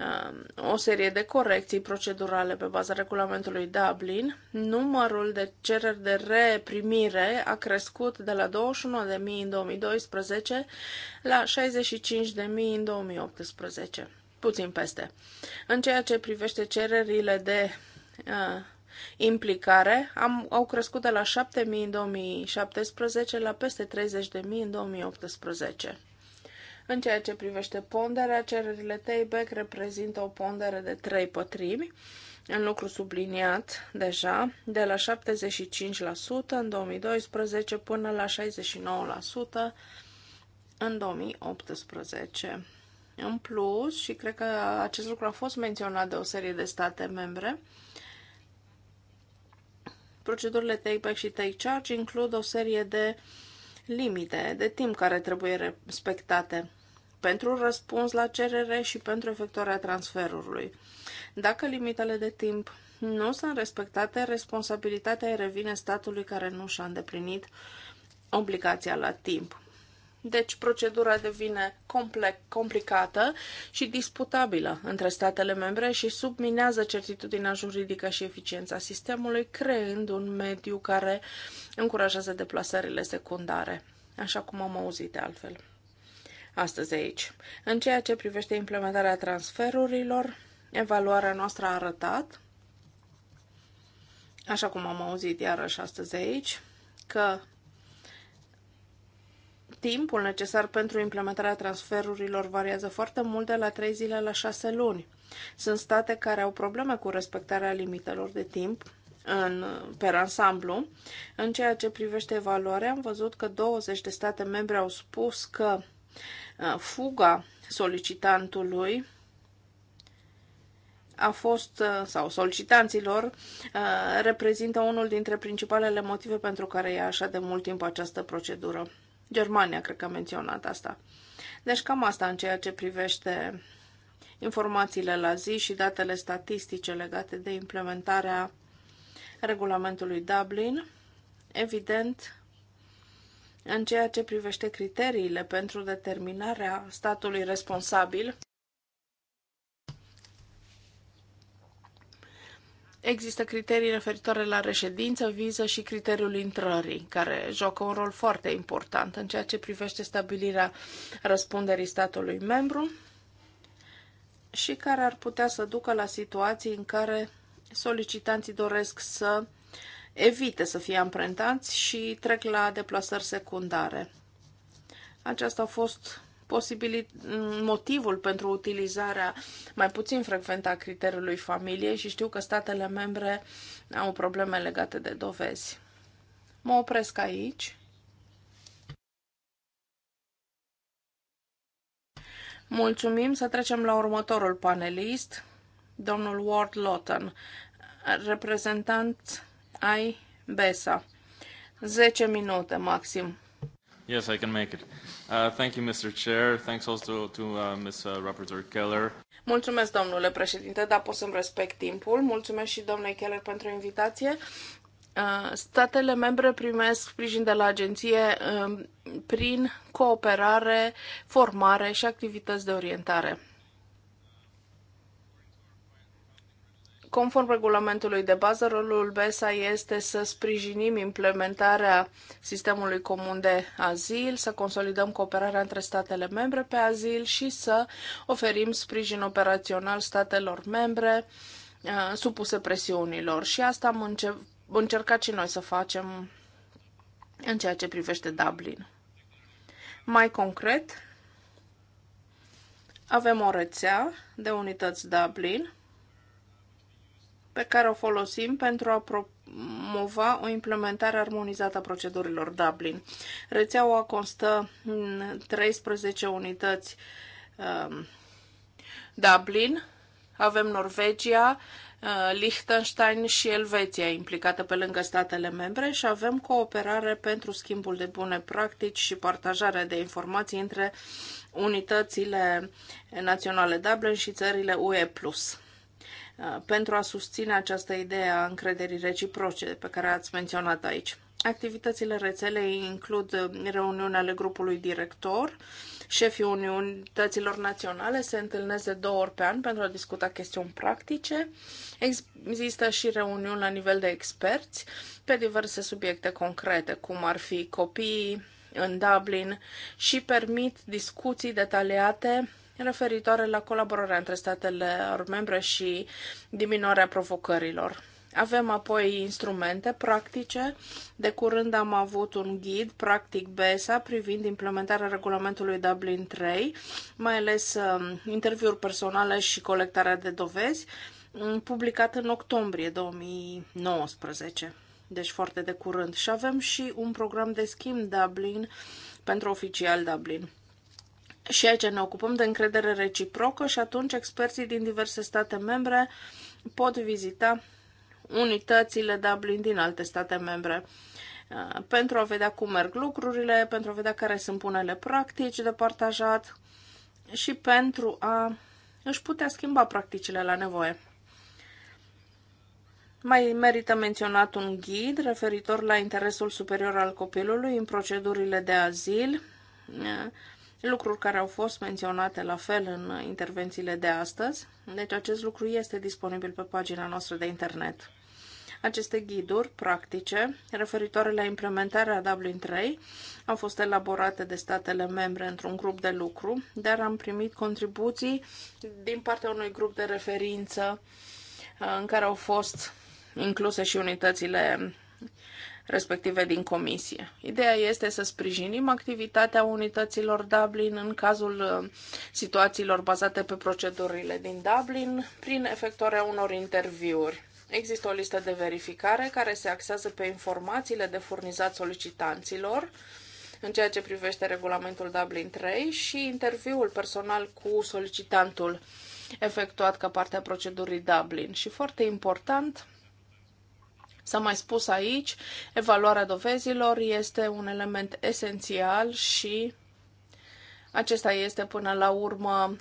um, o serie de corecții procedurale pe baza regulamentului Dublin. Numărul de cereri de reprimire a crescut de la 21.000 în 2012 la 65.000 în 2018, puțin peste. În ceea ce privește cererile de uh, implicare am, au crescut de la 7.000 în 2017 la peste 30.000 în 2018. În ceea ce privește ponderea, cererile Tayback reprezintă o pondere de 3 pătrimi, în lucru subliniat deja, de la 75% în 2012 până la 69% în 2018. În plus, și cred că acest lucru a fost menționat de o serie de state membre, Procedurile Take Back și Take Charge includ o serie de limite de timp care trebuie respectate pentru răspuns la cerere și pentru efectuarea transferului. Dacă limitele de timp nu sunt respectate, responsabilitatea îi revine statului care nu și-a îndeplinit obligația la timp. Deci procedura devine complex, complicată și disputabilă între statele membre și subminează certitudinea juridică și eficiența sistemului, creând un mediu care încurajează deplasările secundare, așa cum am auzit de altfel astăzi aici. În ceea ce privește implementarea transferurilor, evaluarea noastră a arătat, așa cum am auzit iarăși astăzi aici, că Timpul necesar pentru implementarea transferurilor variază foarte mult de la 3 zile la 6 luni. Sunt state care au probleme cu respectarea limitelor de timp în, per ansamblu. În ceea ce privește evaluarea, am văzut că 20 de state membre au spus că uh, fuga solicitantului a fost, uh, sau solicitanților, uh, reprezintă unul dintre principalele motive pentru care e așa de mult timp această procedură. Germania, cred că a menționat asta. Deci cam asta în ceea ce privește informațiile la zi și datele statistice legate de implementarea regulamentului Dublin. Evident, în ceea ce privește criteriile pentru determinarea statului responsabil, Există criterii referitoare la reședință, viză și criteriul intrării, care joacă un rol foarte important în ceea ce privește stabilirea răspunderii statului membru și care ar putea să ducă la situații în care solicitanții doresc să evite să fie amprentați și trec la deplasări secundare. Aceasta a fost motivul pentru utilizarea mai puțin frecventă a criteriului familie și știu că statele membre au probleme legate de dovezi. Mă opresc aici. Mulțumim să trecem la următorul panelist, domnul Ward Lawton, reprezentant ai BESA. 10 minute maxim. Yes, I can make it. Uh, thank you, Mr. Chair. Thanks also to uh, Ms. Uh, Rapporteur Keller. Mulțumesc, domnule președinte, dar pot să-mi respect timpul. Mulțumesc și domnului Keller pentru invitație. Uh, statele membre primesc sprijin de la agenție uh, prin cooperare, formare și activități de orientare. Conform regulamentului de bază, rolul BESA este să sprijinim implementarea sistemului comun de azil, să consolidăm cooperarea între statele membre pe azil și să oferim sprijin operațional statelor membre uh, supuse presiunilor. Și asta am înce- încercat și noi să facem în ceea ce privește Dublin. Mai concret, avem o rețea de unități Dublin pe care o folosim pentru a promova o implementare armonizată a procedurilor Dublin. Rețeaua constă în 13 unități um, Dublin, avem Norvegia, uh, Liechtenstein și Elveția implicată pe lângă statele membre și avem cooperare pentru schimbul de bune practici și partajarea de informații între unitățile naționale Dublin și țările UE+. Uh, pentru a susține această idee a încrederii reciproce pe care ați menționat aici. Activitățile rețelei includ uh, reuniunea ale grupului director. Șefii unităților naționale se întâlnesc de două ori pe an pentru a discuta chestiuni practice. Există și reuniuni la nivel de experți pe diverse subiecte concrete, cum ar fi copiii în Dublin și permit discuții detaliate referitoare la colaborarea între statele membre și diminuarea provocărilor. Avem apoi instrumente practice. De curând am avut un ghid, practic BESA, privind implementarea regulamentului Dublin 3, mai ales um, interviuri personale și colectarea de dovezi, um, publicat în octombrie 2019 deci foarte de curând. Și avem și un program de schimb Dublin pentru oficial Dublin și aici ne ocupăm de încredere reciprocă și atunci experții din diverse state membre pot vizita unitățile Dublin din alte state membre uh, pentru a vedea cum merg lucrurile, pentru a vedea care sunt punele practici de partajat și pentru a își putea schimba practicile la nevoie. Mai merită menționat un ghid referitor la interesul superior al copilului în procedurile de azil uh, lucruri care au fost menționate la fel în intervențiile de astăzi, deci acest lucru este disponibil pe pagina noastră de internet. Aceste ghiduri practice referitoare la implementarea Dublin 3 au fost elaborate de statele membre într-un grup de lucru, dar am primit contribuții din partea unui grup de referință uh, în care au fost incluse și unitățile respective din comisie. Ideea este să sprijinim activitatea unităților Dublin în cazul uh, situațiilor bazate pe procedurile din Dublin prin efectuarea unor interviuri. Există o listă de verificare care se axează pe informațiile de furnizat solicitanților în ceea ce privește regulamentul Dublin 3 și interviul personal cu solicitantul efectuat ca parte a procedurii Dublin. Și foarte important, S-a mai spus aici, evaluarea dovezilor este un element esențial și acesta este până la urmă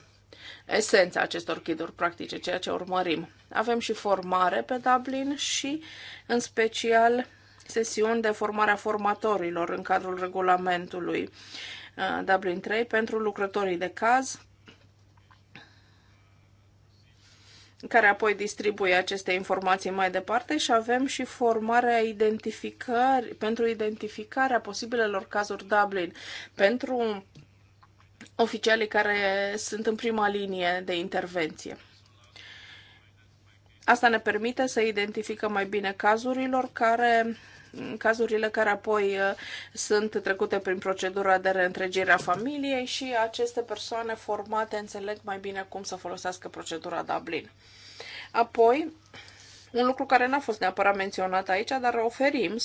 esența acestor ghiduri practice, ceea ce urmărim. Avem și formare pe Dublin și, în special, sesiuni de formare a formatorilor în cadrul regulamentului uh, Dublin 3 pentru lucrătorii de caz, care apoi distribuie aceste informații mai departe și avem și formarea identificări, pentru identificarea posibilelor cazuri Dublin, pentru oficialii care sunt în prima linie de intervenție. Asta ne permite să identificăm mai bine cazurilor care cazurile care apoi uh, sunt trecute prin procedura de reîntregire a familiei și aceste persoane formate înțeleg mai bine cum să folosească procedura Dublin. Apoi, un lucru care n-a fost neapărat menționat aici, dar oferim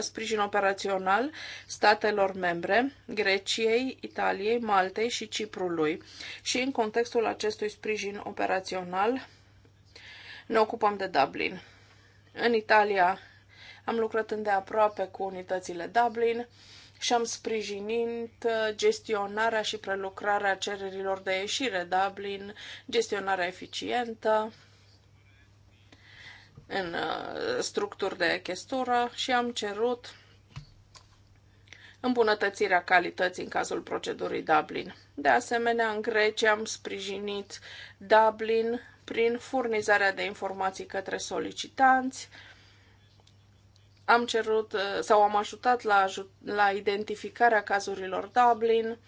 sprijin operațional statelor membre, Greciei, Italiei, Maltei și Ciprului. Și în contextul acestui sprijin operațional ne ocupăm de Dublin. În Italia am lucrat îndeaproape cu unitățile Dublin și am sprijinit uh, gestionarea și prelucrarea cererilor de ieșire Dublin, gestionarea eficientă în uh, structuri de chestură și am cerut îmbunătățirea calității în cazul procedurii Dublin. De asemenea, în Grecia am sprijinit Dublin prin furnizarea de informații către solicitanți, am cerut uh, sau am ajutat la, la identificarea cazurilor Dublin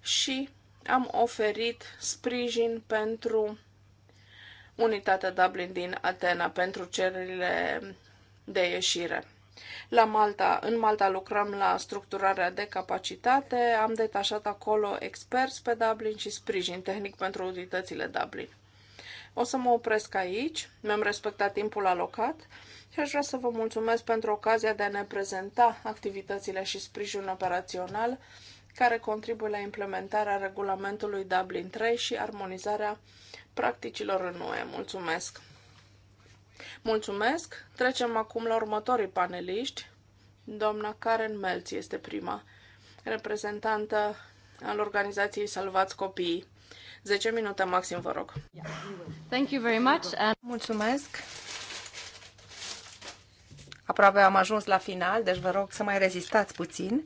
și am oferit sprijin pentru unitatea Dublin din Atena pentru cererile de ieșire. La Malta, în Malta lucrăm la structurarea de capacitate, am detașat acolo experți pe Dublin și sprijin tehnic pentru unitățile Dublin. O să mă opresc aici, mi-am respectat timpul alocat și aș vrea să vă mulțumesc pentru ocazia de a ne prezenta activitățile și sprijinul operațional care contribuie la implementarea regulamentului Dublin 3 și armonizarea practicilor în UE. Mulțumesc! Mulțumesc! Trecem acum la următorii paneliști. Doamna Karen Melți este prima reprezentantă al organizației Salvați Copiii. 10 minute maxim, vă rog. Thank you very much. And... Mulțumesc. Aproape am ajuns la final, deci vă rog să mai rezistați puțin.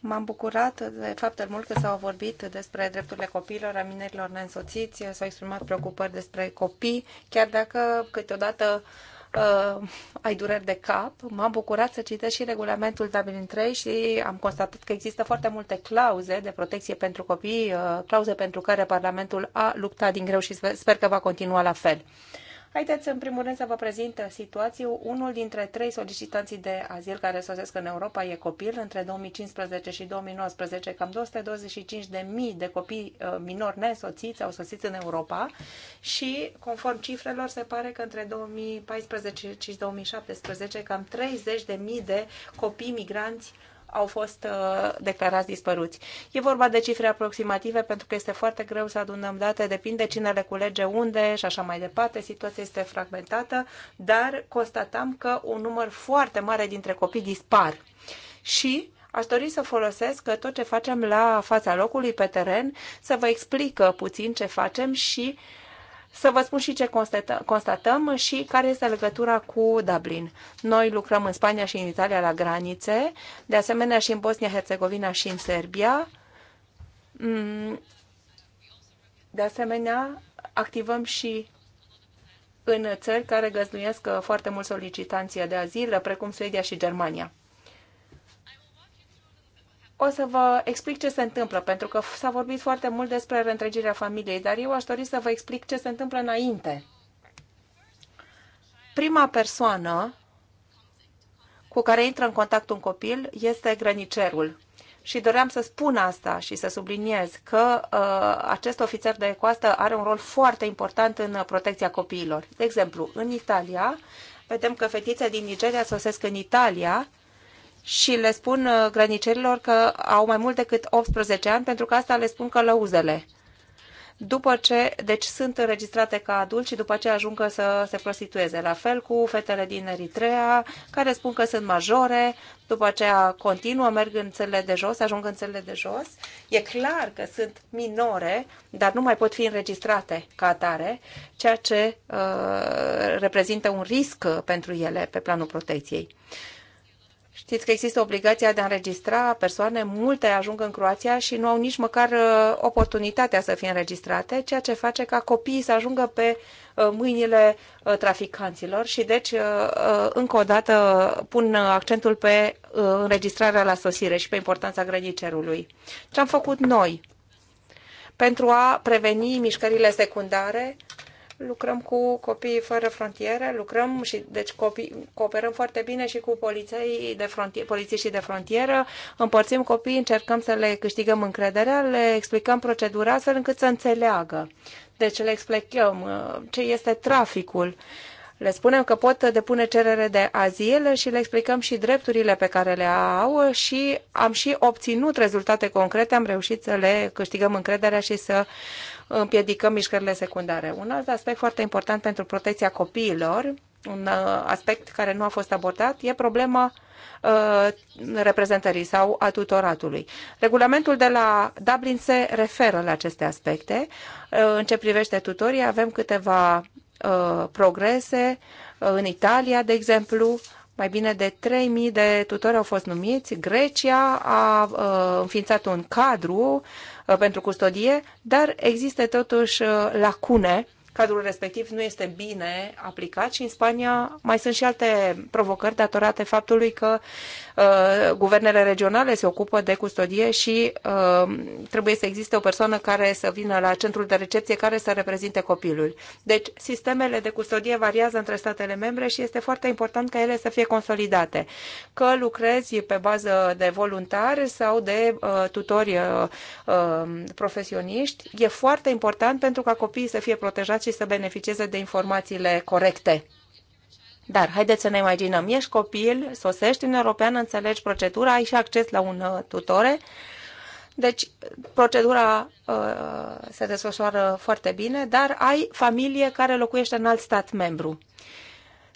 M-am bucurat de faptul mult că s-au vorbit despre drepturile copiilor, a minerilor neînsoțiți, s-au exprimat preocupări despre copii, chiar dacă câteodată uh, ai dureri de cap, m-am bucurat să citesc și regulamentul Dublin 3 și am constatat că există foarte multe clauze de protecție pentru copii, uh, clauze pentru care Parlamentul a luptat din greu și sper, că va continua la fel. Uh, Haideți în primul rând să vă prezint situația. Unul dintre trei solicitanții de azil care sosesc în Europa e copil. Între 2015 și 2019, cam 225.000 de mii de copii uh, minori nesoțiți au sosit în Europa și, conform cifrelor, se pare că între 2014 și 2017, cam 30.000 de mii de copii migranți au fost uh, declarați dispăruți. E vorba de cifre aproximative pentru că este foarte greu să adunăm date, depinde cine le culege unde și așa mai departe. Situația este fragmentată, dar constatam că un număr foarte mare dintre copii dispar. Și aș dori să folosesc că tot ce facem la fața locului pe teren, să vă explic uh, puțin ce facem și uh, să vă spun și ce constatăm și care este legătura cu Dublin. Noi lucrăm în Spania și în Italia la granițe, de asemenea și în Bosnia-Herzegovina și în Serbia. Mm, de asemenea, activăm și în țări care găzduiesc foarte mulți solicitanții de azil, precum Suedia și Germania o să vă explic ce se întâmplă, pentru că s-a vorbit foarte mult despre reîntregirea familiei, dar eu aș dori să vă explic ce se întâmplă înainte. Prima persoană cu care intră în contact un copil este grănicerul. Și doream să spun asta și să subliniez că uh, acest ofițer de coastă are un rol foarte important în uh, protecția copiilor. De exemplu, în Italia, vedem că fetițe din Nigeria sosesc în Italia și le spun uh, grănicerilor că au mai mult decât 18 ani, pentru că asta le spun călăuzele. După ce, deci sunt înregistrate ca adulți și după ce ajung să se prostitueze. La fel cu fetele din Eritrea, care spun că sunt majore, după aceea continuă, merg în țările de jos, ajung în țările de jos. E clar că sunt minore, dar nu mai pot fi înregistrate ca atare, ceea ce uh, reprezintă un risc uh, pentru ele pe planul protecției. Știți că există obligația de a înregistra persoane, multe ajung în Croația și nu au nici măcar uh, oportunitatea să fie înregistrate, ceea ce face ca copiii să ajungă pe uh, mâinile uh, traficanților și deci încă o dată pun accentul pe înregistrarea la sosire și pe importanța grădii Ce am făcut noi pentru a preveni mișcările secundare lucrăm cu copiii fără frontiere, lucrăm și deci copii, cooperăm foarte bine și cu poliției de frontier, polițiștii de frontieră, împărțim copiii, încercăm să le câștigăm încrederea, le explicăm procedura astfel încât să înțeleagă. Deci le explicăm uh, ce este traficul. Le spunem că pot depune cerere de azil și le explicăm și drepturile pe care le au și am și obținut rezultate concrete, am reușit să le câștigăm încrederea și să uh, împiedicăm mișcările secundare. Un alt aspect foarte important pentru protecția copiilor, un uh, aspect care nu a fost abordat, e problema uh, reprezentării sau a tutoratului. Regulamentul de la Dublin se referă la aceste aspecte. Uh, în ce privește tutorii, avem câteva progrese în Italia, de exemplu, mai bine de 3.000 de tutori au fost numiți. Grecia a uh, înființat un cadru uh, pentru custodie, dar există totuși uh, lacune cadrul respectiv nu este bine aplicat și în Spania mai sunt și alte provocări datorate faptului că uh, guvernele regionale se ocupă de custodie și uh, trebuie să existe o persoană care să vină la centrul de recepție care să reprezinte copilul. Deci, sistemele de custodie variază între statele membre și este foarte important ca ele să fie consolidate. Că lucrezi pe bază de voluntari sau de uh, tutori uh, uh profesioniști, e foarte important pentru ca copiii să fie protejați și să beneficieze de informațiile corecte. Dar haideți să ne imaginăm, ești copil, sosești în European, înțelegi procedura, ai și acces la un uh, tutore. Deci, procedura uh, se desfășoară foarte bine, dar ai familie care locuiește în alt stat membru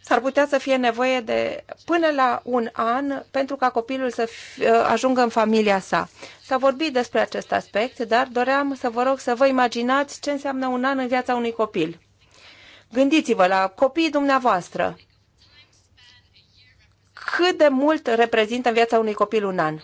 s-ar putea să fie nevoie de până la un an pentru ca copilul să uh, ajungă în familia sa. S-a vorbit despre acest aspect, dar doream să vă rog să vă imaginați ce înseamnă un an în viața unui copil. Gândiți-vă la copiii dumneavoastră. Cât de mult reprezintă în viața unui copil un an?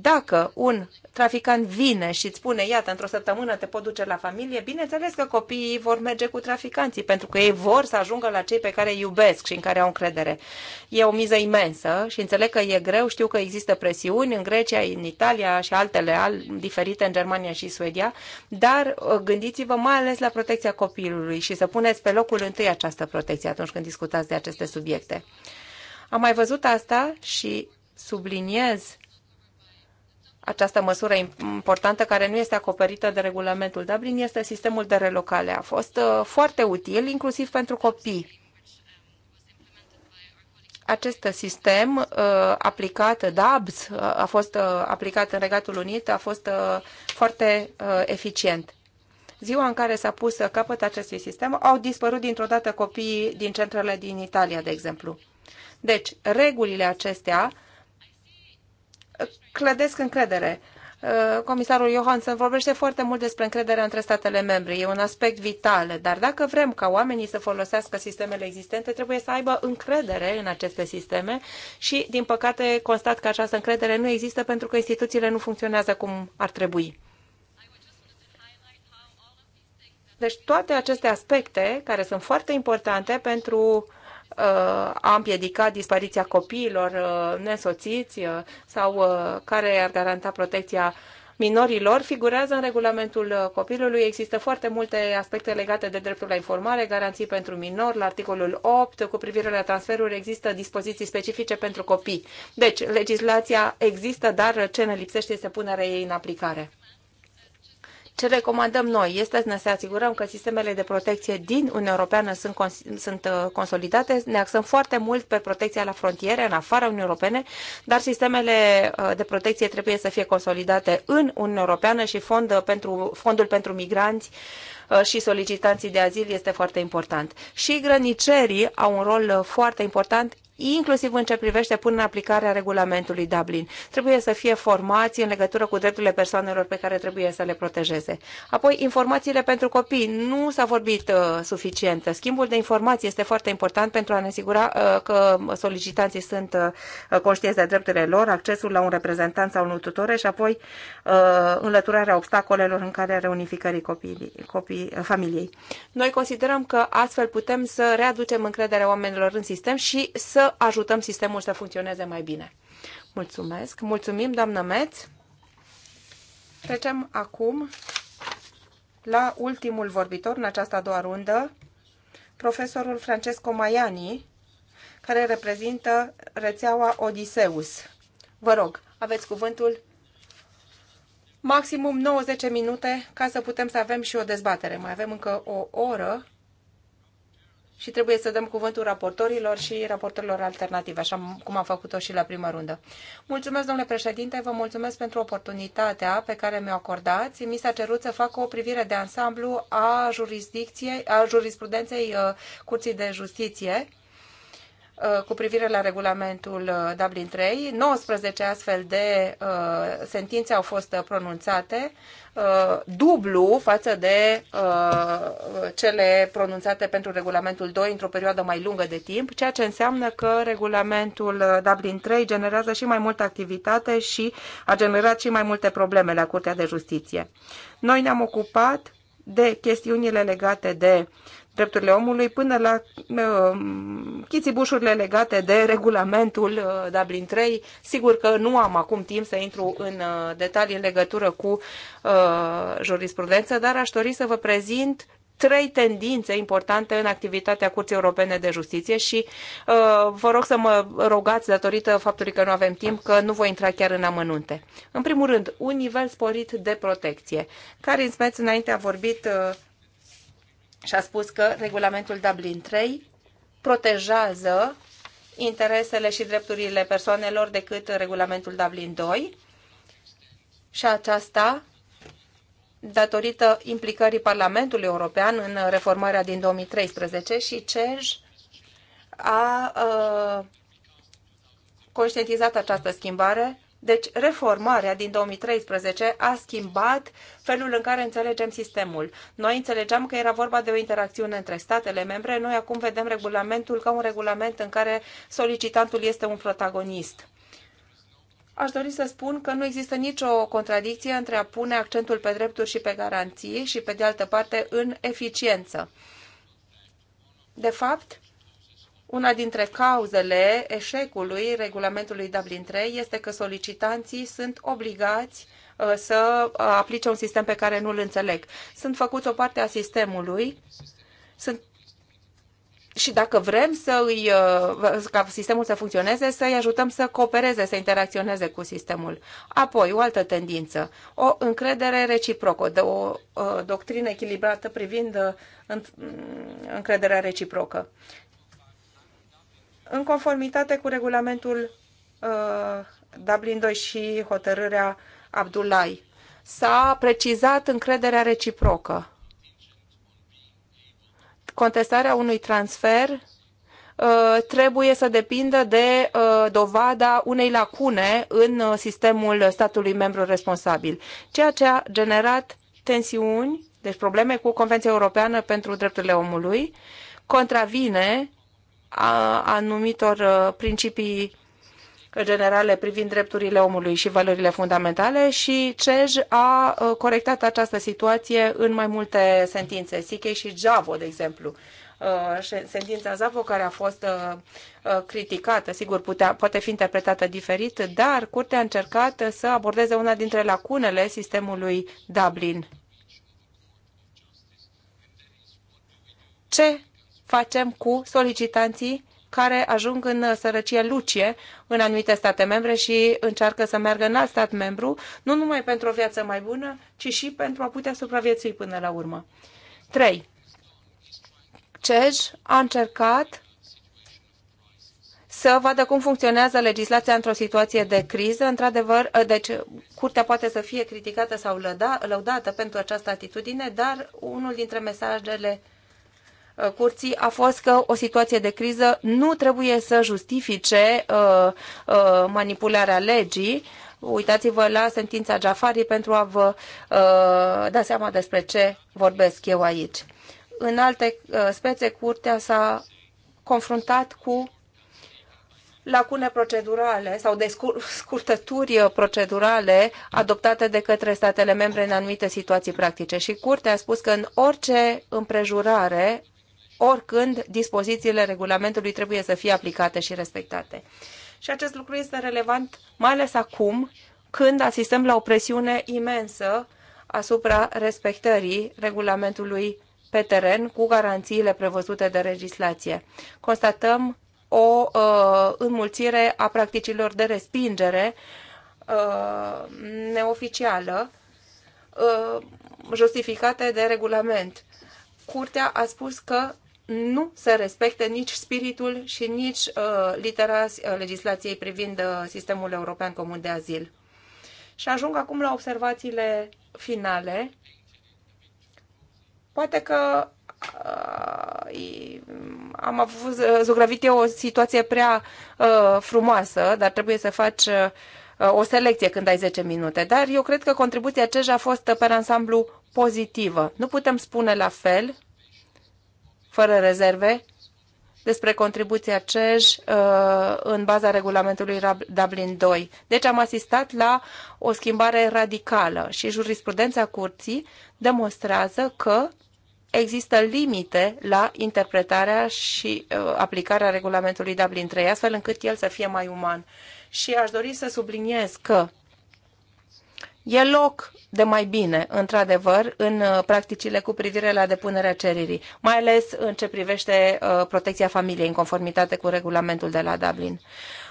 Dacă un traficant vine și îți spune, iată, într-o săptămână te pot duce la familie, bineînțeles că copiii vor merge cu traficanții, pentru că ei vor să ajungă la cei pe care îi iubesc și în care au încredere. E o miză imensă și înțeleg că e greu, știu că există presiuni în Grecia, în Italia și altele al, diferite în Germania și Suedia, dar uh, gândiți-vă mai ales la protecția copilului și să puneți pe locul întâi această protecție atunci când discutați de aceste subiecte. Am mai văzut asta și subliniez această măsură importantă care nu este acoperită de regulamentul Dublin este sistemul de relocale. A fost uh, foarte util, inclusiv pentru copii. Acest sistem uh, aplicat, DABS, uh, a fost aplicat în Regatul Unit, a fost foarte eficient. Ziua în care s-a pus capăt acestui sistem, au dispărut dintr-o dată copiii din centrele din Italia, de exemplu. Deci, regulile acestea clădesc încredere. Uh, comisarul Johansson vorbește foarte mult despre încrederea între statele membre. E un aspect vital, dar dacă vrem ca oamenii să folosească sistemele existente, trebuie să aibă încredere în aceste sisteme și, din păcate, constat că această încredere nu există pentru că instituțiile nu funcționează cum ar trebui. Deci toate aceste aspecte, care sunt foarte importante pentru Uh, a împiedica dispariția copiilor uh, nesoțiți uh, sau care ar garanta protecția minorilor figurează în regulamentul copilului. Există foarte multe aspecte legate de dreptul la informare, garanții pentru minor. La articolul 8, cu privire la transferuri, există dispoziții specifice pentru copii. Deci, legislația există, dar ce ne lipsește este punerea ei în aplicare ce recomandăm noi este să ne asigurăm că sistemele de protecție din Uniunea Europeană sunt, sunt uh, consolidate. Ne axăm foarte mult pe protecția la frontiere, în afara Uniunii Europene, dar sistemele uh, de protecție trebuie să fie consolidate în Uniunea Europeană și fond uh, pentru, fondul pentru migranți și solicitanții de azil este foarte important. Și grănicerii au un rol foarte important, inclusiv în ce privește până în aplicarea regulamentului Dublin. Trebuie să fie formații în legătură cu drepturile persoanelor pe care trebuie să le protejeze. Apoi, informațiile pentru copii. Nu s-a vorbit uh, suficient. Schimbul de informații este foarte important pentru a ne asigura uh, că solicitanții sunt uh, conștienți de drepturile lor, accesul la un reprezentant sau un tutore și apoi uh, înlăturarea obstacolelor în care reunificării copiii, copii, uh, familiei. Noi considerăm că astfel putem să readucem încrederea oamenilor în sistem și să ajutăm sistemul să funcționeze mai bine. Mulțumesc! Mulțumim, doamnă Meț! Trecem acum la ultimul vorbitor în această a doua rundă, profesorul Francesco Maiani, care reprezintă rețeaua Odiseus. Vă rog, aveți cuvântul maximum 90 minute ca să putem să avem și o dezbatere. Mai avem încă o oră și trebuie să dăm cuvântul raportorilor și raportorilor alternative, așa cum am făcut-o și la prima rundă. Mulțumesc, domnule președinte, vă mulțumesc pentru oportunitatea pe care mi-o acordați. Mi s-a cerut să fac o privire de ansamblu a, jurisdicției, a jurisprudenței uh, Curții de Justiție Uh, cu privire la regulamentul uh, Dublin 3. 19 astfel de uh, sentințe au fost uh, pronunțate, uh, dublu față de uh, cele pronunțate pentru regulamentul 2 într-o perioadă mai lungă de timp, ceea ce înseamnă că regulamentul Dublin 3 generează și mai multă activitate și a generat și mai multe probleme la Curtea de Justiție. Noi ne-am ocupat de chestiunile legate de uh, drepturile omului până la uh, um, chițibușurile legate de regulamentul uh, Dublin 3. Sigur că nu am acum timp să intru în uh, detalii în legătură cu uh, jurisprudență, dar aș dori să vă prezint trei tendințe importante în activitatea Curții Europene de Justiție și uh, vă rog să mă rogați datorită faptului că nu avem timp, că nu voi intra chiar în amănunte. În primul rând, un nivel sporit de protecție. Karin Smeț înainte a vorbit uh, și a spus că regulamentul Dublin 3 protejează interesele și drepturile persoanelor decât regulamentul Dublin 2 și aceasta datorită implicării Parlamentului European în reformarea din 2013 și CEJ a, a uh, conștientizat această schimbare deci, reformarea din 2013 a schimbat felul în care înțelegem sistemul. Noi înțelegeam că era vorba de o interacțiune între statele membre, noi acum vedem regulamentul ca un regulament în care solicitantul este un protagonist. Aș dori să spun că nu există nicio contradicție între a pune accentul pe drepturi și pe garanții și, pe de altă parte, în eficiență. De fapt, una dintre cauzele eșecului regulamentului Dublin 3 este că solicitanții sunt obligați uh, să uh, aplice un sistem pe care nu îl înțeleg. Sunt făcuți o parte a sistemului, sunt și dacă vrem să îi, uh, ca sistemul să funcționeze, să-i ajutăm să coopereze, să interacționeze cu sistemul. Apoi, o altă tendință, o încredere reciprocă, o doctrină echilibrată privind mm, încrederea reciprocă în conformitate cu regulamentul uh, Dublin 2 și hotărârea Abdullahi, S-a precizat încrederea reciprocă. Contestarea unui transfer uh, trebuie să depindă de uh, dovada unei lacune în uh, sistemul statului membru responsabil, ceea ce a generat tensiuni, deci probleme cu Convenția Europeană pentru Drepturile Omului, contravine a anumitor uh, principii generale privind drepturile omului și valorile fundamentale și CEJ a uh, corectat această situație în mai multe sentințe, Siche și Javo, de exemplu. Uh, sentința Zavo, care a fost criticată, sigur, putea, poate fi interpretată diferit, dar Curtea a încercat să abordeze una dintre lacunele sistemului Dublin. Ce facem cu solicitanții care ajung în sărăcie lucie în anumite state membre și încearcă să meargă în alt stat membru, nu numai pentru o viață mai bună, ci și pentru a putea supraviețui până la urmă. 3. CEJ a încercat să vadă cum funcționează legislația într-o situație de criză. Într-adevăr, deci curtea poate să fie criticată sau lăudată pentru această atitudine, dar unul dintre mesajele uh, Uh, curții a fost că o situație de criză nu trebuie să justifice uh, uh, manipularea legii. Uitați-vă la sentința Jafari pentru a vă da seama despre ce vorbesc eu aici. În alte spețe, curtea s-a confruntat cu lacune procedurale sau de scurtături procedurale adoptate de către statele membre în anumite situații practice. Și Curtea a spus că în orice împrejurare oricând dispozițiile regulamentului trebuie să fie aplicate și respectate. Și acest lucru este relevant mai ales acum, când asistăm la o presiune imensă asupra respectării regulamentului pe teren cu garanțiile prevăzute de legislație. Constatăm o uh, înmulțire a practicilor de respingere uh, neoficială uh, justificate de regulament. Curtea a spus că nu se respectă nici spiritul și nici uh, litera uh, legislației privind uh, sistemul european comun de azil. Și ajung acum la observațiile finale. Poate că uh, am avut uh, zugrăvit eu o situație prea uh, frumoasă, dar trebuie să faci uh, o selecție când ai 10 minute. Dar eu cred că contribuția CEJ a fost uh, pe ansamblu pozitivă. Nu putem spune la fel fără rezerve despre contribuția CEJ uh, în baza regulamentului Dublin 2. Deci am asistat la o schimbare radicală și jurisprudența curții demonstrează că există limite la interpretarea și uh, aplicarea regulamentului Dublin 3, astfel încât el să fie mai uman. Și aș dori să subliniez că E loc de mai bine, într-adevăr, în uh, practicile cu privire la depunerea cererii, mai ales în ce privește uh, protecția familiei în conformitate cu regulamentul de la Dublin.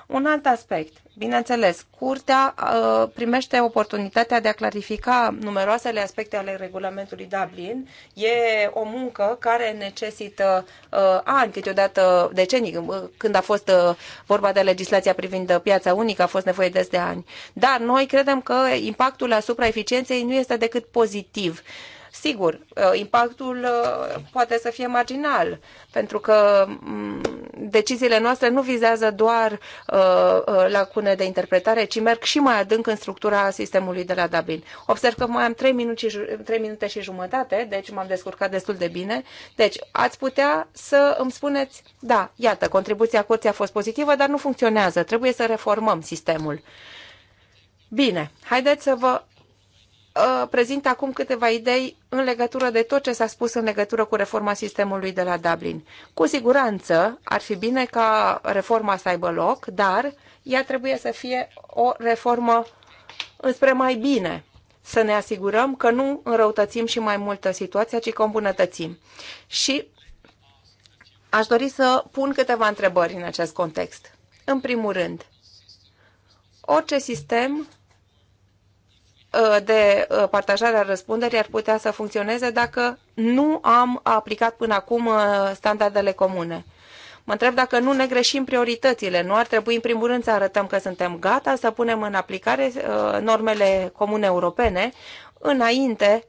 Un alt aspect, bineînțeles, curtea uh, primește oportunitatea de a clarifica numeroasele aspecte ale regulamentului Dublin. E o muncă care necesită uh, ani, câteodată decenii, uh, când a fost uh, vorba de legislația privind piața unică, a fost nevoie des de ani. Dar noi credem că impactul asupra eficienței nu este decât pozitiv. Sigur, uh, impactul uh, poate să fie marginal, pentru că mm, deciziile noastre nu vizează doar uh, lacune de interpretare, ci merg și mai adânc în structura sistemului de la Dublin. Observ că mai am 3 minute și, 3 minute și jumătate, deci m-am descurcat destul de bine. Deci, ați putea să îmi spuneți, da, iată, contribuția curții a fost pozitivă, dar nu funcționează, trebuie să reformăm sistemul. Bine, haideți să vă Uh, prezint acum câteva idei în legătură de tot ce s-a spus în legătură cu reforma sistemului de la Dublin. Cu siguranță ar fi bine ca reforma să aibă loc, dar ea trebuie să fie o reformă înspre mai bine. Să ne asigurăm că nu înrăutățim și mai mult situația, ci că o îmbunătățim. Și aș dori să pun câteva întrebări în acest context. În primul rând, orice sistem Uh, de uh, partajare a răspunderii ar putea să funcționeze dacă nu am aplicat până acum uh, standardele comune. Mă întreb dacă nu ne greșim prioritățile. Nu ar trebui, în primul rând, să arătăm că suntem gata să punem în aplicare normele comune europene înainte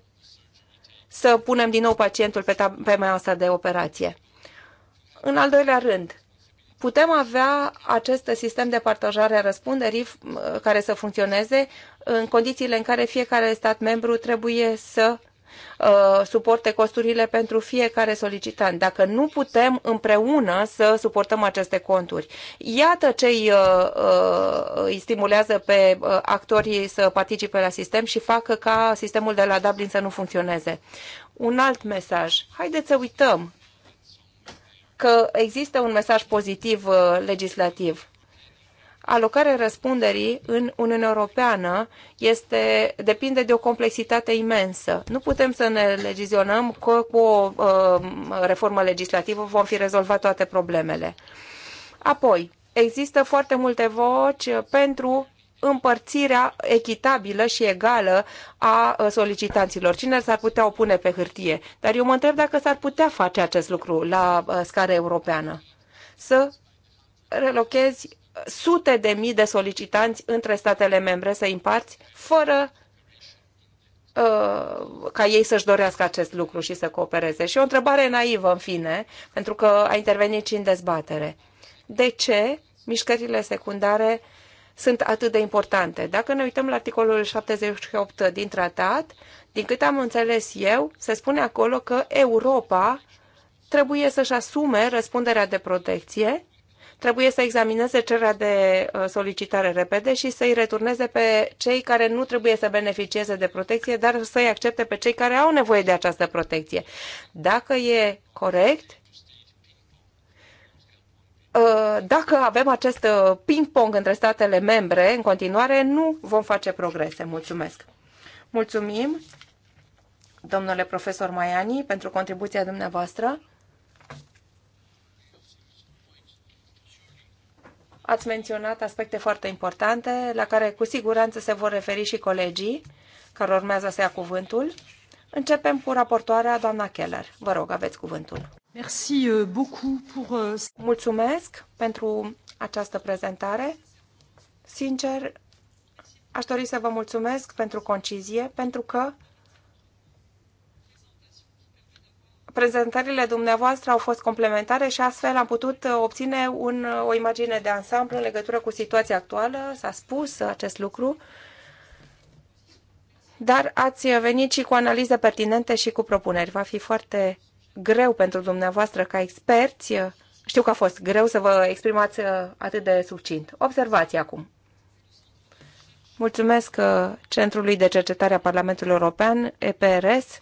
să punem din nou pacientul pe, pe masa de operație. În al doilea rând, putem avea acest sistem de partajare a răspunderii care să funcționeze în condițiile în care fiecare stat membru trebuie să uh, suporte costurile pentru fiecare solicitant, dacă nu putem împreună să suportăm aceste conturi. Iată ce îi, uh, uh, îi stimulează pe actorii să participe la sistem și fac ca sistemul de la Dublin să nu funcționeze. Un alt mesaj. Haideți să uităm că există un mesaj pozitiv uh, legislativ. Alocarea răspunderii în Uniunea Europeană este, depinde de o complexitate imensă. Nu putem să ne legizionăm că cu o uh, reformă legislativă vom fi rezolvat toate problemele. Apoi, există foarte multe voci pentru împărțirea echitabilă și egală a uh, solicitanților. Cine s-ar putea opune pe hârtie? Dar eu mă întreb dacă s-ar putea face acest lucru la uh, scară europeană. Să relochezi sute de mii de solicitanți între statele membre să împarți fără uh, ca ei să-și dorească acest lucru și să coopereze. Și o întrebare naivă, în fine, pentru că a intervenit și în dezbatere. De ce mișcările secundare uh, sunt atât de importante. Dacă ne uităm la articolul 78 din tratat, din câte am înțeles eu, se spune acolo că Europa trebuie să-și asume răspunderea de protecție, trebuie să examineze cererea de uh, solicitare repede și să-i returneze pe cei care nu trebuie să beneficieze de protecție, dar să-i accepte pe cei care au nevoie de această protecție. Dacă e corect, Uh, dacă avem acest uh, ping-pong între statele membre în continuare, nu vom face progrese. Mulțumesc! Mulțumim, domnule profesor Maiani, pentru contribuția dumneavoastră. Ați menționat aspecte foarte importante la care cu siguranță se vor referi și colegii care urmează să ia cuvântul. Începem cu raportoarea, doamna Keller. Vă rog, aveți cuvântul. Merci euh, beaucoup pour... Euh, mulțumesc pentru această prezentare. Sincer, aș dori să vă mulțumesc pentru concizie, pentru că prezentările dumneavoastră au fost complementare și astfel am putut uh, obține un, uh, o imagine de ansamblu în legătură cu situația actuală. S-a spus acest lucru, dar ați venit și cu analize pertinente și cu propuneri. Va fi foarte greu pentru dumneavoastră ca experți. Uh, știu că a fost greu să vă exprimați uh, atât de succint. Observați acum. Mulțumesc uh, Centrului de Cercetare a Parlamentului European, EPRS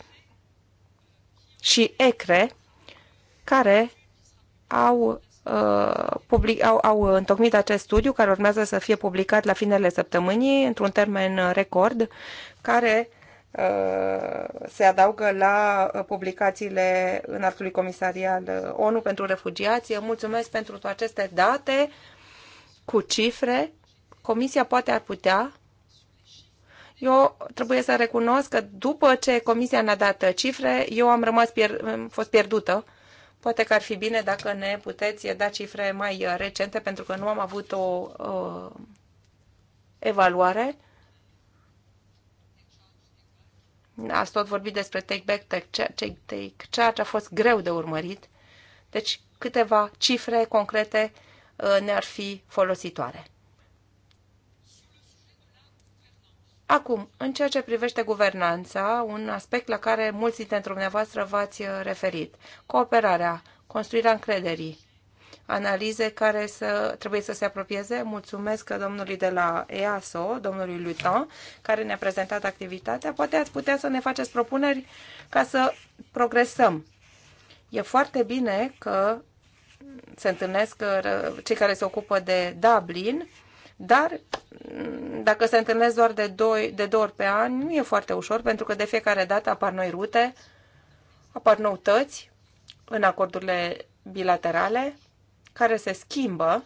și ECRE, care au, uh, public, au, au întocmit acest studiu, care urmează să fie publicat la finele săptămânii, într-un termen record, care Uh, se adaugă la uh, publicațiile înaltului comisarial uh, ONU pentru refugiați. Mulțumesc pentru toate aceste date cu cifre. Comisia poate ar putea. Eu trebuie să recunosc că după ce comisia ne-a dat cifre, eu am rămas pier- am fost pierdută. Poate că ar fi bine dacă ne puteți da cifre mai recente, pentru că nu am avut o uh, evaluare. Ați tot vorbit despre take back, take, take, take, ceea ce a fost greu de urmărit. Deci câteva cifre concrete uh, ne-ar fi folositoare. Acum, în ceea ce privește guvernanța, un aspect la care mulți dintre dumneavoastră v-ați uh, referit, cooperarea, construirea încrederii, analize care să, trebuie să se apropieze. Mulțumesc domnului de la EASO, domnului Luton, care ne-a prezentat activitatea. Poate ați putea să ne faceți propuneri ca să progresăm. E foarte bine că se întâlnesc cei care se ocupă de Dublin, dar dacă se întâlnesc doar de, doi, de două ori pe an, nu e foarte ușor, pentru că de fiecare dată apar noi rute, apar noutăți în acordurile bilaterale care se schimbă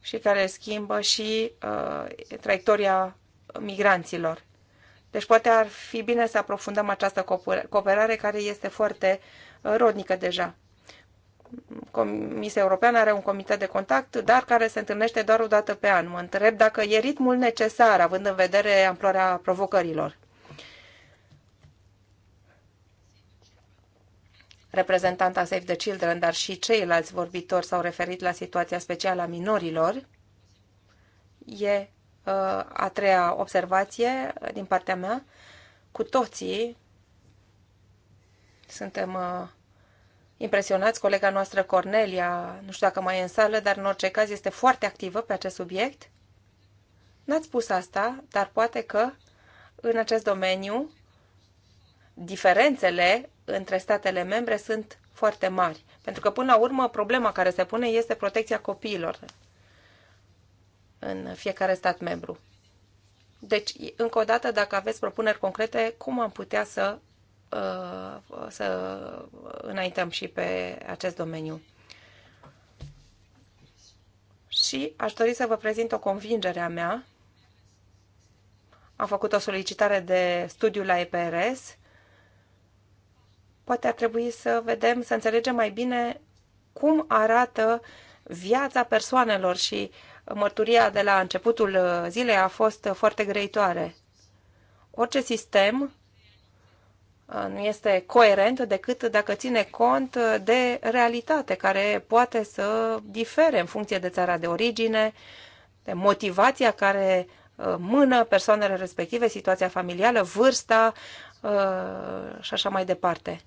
și care schimbă și uh, traiectoria migranților. Deci poate ar fi bine să aprofundăm această cooperare care este foarte uh, rodnică deja. Comisia Europeană are un comitet de contact, dar care se întâlnește doar o dată pe an. Mă întreb dacă e ritmul necesar, având în vedere amploarea provocărilor. reprezentanta Save the Children, dar și ceilalți vorbitori s-au referit la situația specială a minorilor. E uh, a treia observație din partea mea. Cu toții suntem uh, impresionați. Colega noastră Cornelia, nu știu dacă mai e în sală, dar în orice caz este foarte activă pe acest subiect. N-ați spus asta, dar poate că în acest domeniu diferențele între statele membre sunt foarte mari. Pentru că, până la urmă, problema care se pune este protecția copiilor în fiecare stat membru. Deci, încă o dată, dacă aveți propuneri concrete, cum am putea să, uh, să înaintăm și pe acest domeniu? Și aș dori să vă prezint o convingere a mea. Am făcut o solicitare de studiu la EPRS Poate ar trebui să vedem, să înțelegem mai bine cum arată viața persoanelor și mărturia de la începutul zilei a fost foarte greitoare. Orice sistem uh, nu este coerent decât dacă ține cont de realitate care poate să difere în funcție de țara de origine, de motivația care uh, mână persoanele respective, situația familială, vârsta uh, și așa mai departe.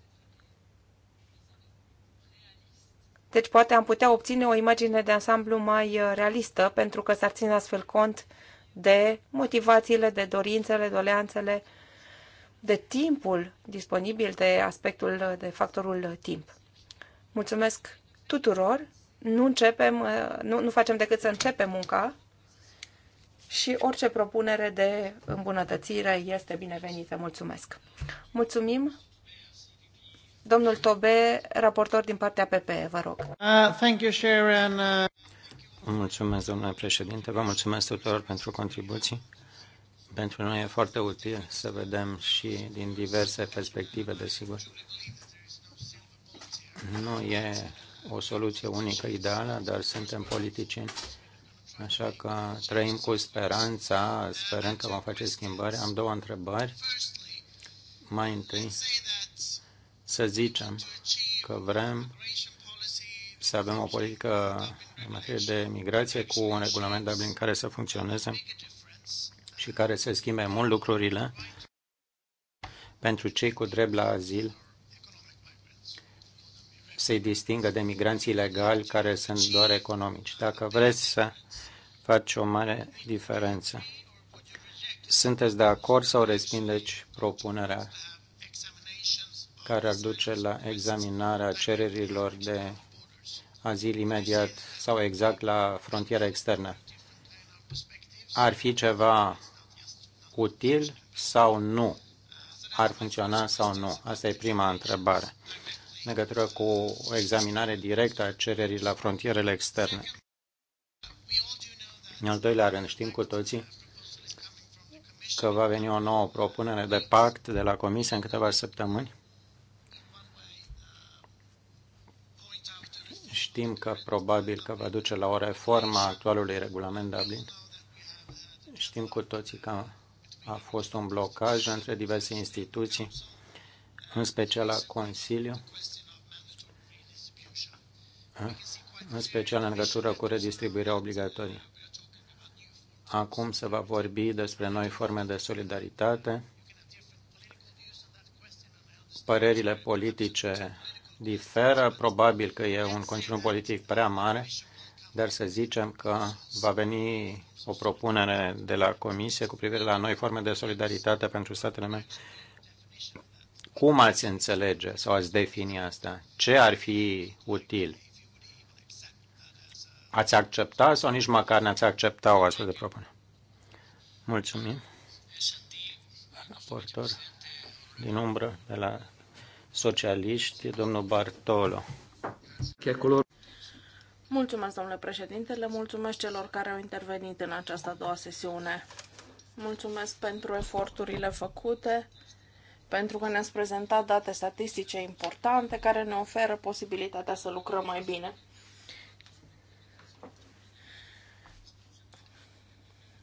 Deci poate am putea obține o imagine de ansamblu mai uh, realistă pentru că s-ar ține astfel cont de motivațiile, de dorințele, doleanțele, de timpul disponibil, de aspectul, uh, de factorul uh, timp. Mulțumesc tuturor! Nu începem, nu, nu facem decât să începem munca și orice propunere de îmbunătățire este binevenită. Mulțumesc! Mulțumim! Domnul Tobe, raportor din partea PPE, vă rog. Uh, thank you, Sharon. Uh... Mulțumesc, domnule președinte. Vă mulțumesc tuturor pentru contribuții. Pentru noi e foarte util să vedem și din diverse perspective, desigur. Nu e o soluție unică ideală, dar suntem politicieni. Așa că trăim cu speranța, sperăm că vom face schimbări. Am două întrebări. Mai întâi, să zicem că vrem să avem o politică în materie de migrație cu un regulament Dublin care să funcționeze și care să schimbe mult lucrurile pentru cei cu drept la azil să-i distingă de migranții ilegali care sunt doar economici. Dacă vreți să faci o mare diferență, sunteți de acord sau respindeți propunerea care ar duce la examinarea cererilor de azil imediat sau exact la frontiera externă. Ar fi ceva util sau nu? Ar funcționa sau nu? Asta e prima întrebare Negătură cu o examinare directă a cererii la frontierele externe. În al doilea rând, știm cu toții că va veni o nouă propunere de pact de la Comisie în câteva săptămâni Știm că probabil că va duce la o reformă a actualului regulament Dublin. Știm cu toții că a fost un blocaj între diverse instituții, în special la Consiliu, în special în legătură cu redistribuirea obligatorie. Acum se va vorbi despre noi forme de solidaritate, părerile politice diferă, probabil că e un conținut politic prea mare, dar să zicem că va veni o propunere de la Comisie cu privire la noi forme de solidaritate pentru statele mele. Cum ați înțelege sau ați defini asta? Ce ar fi util? Ați accepta sau nici măcar n-ați accepta o astfel de propunere? Mulțumim. Raportor din umbră de la socialiști, domnul Bartolo. Mulțumesc, domnule președinte, le mulțumesc celor care au intervenit în această a doua sesiune. Mulțumesc pentru eforturile făcute, pentru că ne-ați prezentat date statistice importante care ne oferă posibilitatea să lucrăm mai bine.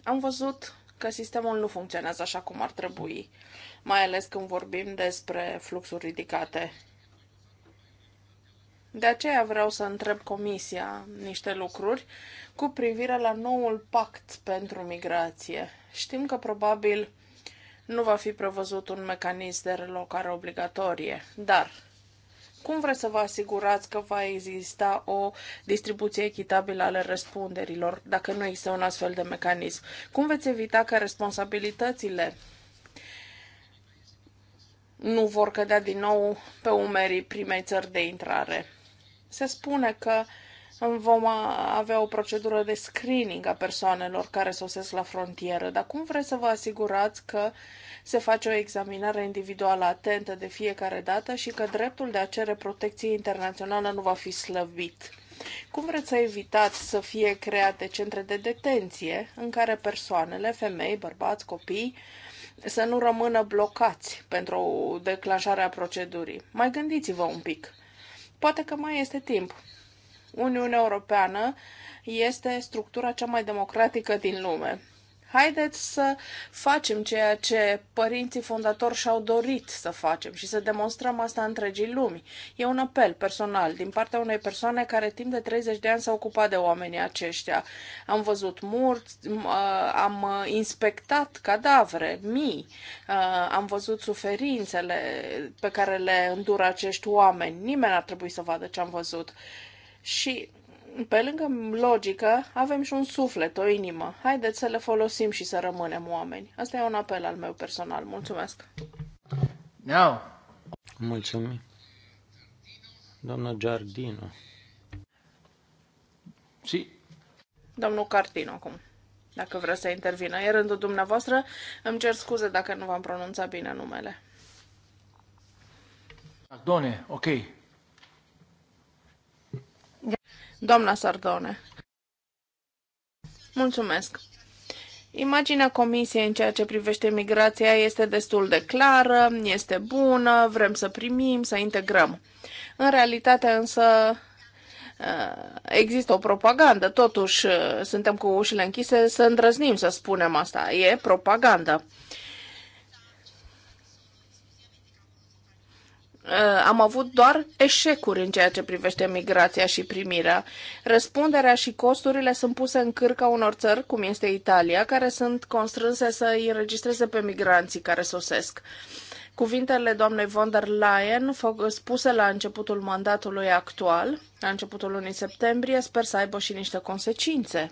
Am văzut că sistemul nu funcționează așa cum ar trebui mai ales când vorbim despre fluxuri ridicate. De aceea vreau să întreb Comisia niște lucruri cu privire la noul pact pentru migrație. Știm că probabil nu va fi prevăzut un mecanism de relocare obligatorie, dar cum vreți să vă asigurați că va exista o distribuție echitabilă ale răspunderilor dacă nu există un astfel de mecanism? Cum veți evita că responsabilitățile nu vor cădea din nou pe umerii primei țări de intrare. Se spune că vom avea o procedură de screening a persoanelor care sosesc la frontieră, dar cum vreți să vă asigurați că se face o examinare individuală atentă de fiecare dată și că dreptul de a cere protecție internațională nu va fi slăbit? Cum vreți să evitați să fie create centre de detenție în care persoanele, femei, bărbați, copii, să nu rămână blocați pentru declanșarea procedurii. Mai gândiți-vă un pic. Poate că mai este timp. Uniunea Europeană este structura cea mai democratică din lume. Haideți să facem ceea ce părinții fondatori și-au dorit să facem și să demonstrăm asta întregii lumi. E un apel personal din partea unei persoane care timp de 30 de ani s-a ocupat de oamenii aceștia. Am văzut murți, uh, am inspectat cadavre, mii, uh, am văzut suferințele pe care le îndură acești oameni. Nimeni n-ar trebui să vadă ce am văzut. Și pe lângă logică, avem și un suflet, o inimă. Haideți să le folosim și să rămânem oameni. Asta e un apel al meu personal. Mulțumesc! No. Mulțumim! Doamna Giardino. Si. Domnul Cartino acum, dacă vreți să intervină. E rândul dumneavoastră. Îmi cer scuze dacă nu v-am pronunțat bine numele. Pardone, ok. Doamna Sardone. Mulțumesc. Imaginea Comisiei în ceea ce privește migrația este destul de clară, este bună, vrem să primim, să integrăm. În realitate însă uh, există o propagandă, totuși uh, suntem cu ușile închise să îndrăznim să spunem asta, e propagandă. Uh, am avut doar eșecuri în ceea ce privește migrația și primirea. Răspunderea și costurile sunt puse în cârca unor țări, cum este Italia, care sunt constrânse să îi înregistreze pe migranții care sosesc. Cuvintele doamnei von der Leyen, spuse la începutul mandatului actual, la începutul lunii septembrie, sper să aibă și niște consecințe.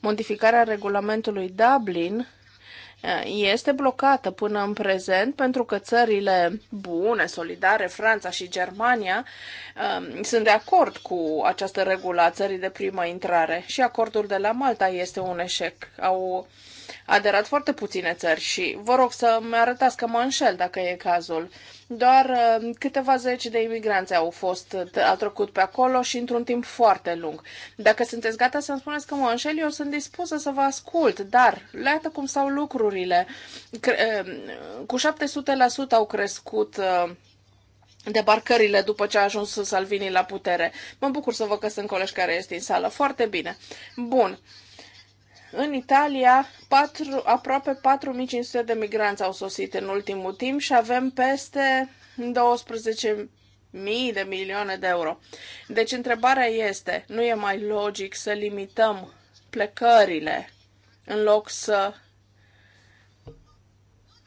Modificarea regulamentului Dublin Eh, este blocată până în prezent pentru că țările bune, solidare, Franța și Germania, eh, sunt de acord cu această regulă a țării de primă intrare și acordul de la Malta este un eșec. Au aderat foarte puține țări și vă rog să-mi arătați că mă înșel dacă e cazul. Doar eh, câteva zeci de imigranți au fost, au trecut pe acolo și într-un timp foarte lung. Dacă sunteți gata să-mi spuneți că mă înșel, eu sunt dispusă să vă ascult, dar iată cum stau lucrurile lucrurile. Eh, cu 700% au crescut eh, debarcările după ce a ajuns Salvini la putere. Mă bucur să văd că sunt colegi care este în sală. Foarte bine. Bun. În Italia, 4, aproape 4500 de migranți au sosit în ultimul timp și avem peste 12 mii de milioane de euro. Deci întrebarea este, nu e mai logic să limităm plecările în loc să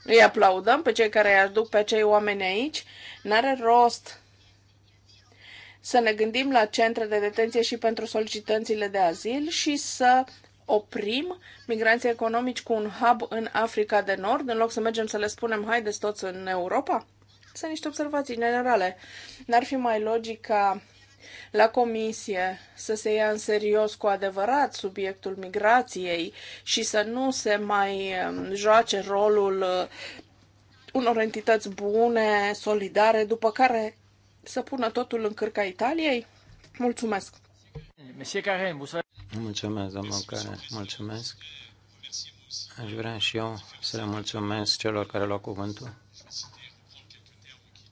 îi aplaudăm pe cei care îi aduc pe cei oameni aici. N-are rost să ne gândim la centre de detenție și pentru solicitanțile de azil și să oprim migranții economici cu un hub în Africa de Nord, în loc să mergem să le spunem haideți toți în Europa? Sunt niște observații generale. N-ar fi mai logic ca la comisie să se ia în serios cu adevărat subiectul migrației și să nu se mai um, joace rolul uh, unor entități bune, solidare, după care să pună totul în cârca Italiei? Mulțumesc! Mulțumesc, doamnă Care, mulțumesc. Aș vrea și eu să le mulțumesc celor care luau cuvântul.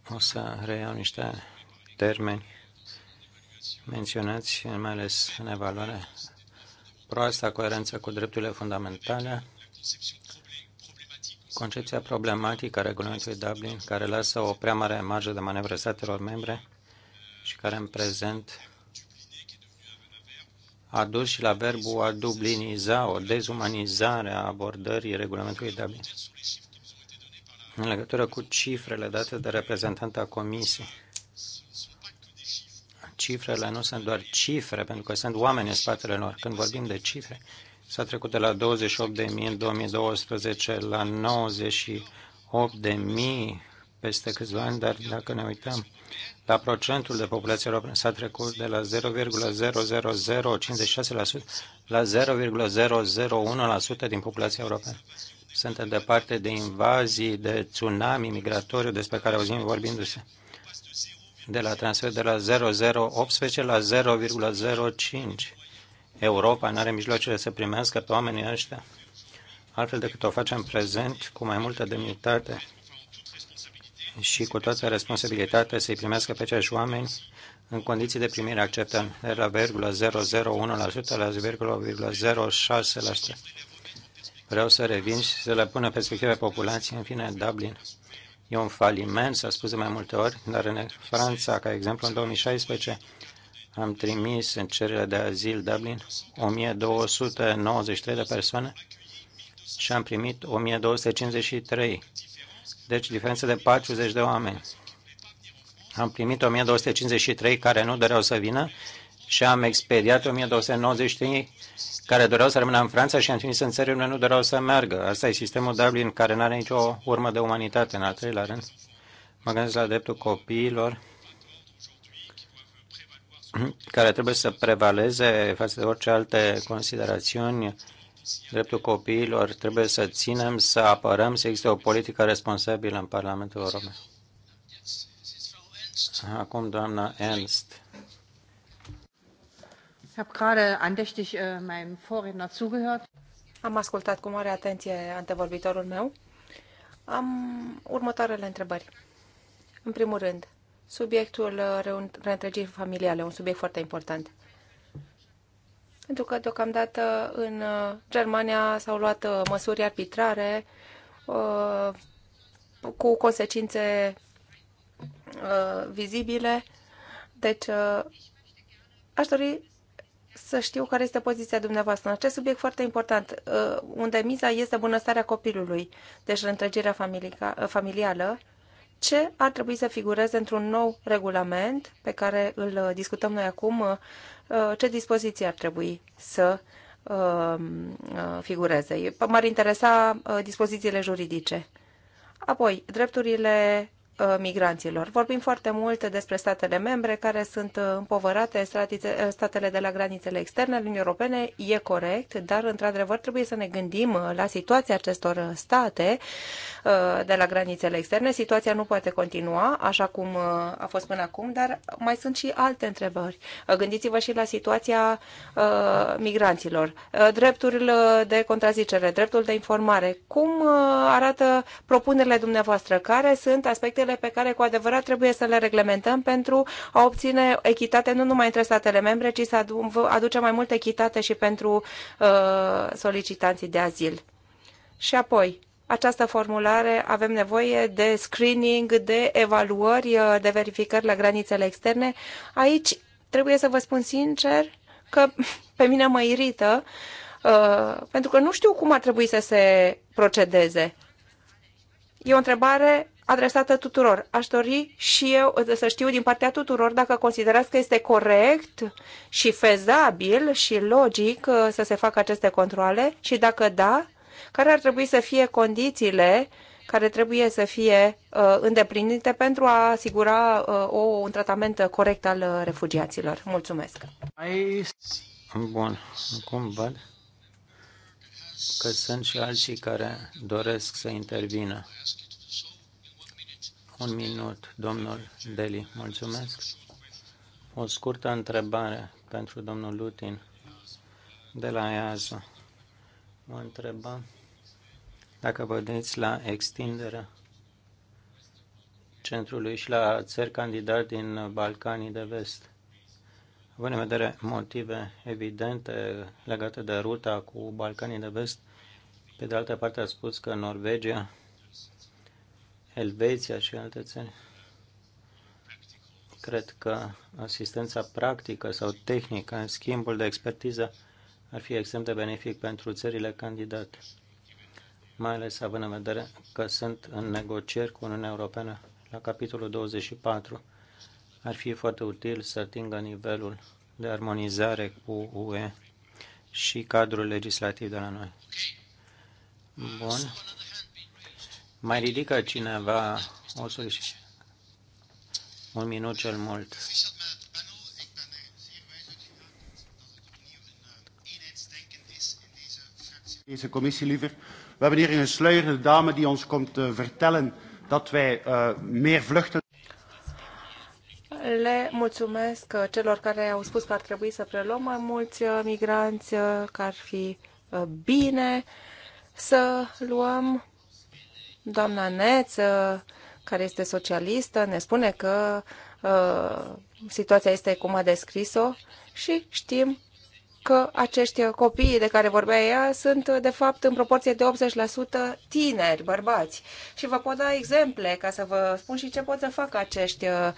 O să reiau niște termeni menționați, mai ales în evaluare, proasta coerență cu drepturile fundamentale, concepția problematică a regulamentului Dublin, care lasă o prea mare marjă de manevră statelor membre și care în prezent a dus și la verbul a dubliniza, o dezumanizare a abordării regulamentului Dublin. În legătură cu cifrele date de reprezentanta Comisiei, cifrele nu sunt doar cifre, pentru că sunt oameni în spatele lor. Când vorbim de cifre, s-a trecut de la 28.000 în 2012 la 98.000 peste câțiva ani, dar dacă ne uităm la procentul de populație europeană s-a trecut de la 0,00056% la 0,001% din populația europeană. Suntem departe de invazii, de tsunami migratoriu despre care auzim vorbindu-se de la transfer de la 0018 la 0,05. Europa nu are mijloacele să primească pe oamenii ăștia altfel decât o facem prezent cu mai multă demnitate și cu toată responsabilitatea să-i primească pe acești oameni în condiții de primire acceptăm de la 0,01% la 0,06%. Vreau să revin și să le pun în perspectiva populației, în fine, Dublin E un faliment, s-a spus de mai multe ori, dar în Franța, ca exemplu, în 2016 am trimis în cererea de azil Dublin 1293 de persoane și am primit 1253. Deci diferență de 40 de oameni. Am primit 1253 care nu doreau să vină și am expediat 1293 care doreau să rămână în Franța și am trimis în țări unde nu doreau să meargă. Asta e sistemul Dublin, care nu are nicio urmă de umanitate, în al treilea rând. Mă gândesc la dreptul copiilor, care trebuie să prevaleze față de orice alte considerațiuni. Dreptul copiilor trebuie să ținem, să apărăm, să existe o politică responsabilă în Parlamentul Europei. Acum, doamna Ernst. Äh, Am ascultat cu mare atenție antevorbitorul meu. Am următoarele întrebări. În primul rând, subiectul uh, reîntregirii familiale, un subiect foarte important. Pentru că deocamdată în uh, Germania s-au luat uh, măsuri arbitrare cu consecințe vizibile. Deci, aș dori să știu care este poziția dumneavoastră în acest subiect foarte important, uh, unde miza este bunăstarea copilului, deci reîntregirea uh, familială. Ce ar trebui să figureze într-un nou regulament pe care îl uh, discutăm noi acum? Ce dispoziții ar trebui să figureze? M-ar interesa dispozițiile juridice. Apoi, drepturile Uh, migranților. Vorbim foarte mult despre statele membre care sunt uh, împovărate, uh, statele de la granițele externe ale Uniunii Europene, e corect, dar într-adevăr trebuie să ne gândim la situația acestor state de la granițele externe. Situația nu poate continua așa cum a fost până acum, dar mai sunt și alte întrebări. Gândiți-vă și la situația migranților, drepturile de contrazicere, dreptul de informare. Cum arată propunerile dumneavoastră? Care sunt aspectele cele pe care cu adevărat trebuie să le reglementăm pentru a obține echitate nu numai între statele membre, ci să aduce mai multă echitate și pentru uh, solicitanții de azil. Și apoi, această formulare avem nevoie de screening, de evaluări, uh, de verificări la granițele externe. Aici trebuie să vă spun sincer că pe mine mă irită, uh, pentru că nu știu cum ar trebui să se procedeze. E o întrebare adresată tuturor. Aș dori și eu să știu din partea tuturor dacă considerați că este corect și fezabil și logic uh, să se facă aceste controle și dacă da, care ar trebui să fie condițiile care trebuie să fie uh, îndeplinite pentru a asigura uh, o, un tratament corect al refugiaților. Mulțumesc! Bun, acum văd că sunt și alții care doresc să intervină. Un minut, domnul Deli. Mulțumesc. O scurtă întrebare pentru domnul Lutin de la EASA. Mă întrebam dacă vedeți la extinderea centrului și la țări candidat din Balcanii de Vest. Având în vedere motive evidente legate de ruta cu Balcanii de Vest, pe de altă parte a spus că Norvegia Elveția și alte țări. Cred că asistența practică sau tehnică, în schimbul de expertiză, ar fi extrem de benefic pentru țările candidate, mai ales având în vedere că sunt în negocieri cu Uniunea Europeană la capitolul 24. Ar fi foarte util să atingă nivelul de armonizare cu UE și cadrul legislativ de la noi. Bun. Mai ridică cineva o solicitare? Un minut cel mult. Deze commissie liever. We hebben hier een sluierende dame die ons komt uh, vertellen dat wij uh, meer vluchten. Le mulțumesc eh, celor care au spus că ar trebui să preluăm mai mulți migranți, că ar fi bine să luăm Doamna Neț, uh, care este socialistă, ne spune că uh, situația este cum a descris-o și știm că acești copii de care vorbea ea sunt, de fapt, în proporție de 80% tineri, bărbați. Și vă pot da exemple ca să vă spun și ce pot să facă acești uh,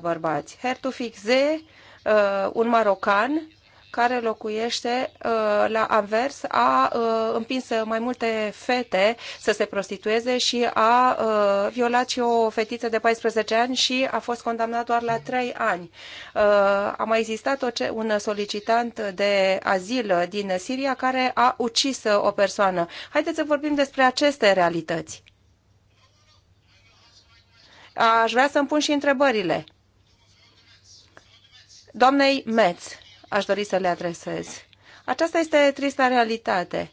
bărbați. Hertu Fixe, uh, un marocan, care locuiește uh, la Anvers a uh, împins mai multe fete să se prostitueze și a uh, violat și o fetiță de 14 ani și a fost condamnat doar la 3 ani. A mai existat un solicitant de azil din Siria care a ucis o persoană. Haideți să vorbim despre aceste realități. Aș vrea să-mi pun și întrebările. Doamnei Metz, aș dori să le adresez. Aceasta este trista realitate.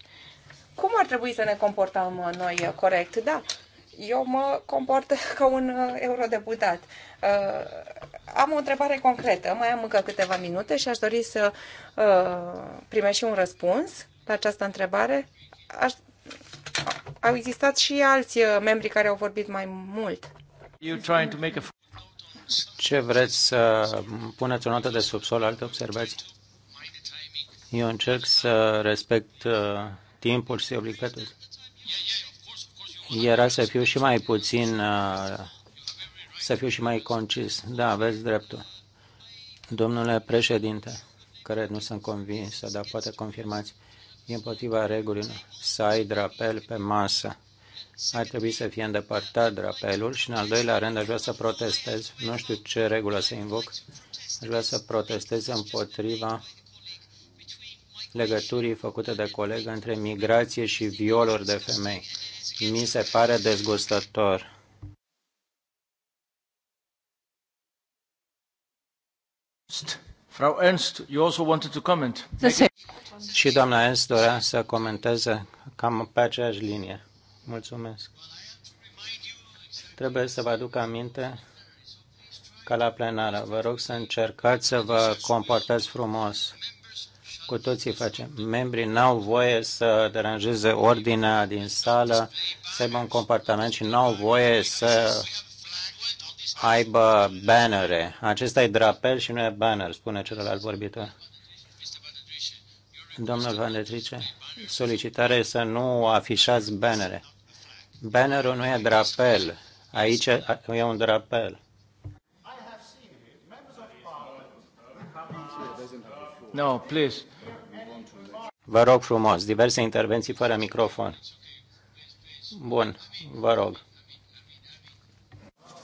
Cum ar trebui să ne comportăm noi corect? Da, eu mă comport ca un uh, eurodeputat. Uh, am o întrebare concretă. Mai am încă câteva minute și aș dori să uh, primești și un răspuns la această întrebare. Aș... Au existat și alți uh, membri care au vorbit mai mult. You're trying to make a... Ce vreți să puneți o notă de subsol, alte observații? Eu încerc să respect uh, timpul și obligatoriu. Era să fiu și mai puțin, uh, să fiu și mai concis. Da, aveți dreptul. Domnule președinte, care nu sunt convins, dar poate confirmați, e împotriva regulilor să ai drapel pe masă ar trebui să fie îndepărtat drapelul și, în al doilea rând, aș vrea să protestez, nu știu ce regulă să invoc, aș vrea să protestez împotriva legăturii făcute de coleg între migrație și violuri de femei. Mi se pare dezgustător. Frau Ernst, you also wanted to comment. Și doamna Ernst dorea să comenteze cam pe aceeași linie. Mulțumesc. Trebuie să vă aduc aminte ca la plenară. Vă rog să încercați să vă comportați frumos. Cu toții facem. Membrii n-au voie să deranjeze ordinea din sală, să aibă un comportament și n-au voie să aibă bannere. Acesta e drapel și nu e banner, spune celălalt vorbitor. Domnul Van Trice, solicitare să nu afișați bannere. Bannerul nu e drapel. Aici e un drapel. No, please. Vă rog frumos, diverse intervenții fără microfon. Bun, vă rog.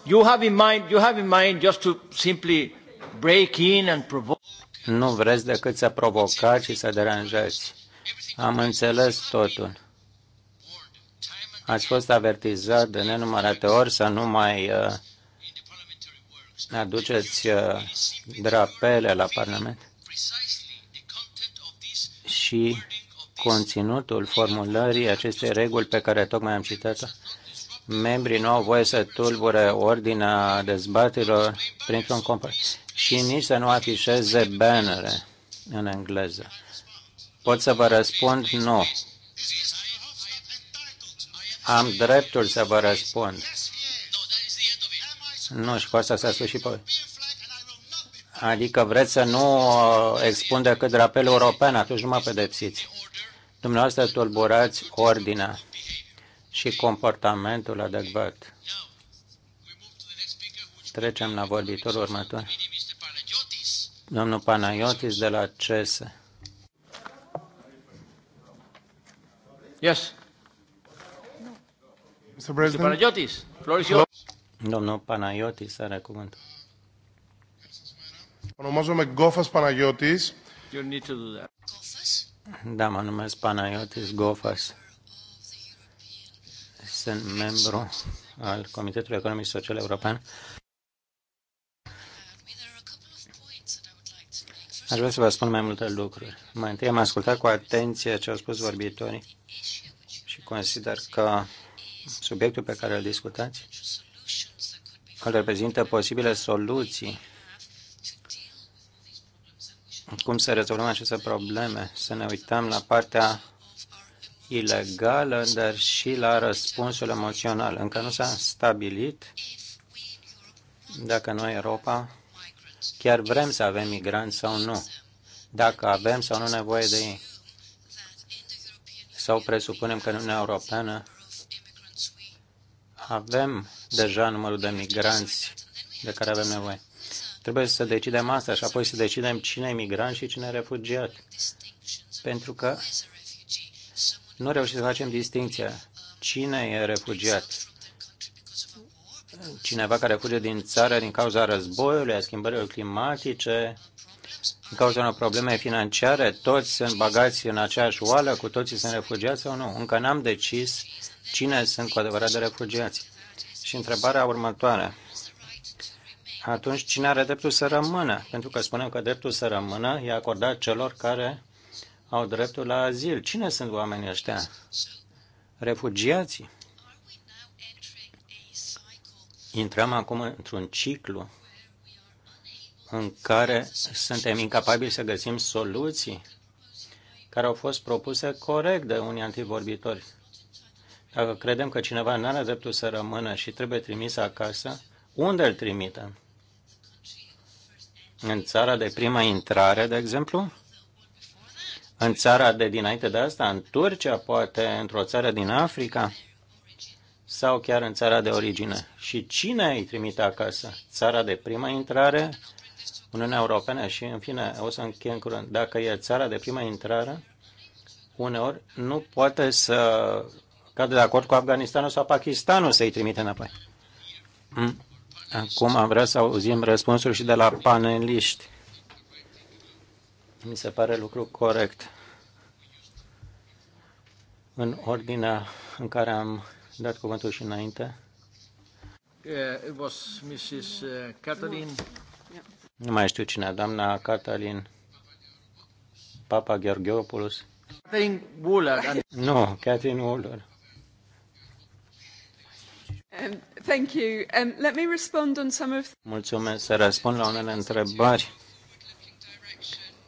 You have in mind, you have in mind just to simply break in and provoke. Nu vreți decât să provocați și să deranjați. Am înțeles totul. Ați fost avertizat de nenumărate ori să nu mai uh, aduceți uh, drapele la Parlament și conținutul formulării acestei reguli pe care tocmai am citat-o. Membrii nu au voie să tulbure ordinea dezbaterilor printr-un complet și nici să nu afișeze bannere în engleză. Pot să vă răspund? Nu. Am dreptul să vă răspund. Nu, și cu asta s-a pe... Adică vreți să nu uh, expun decât drapelul european, atunci nu mă pedepsiți. Dumneavoastră tulburați ordinea și comportamentul adecvat. Trecem la vorbitorul următor. Domnul Panayotis de la CESE. Yes. Mr. President. Mr. Panayotis, floor is yours. Domnul Panayotis are cuvântul. Mă numesc Gofas Παναγιώτης. You need to do that. Da, mă numesc Panayotis Gofas. Sunt membru al Comitetului Economic Social European. Aș vrea să vă spun mai multe lucruri. Mai întâi am ascultat cu atenție ce au spus vorbitorii și consider că Subiectul pe care îl discutați îl reprezintă posibile soluții cum să rezolvăm aceste probleme, să ne uităm la partea ilegală, dar și la răspunsul emoțional. Încă nu s-a stabilit dacă noi, Europa, chiar vrem să avem migranți sau nu, dacă avem sau nu nevoie de ei, sau presupunem că în Uniunea Europeană avem deja numărul de migranți de care avem nevoie. Trebuie să decidem asta și apoi să decidem cine e migrant și cine e refugiat. Pentru că nu reușim să facem distinția. Cine e refugiat? Cineva care fuge din țară din cauza războiului, a schimbărilor climatice, din cauza unor probleme financiare, toți sunt bagați în aceeași oală, cu toții sunt refugiați sau nu. Încă n-am decis cine sunt cu adevărat de refugiați. Și întrebarea următoare. Atunci, cine are dreptul să rămână? Pentru că spunem că dreptul să rămână e acordat celor care au dreptul la azil. Cine sunt oamenii ăștia? Refugiații. Intrăm acum într-un ciclu în care suntem incapabili să găsim soluții care au fost propuse corect de unii antivorbitori. Dacă credem că cineva nu are dreptul să rămână și trebuie trimis acasă, unde îl trimitem? În țara de prima intrare, de exemplu? În țara de dinainte de asta? În Turcia, poate? Într-o țară din Africa? Sau chiar în țara de origine? Și cine îi trimite acasă? Țara de prima intrare? Uniunea Europeană? Și, în fine, o să închei în curând. Dacă e țara de prima intrare, uneori nu poate să cadă de acord cu Afganistanul sau Pakistanul să-i trimite înapoi. Mm. Acum am vrea să auzim răspunsul și de la paneliști. Mi se pare lucru corect. În ordinea în care am dat cuvântul și înainte. Eh, it was Mrs. Eh, Catalin. Nu mai știu cine, doamna Catalin Papa Georgiopoulos. Catherine Wooler. Nu, Catherine Wooler. Um, thank you. Um, let me respond on some of... Mulțumesc să răspund la unele întrebări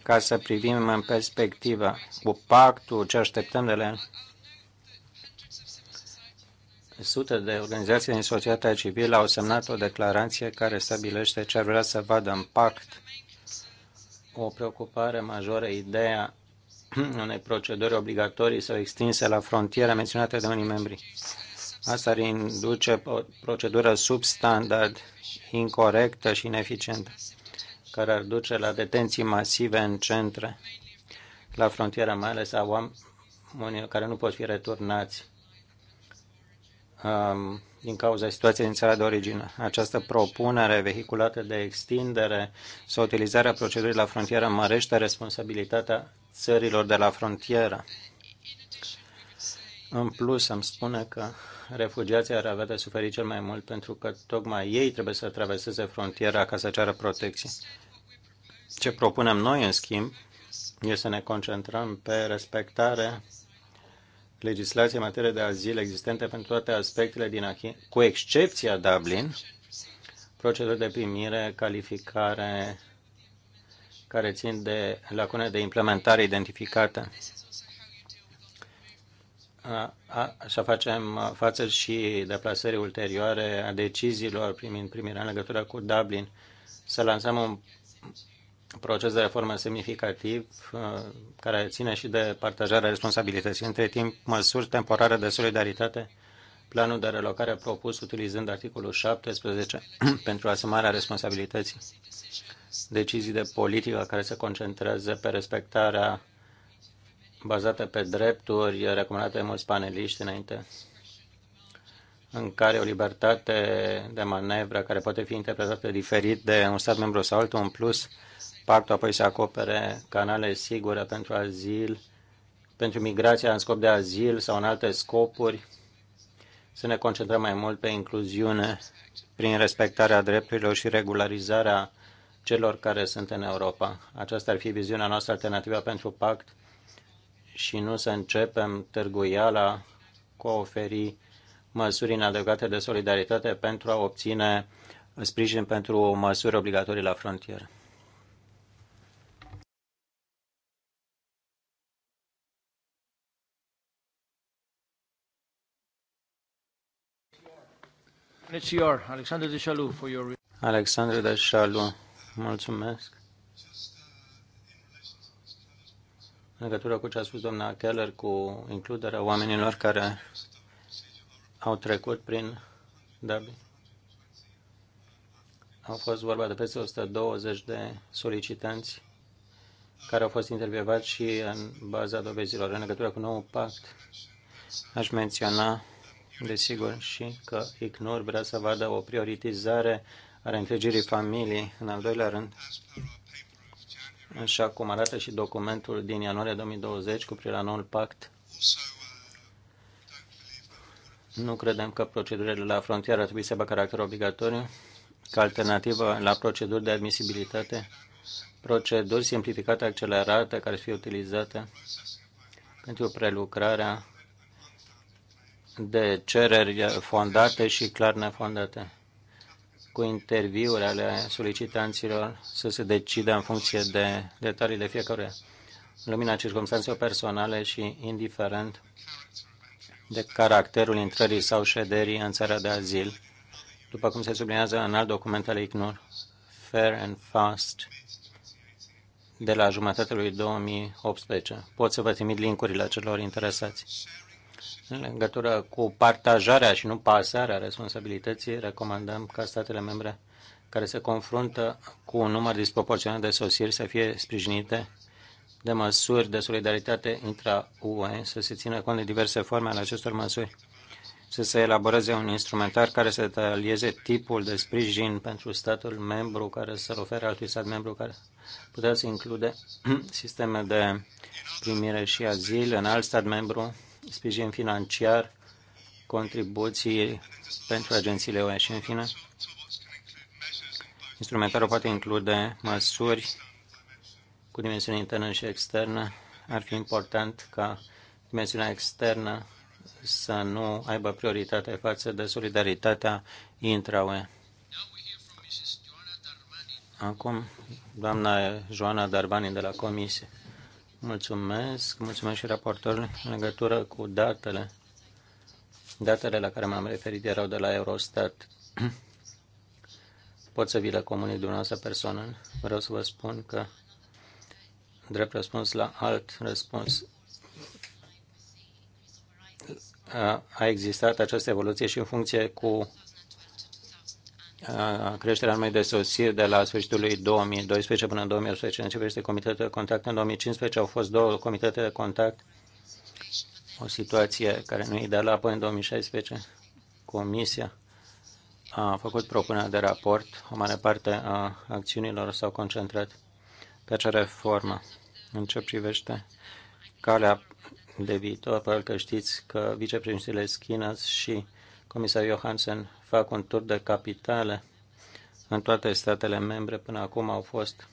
ca să privim în perspectivă cu pactul, ce așteptăm de la Sute de organizații din societatea civilă au semnat o declarație care stabilește ce ar vrea să vadă în pact. O preocupare majoră, ideea unei proceduri obligatorii sau extinse la frontiere menționate de unii membri Asta ar induce o procedură substandard, incorrectă și ineficientă, care ar duce la detenții masive în centre, la frontieră, mai ales a oamenilor care nu pot fi returnați um, din cauza situației din țara de origine. Această propunere vehiculată de extindere sau utilizarea procedurii la frontieră mărește responsabilitatea țărilor de la frontieră. În plus, am spune că refugiații ar avea de suferit cel mai mult pentru că tocmai ei trebuie să traverseze frontiera ca să ceară protecție. Ce propunem noi, în schimb, este să ne concentrăm pe respectarea legislației în materie de azil existente pentru toate aspectele din Achim, cu excepția Dublin, proceduri de primire, calificare, care țin de lacune de implementare identificată să facem față și deplasării ulterioare a deciziilor primind primirea în legătură cu Dublin, să lansăm un proces de reformă semnificativ uh, care ține și de partajarea responsabilității. Între timp, măsuri temporare de solidaritate, planul de relocare propus utilizând articolul 17 pentru asumarea responsabilității, decizii de politică care se concentrează pe respectarea bazată pe drepturi recomandate de mulți paneliști înainte, în care o libertate de manevră care poate fi interpretată diferit de un stat membru sau altul, în plus, pactul apoi să acopere canale sigure pentru azil, pentru migrația în scop de azil sau în alte scopuri, să ne concentrăm mai mult pe incluziune prin respectarea drepturilor și regularizarea celor care sunt în Europa. Aceasta ar fi viziunea noastră alternativă pentru pact și nu să începem târguiala cu a oferi măsuri inadecvate de solidaritate pentru a obține sprijin pentru măsuri obligatorii la frontieră. Alexandru de Chalou, mulțumesc. în legătură cu ce a spus doamna Keller cu includerea oamenilor care au trecut prin Dublin. Au fost vorba de peste 120 de solicitanți care au fost intervievați și în baza dovezilor. În legătură cu nou pact, aș menționa, desigur, și că ICNUR vrea să vadă o prioritizare a reîntregirii familiei. În al doilea rând, așa cum arată și documentul din ianuarie 2020 cu privire la noul pact. Nu credem că procedurile la frontieră trebuie să aibă caracter obligatoriu ca alternativă la proceduri de admisibilitate, proceduri simplificate, accelerate, care să fie utilizate pentru prelucrarea de cereri fondate și clar nefondate cu interviuri ale solicitanților să se decidă în funcție de detaliile fiecare în lumina circunstanțelor personale și indiferent de caracterul intrării sau șederii în țara de azil, după cum se sublinează în alt document al ICNUR, Fair and Fast, de la jumătatea lui 2018. Pot să vă trimit linkurile celor interesați. În legătură cu partajarea și nu pasarea responsabilității, recomandăm ca statele membre care se confruntă cu un număr disproporționat de sosiri să fie sprijinite de măsuri de solidaritate intra-UE, să se țină cont de diverse forme ale acestor măsuri, să se elaboreze un instrumentar care să detalieze tipul de sprijin pentru statul membru care să-l ofere altui stat membru care putea să include sisteme de primire și azil în alt stat membru, sprijin financiar, contribuții pentru agențiile UE și, în fine, instrumentarul poate include măsuri cu dimensiune internă și externă. Ar fi important ca dimensiunea externă să nu aibă prioritate față de solidaritatea intra-UE. Acum, doamna Joana Darbani de la Comisie. Mulțumesc, mulțumesc și raportorului în legătură cu datele. Datele la care m-am referit erau de la Eurostat. Pot să vi le comunic dumneavoastră persoană. Vreau să vă spun că drept răspuns la alt răspuns a existat această evoluție și în funcție cu creșterea numai de sosiri de la sfârșitul lui 2012 până în 2018 în ce privește de contact. În 2015 au fost două comitete de contact, o situație care nu e la până în 2016. Comisia a făcut propunerea de raport, o mare parte a acțiunilor s-au concentrat pe acea reformă. În ce privește calea de viitor, probabil că știți că vicepreședintele Schinas și comisar Johansen fac un tur de capitale în toate statele membre. Până acum au fost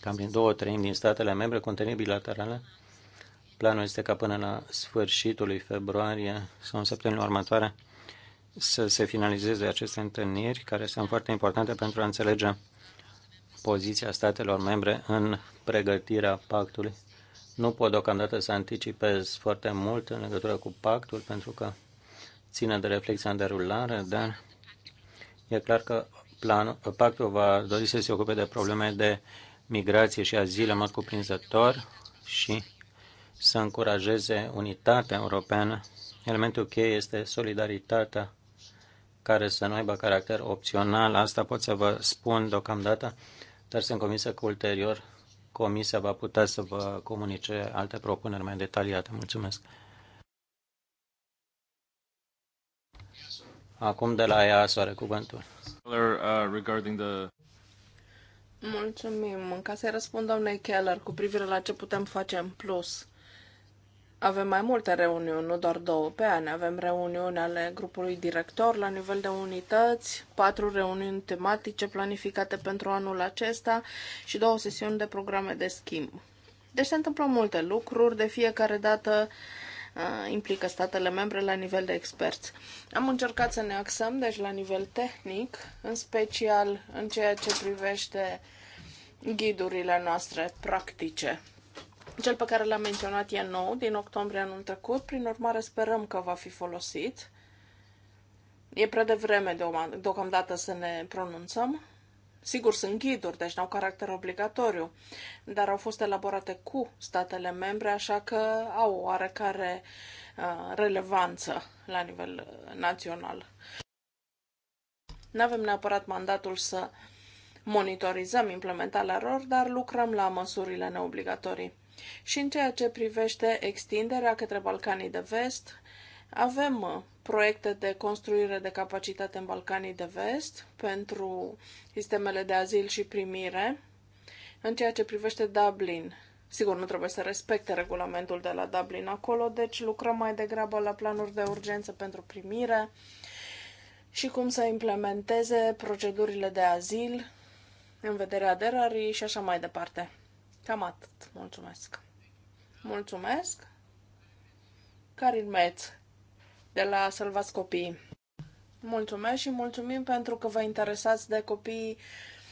cam din două treimi din statele membre cu întâlniri bilaterale. Planul este ca până la sfârșitul lui februarie sau în săptămâna următoare să se finalizeze aceste întâlniri, care sunt foarte importante pentru a înțelege poziția statelor membre în pregătirea pactului. Nu pot deocamdată să anticipez foarte mult în legătură cu pactul, pentru că ține de reflexia în derulare, dar e clar că planul, pactul va dori să se ocupe de probleme de migrație și azil în mod cuprinzător și să încurajeze unitatea europeană. Elementul cheie este solidaritatea care să nu aibă caracter opțional. Asta pot să vă spun deocamdată, dar sunt convinsă că ulterior Comisia va putea să vă comunice alte propuneri mai detaliate. Mulțumesc! Acum de la ea soare cuvântul. Uh, Mulțumim. Ca să-i răspund doamnei Keller cu privire la ce putem face în plus, avem mai multe reuniuni, nu doar două pe an. Avem reuniuni ale grupului director la nivel de unități, patru reuniuni tematice planificate pentru anul acesta și două sesiuni de programe de schimb. Deci se întâmplă multe lucruri, de fiecare dată implică statele membre la nivel de experți. Am încercat să ne axăm, deci, la nivel tehnic, în special în ceea ce privește ghidurile noastre practice. Cel pe care l-am menționat e nou, din octombrie anul trecut, prin urmare sperăm că va fi folosit. E prea devreme deocamdată să ne pronunțăm, Sigur, sunt ghiduri, deci nu au caracter obligatoriu, dar au fost elaborate cu statele membre, așa că au o oarecare uh, relevanță la nivel uh, național. Nu avem neapărat mandatul să monitorizăm implementarea lor, dar lucrăm la măsurile neobligatorii. Și în ceea ce privește extinderea către Balcanii de Vest, avem uh, proiecte de construire de capacitate în Balcanii de Vest pentru sistemele de azil și primire. În ceea ce privește Dublin, sigur nu trebuie să respecte regulamentul de la Dublin acolo, deci lucrăm mai degrabă la planuri de urgență pentru primire și cum să implementeze procedurile de azil în vederea aderării și așa mai departe. Cam atât. Mulțumesc. Mulțumesc. Karin Metz de la Salvați Copiii. Mulțumesc și mulțumim pentru că vă interesați de copii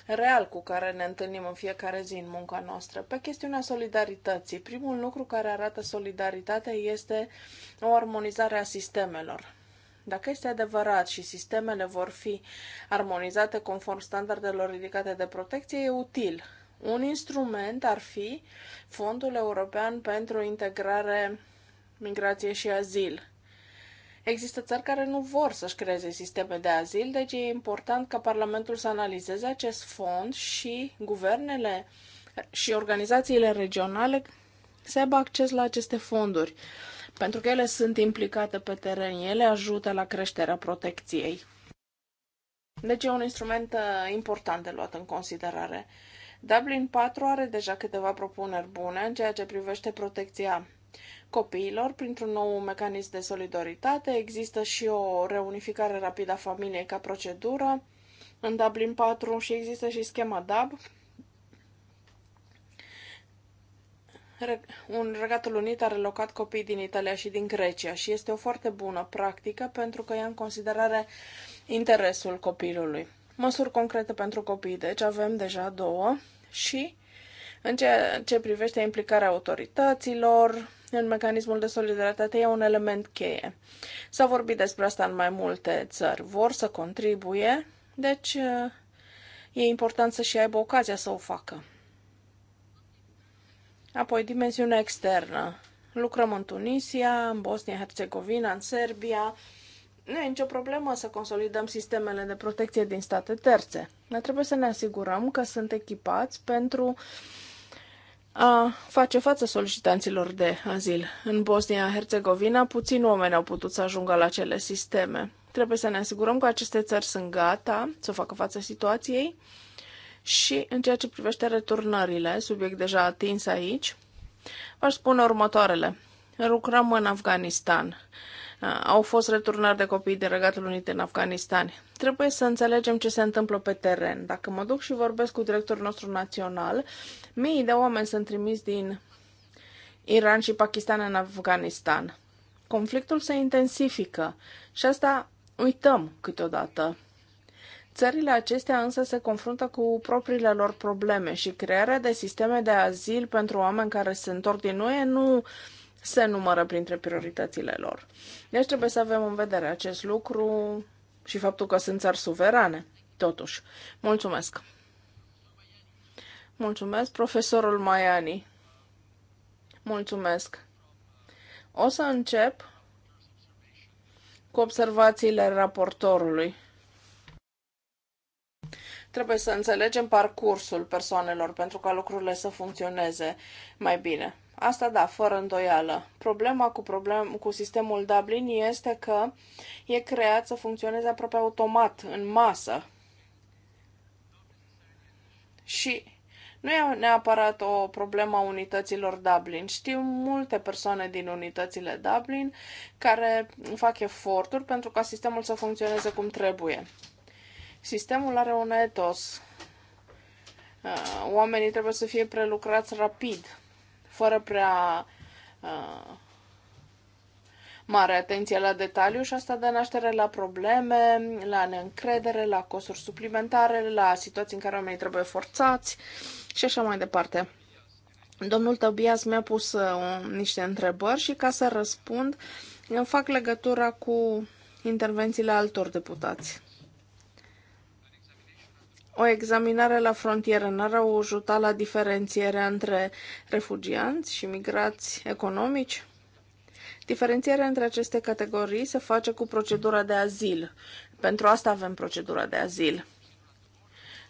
real cu care ne întâlnim în fiecare zi în munca noastră. Pe chestiunea solidarității, primul lucru care arată solidaritatea este o armonizare a sistemelor. Dacă este adevărat și sistemele vor fi armonizate conform standardelor ridicate de protecție, e util. Un instrument ar fi Fondul European pentru Integrare, Migrație și Azil, Există țări care nu vor să-și creeze sisteme de azil, deci e important ca Parlamentul să analizeze acest fond și guvernele și organizațiile regionale să aibă acces la aceste fonduri, pentru că ele sunt implicate pe teren, ele ajută la creșterea protecției. Deci e un instrument uh, important de luat în considerare. Dublin 4 are deja câteva propuneri bune în ceea ce privește protecția copiilor printr-un nou mecanism de solidaritate. Există și o reunificare rapidă a familiei ca procedură în Dublin 4 și există și schema DAB. Un regatul unit a relocat copii din Italia și din Grecia și este o foarte bună practică pentru că ia în considerare interesul copilului. Măsuri concrete pentru copii, deci avem deja două și în ceea ce privește implicarea autorităților, în mecanismul de solidaritate e un element cheie. S-a vorbit despre asta în mai multe țări. Vor să contribuie, deci e important să și aibă ocazia să o facă. Apoi, dimensiunea externă. Lucrăm în Tunisia, în Bosnia-Herzegovina, în Serbia. Nu e nicio problemă să consolidăm sistemele de protecție din state terțe. ne trebuie să ne asigurăm că sunt echipați pentru uh, a face față solicitanților de azil. În Bosnia-Herzegovina, puțini oameni au putut să ajungă la cele sisteme. Trebuie să ne asigurăm că aceste țări sunt gata să facă față situației și în ceea ce privește returnările, subiect deja atins aici, v-aș spune următoarele. Lucrăm în Afganistan Uh, au fost returnați de copii din Regatul Unit în Afganistan. Trebuie să înțelegem ce se întâmplă pe teren. Dacă mă duc și vorbesc cu directorul nostru național, mii de oameni sunt trimiși din Iran și Pakistan în Afganistan. Conflictul se intensifică și asta uităm câteodată. Țările acestea însă se confruntă cu propriile lor probleme și crearea de sisteme de azil pentru oameni care se întorc din UE nu se numără printre prioritățile lor. Deci trebuie să avem în vedere acest lucru și faptul că sunt țări suverane. Totuși, mulțumesc! Mulțumesc, profesorul Maiani. Mulțumesc. O să încep cu observațiile raportorului. Trebuie să înțelegem parcursul persoanelor pentru ca lucrurile să funcționeze mai bine. Asta da, fără îndoială. Problema cu, problem, cu sistemul Dublin este că e creat să funcționeze aproape automat, în masă. Și nu e neapărat o problemă a unităților Dublin. Știu multe persoane din unitățile Dublin care fac eforturi pentru ca sistemul să funcționeze cum trebuie. Sistemul are un etos. Uh, oamenii trebuie să fie prelucrați rapid fără prea uh, mare atenție la detaliu și asta dă naștere la probleme, la neîncredere, la costuri suplimentare, la situații în care oamenii trebuie forțați și așa mai departe. Domnul Tobias mi-a pus uh, niște întrebări și ca să răspund, îmi fac legătura cu intervențiile altor deputați. O examinare la frontieră n-ar ajuta la diferențierea între refugianți și migrați economici? Diferențierea între aceste categorii se face cu procedura de azil. Pentru asta avem procedura de azil.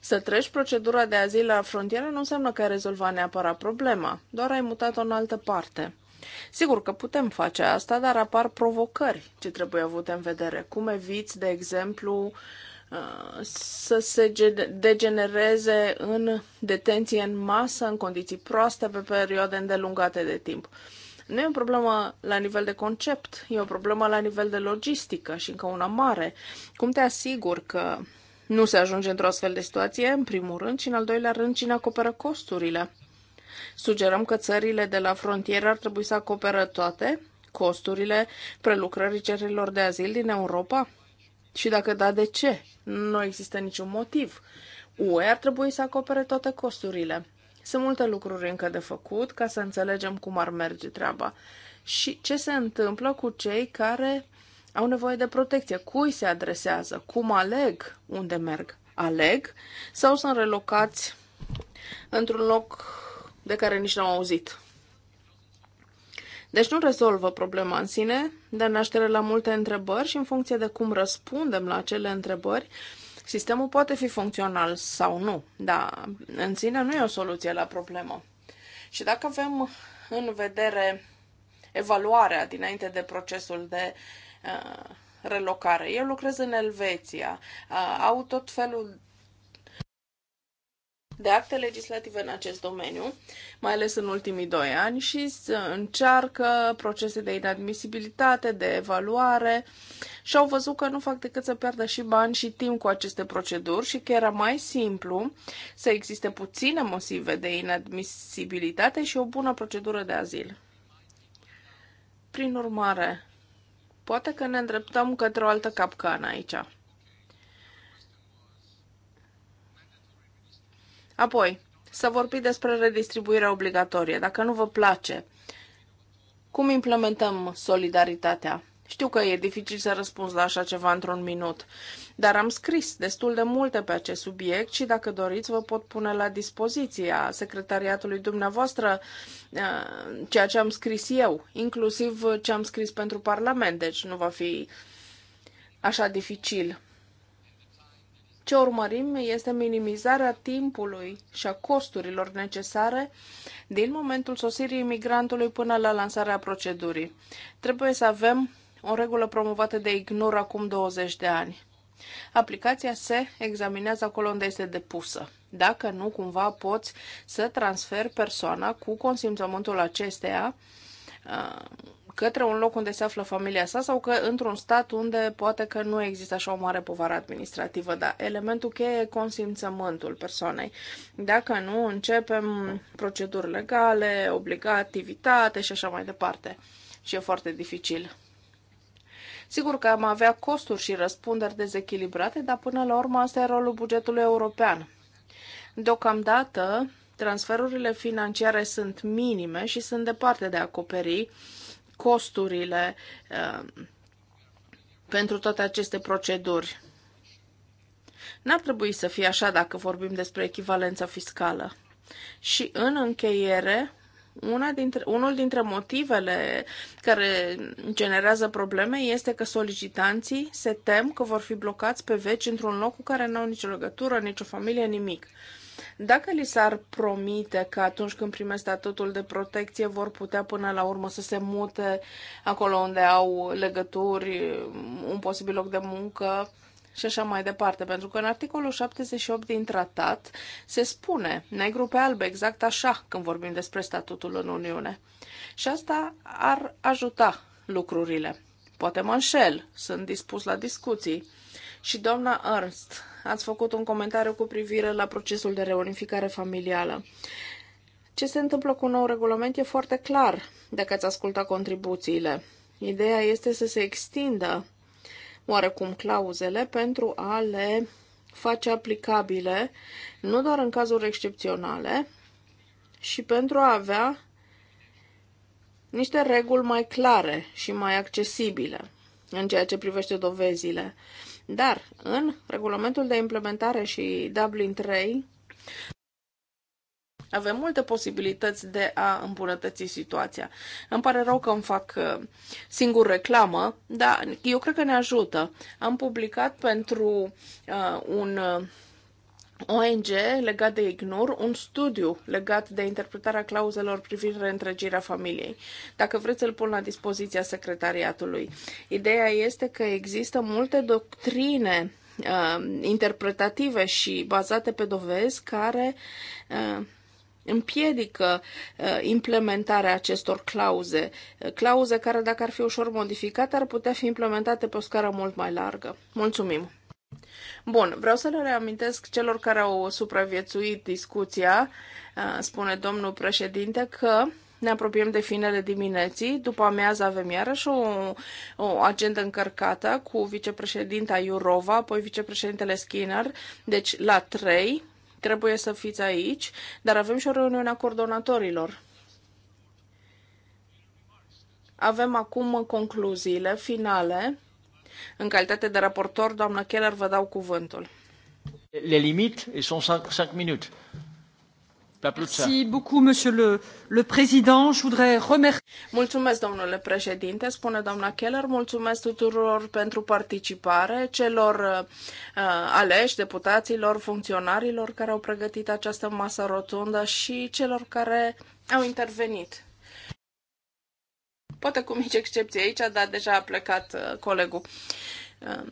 Să treci procedura de azil la frontieră nu înseamnă că ai rezolvat neapărat problema, doar ai mutat-o în altă parte. Sigur că putem face asta, dar apar provocări ce trebuie avute în vedere. Cum eviți, de exemplu, uh, Uh, să se degenereze în detenție în masă, în condiții proaste, pe perioade îndelungate de timp. Nu e o problemă la nivel de concept, e o problemă la nivel de logistică și încă una mare. Cum te asiguri că nu se ajunge într-o astfel de situație, în primul rând, și în al doilea rând, cine acoperă costurile? Sugerăm că țările de la frontieră ar trebui să acoperă toate costurile prelucrării cererilor de azil din Europa? Și dacă da, de ce? Nu există niciun motiv. UE ar trebui să acopere toate costurile. Sunt multe lucruri încă de făcut ca să înțelegem cum ar merge treaba și ce se întâmplă cu cei care au nevoie de protecție, cui se adresează, cum aleg, unde merg, aleg sau sunt relocați într-un loc de care nici n-au auzit. Deci nu rezolvă problema în sine, dar naștere la multe întrebări și în funcție de cum răspundem la acele întrebări, sistemul poate fi funcțional sau nu. Dar în sine nu e o soluție la problemă. Și dacă avem în vedere evaluarea dinainte de procesul de uh, relocare. Eu lucrez în Elveția, uh, au tot felul de acte legislative în acest domeniu, mai ales în ultimii doi ani, și încearcă procese de inadmisibilitate, de evaluare și au văzut că nu fac decât să pierdă și bani și timp cu aceste proceduri și că era mai simplu să existe puține motive de inadmisibilitate și o bună procedură de azil. Prin urmare, poate că ne îndreptăm către o altă capcană aici. Apoi, să vorbim despre redistribuirea obligatorie. Dacă nu vă place, cum implementăm solidaritatea? Știu că e dificil să răspunzi la așa ceva într-un minut, dar am scris destul de multe pe acest subiect și dacă doriți vă pot pune la dispoziția secretariatului dumneavoastră eh, ceea ce am scris eu, inclusiv ce am scris pentru Parlament, deci nu va fi așa dificil. Ce urmărim este minimizarea timpului și a costurilor necesare din momentul sosirii imigrantului până la lansarea procedurii. Trebuie să avem o regulă promovată de ignor acum 20 de ani. Aplicația se examinează acolo unde este depusă. Dacă nu, cumva poți să transferi persoana cu consimțământul acesteia uh, către un loc unde se află familia sa sau că într-un stat unde poate că nu există așa o mare povară administrativă, dar elementul cheie e consimțământul persoanei. Dacă nu, începem proceduri legale, obligativitate și așa mai departe. Și e foarte dificil. Sigur că am avea costuri și răspunderi dezechilibrate, dar până la urmă asta e rolul bugetului european. Deocamdată, transferurile financiare sunt minime și sunt departe de a acoperi costurile uh, pentru toate aceste proceduri. N-ar trebui să fie așa dacă vorbim despre echivalența fiscală. Și în încheiere, una dintre, unul dintre motivele care generează probleme este că solicitanții se tem că vor fi blocați pe veci într-un loc cu care nu au nicio legătură, nicio familie, nimic. Dacă li s-ar promite că atunci când primesc statutul de protecție vor putea până la urmă să se mute acolo unde au legături, un posibil loc de muncă, și așa mai departe. Pentru că în articolul 78 din tratat se spune negru pe alb, exact așa, când vorbim despre statutul în Uniune. Și asta ar ajuta lucrurile. Poate mă înșel, sunt dispus la discuții. Și doamna Ernst ați făcut un comentariu cu privire la procesul de reunificare familială. Ce se întâmplă cu un nou regulament e foarte clar dacă ați ascultat contribuțiile. Ideea este să se extindă oarecum clauzele pentru a le face aplicabile nu doar în cazuri excepționale, și pentru a avea niște reguli mai clare și mai accesibile în ceea ce privește dovezile. Dar în regulamentul de implementare și Dublin 3 avem multe posibilități de a îmbunătăți situația. Îmi pare rău că îmi fac uh, singur reclamă, dar eu cred că ne ajută. Am publicat pentru uh, un uh, ONG legat de IGNUR, un studiu legat de interpretarea clauzelor privind reîntregirea familiei. Dacă vreți, îl pun la dispoziția secretariatului. Ideea este că există multe doctrine uh, interpretative și bazate pe dovezi care uh, împiedică uh, implementarea acestor clauze, clauze care, dacă ar fi ușor modificate, ar putea fi implementate pe o scară mult mai largă. Mulțumim! Bun, vreau să le reamintesc celor care au supraviețuit discuția, uh, spune domnul președinte, că ne apropiem de finele dimineții, după amiază avem iarăși o, o agendă încărcată cu vicepreședinta Iurova, apoi vicepreședintele Skinner, deci la trei trebuie să fiți aici, dar avem și o reuniune a coordonatorilor. Avem acum concluziile finale în calitate de raportor, doamnă Keller, vă dau cuvântul. Le limite et sont 5 minutes. Mulțumesc, domnule președinte, spune doamna Keller. Mulțumesc tuturor pentru participare, celor uh, aleși, deputaților, funcționarilor care au pregătit această masă rotundă și celor care au intervenit poate cu mici excepții aici, dar deja a plecat uh, colegul. Um,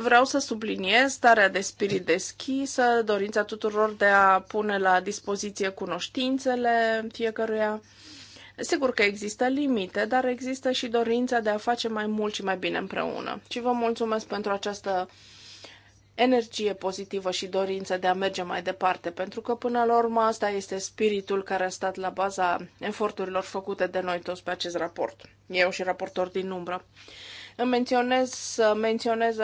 vreau să subliniez starea de spirit deschisă, dorința tuturor de a pune la dispoziție cunoștințele fiecăruia. Sigur că există limite, dar există și dorința de a face mai mult și mai bine împreună. Și vă mulțumesc pentru această uh, energie pozitivă și dorință de a merge mai departe, pentru că până la urmă asta este spiritul care a stat la baza eforturilor făcute de noi toți pe acest raport. Eu și raportor din umbră. Îmi, menționez, menționez,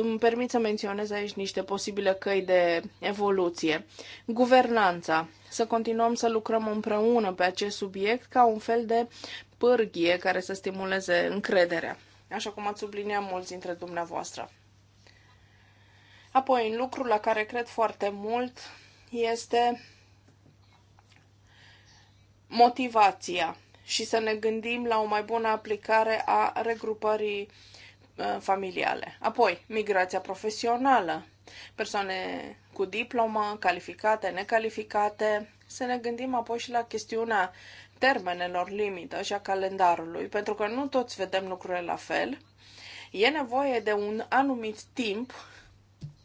îmi permit să menționez aici niște posibile căi de evoluție. Guvernanța. Să continuăm să lucrăm împreună pe acest subiect ca un fel de pârghie care să stimuleze încrederea, așa cum ați subliniat mulți dintre dumneavoastră. Apoi, un lucru la care cred foarte mult este motivația și să ne gândim la o mai bună aplicare a regrupării uh, familiale. Apoi, migrația profesională, persoane cu diplomă, calificate, necalificate, să ne gândim apoi și la chestiunea termenelor limită și a calendarului, pentru că nu toți vedem lucrurile la fel. E nevoie de un anumit timp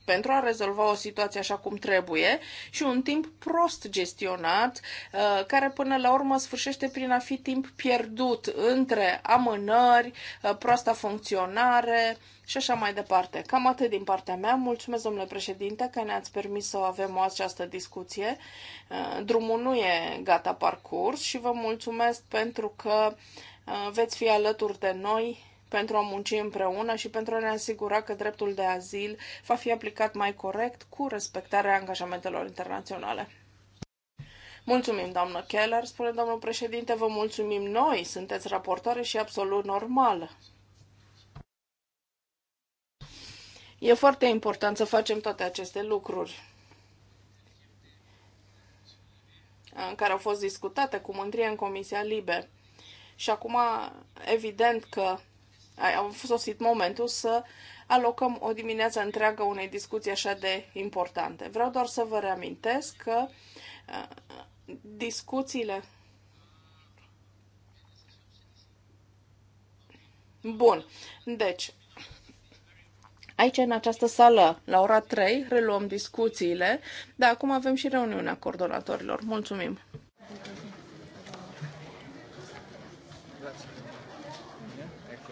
pentru a rezolva o situație așa cum trebuie și un timp prost gestionat, uh, care până la urmă sfârșește prin a fi timp pierdut între amânări, uh, proasta funcționare și așa mai departe. Cam atât din partea mea. Mulțumesc, domnule președinte, că ne-ați permis să avem o această discuție. Uh, drumul nu e gata parcurs și vă mulțumesc pentru că veți fi alături de noi pentru a munci împreună și pentru a ne asigura că dreptul de azil va fi aplicat mai corect cu respectarea angajamentelor internaționale. Mulțumim, doamnă Keller, spune domnul președinte, vă mulțumim noi, sunteți raportoare și absolut normal. E foarte important să facem toate aceste lucruri în care au fost discutate cu mândrie în Comisia Libe. Și acum, evident că a sosit momentul să alocăm o dimineață întreagă unei discuții așa de importante. Vreau doar să vă reamintesc că discuțiile. Bun. Deci, Aici, în această sală, la ora 3, reluăm discuțiile, dar acum avem și reuniunea coordonatorilor. Mulțumim!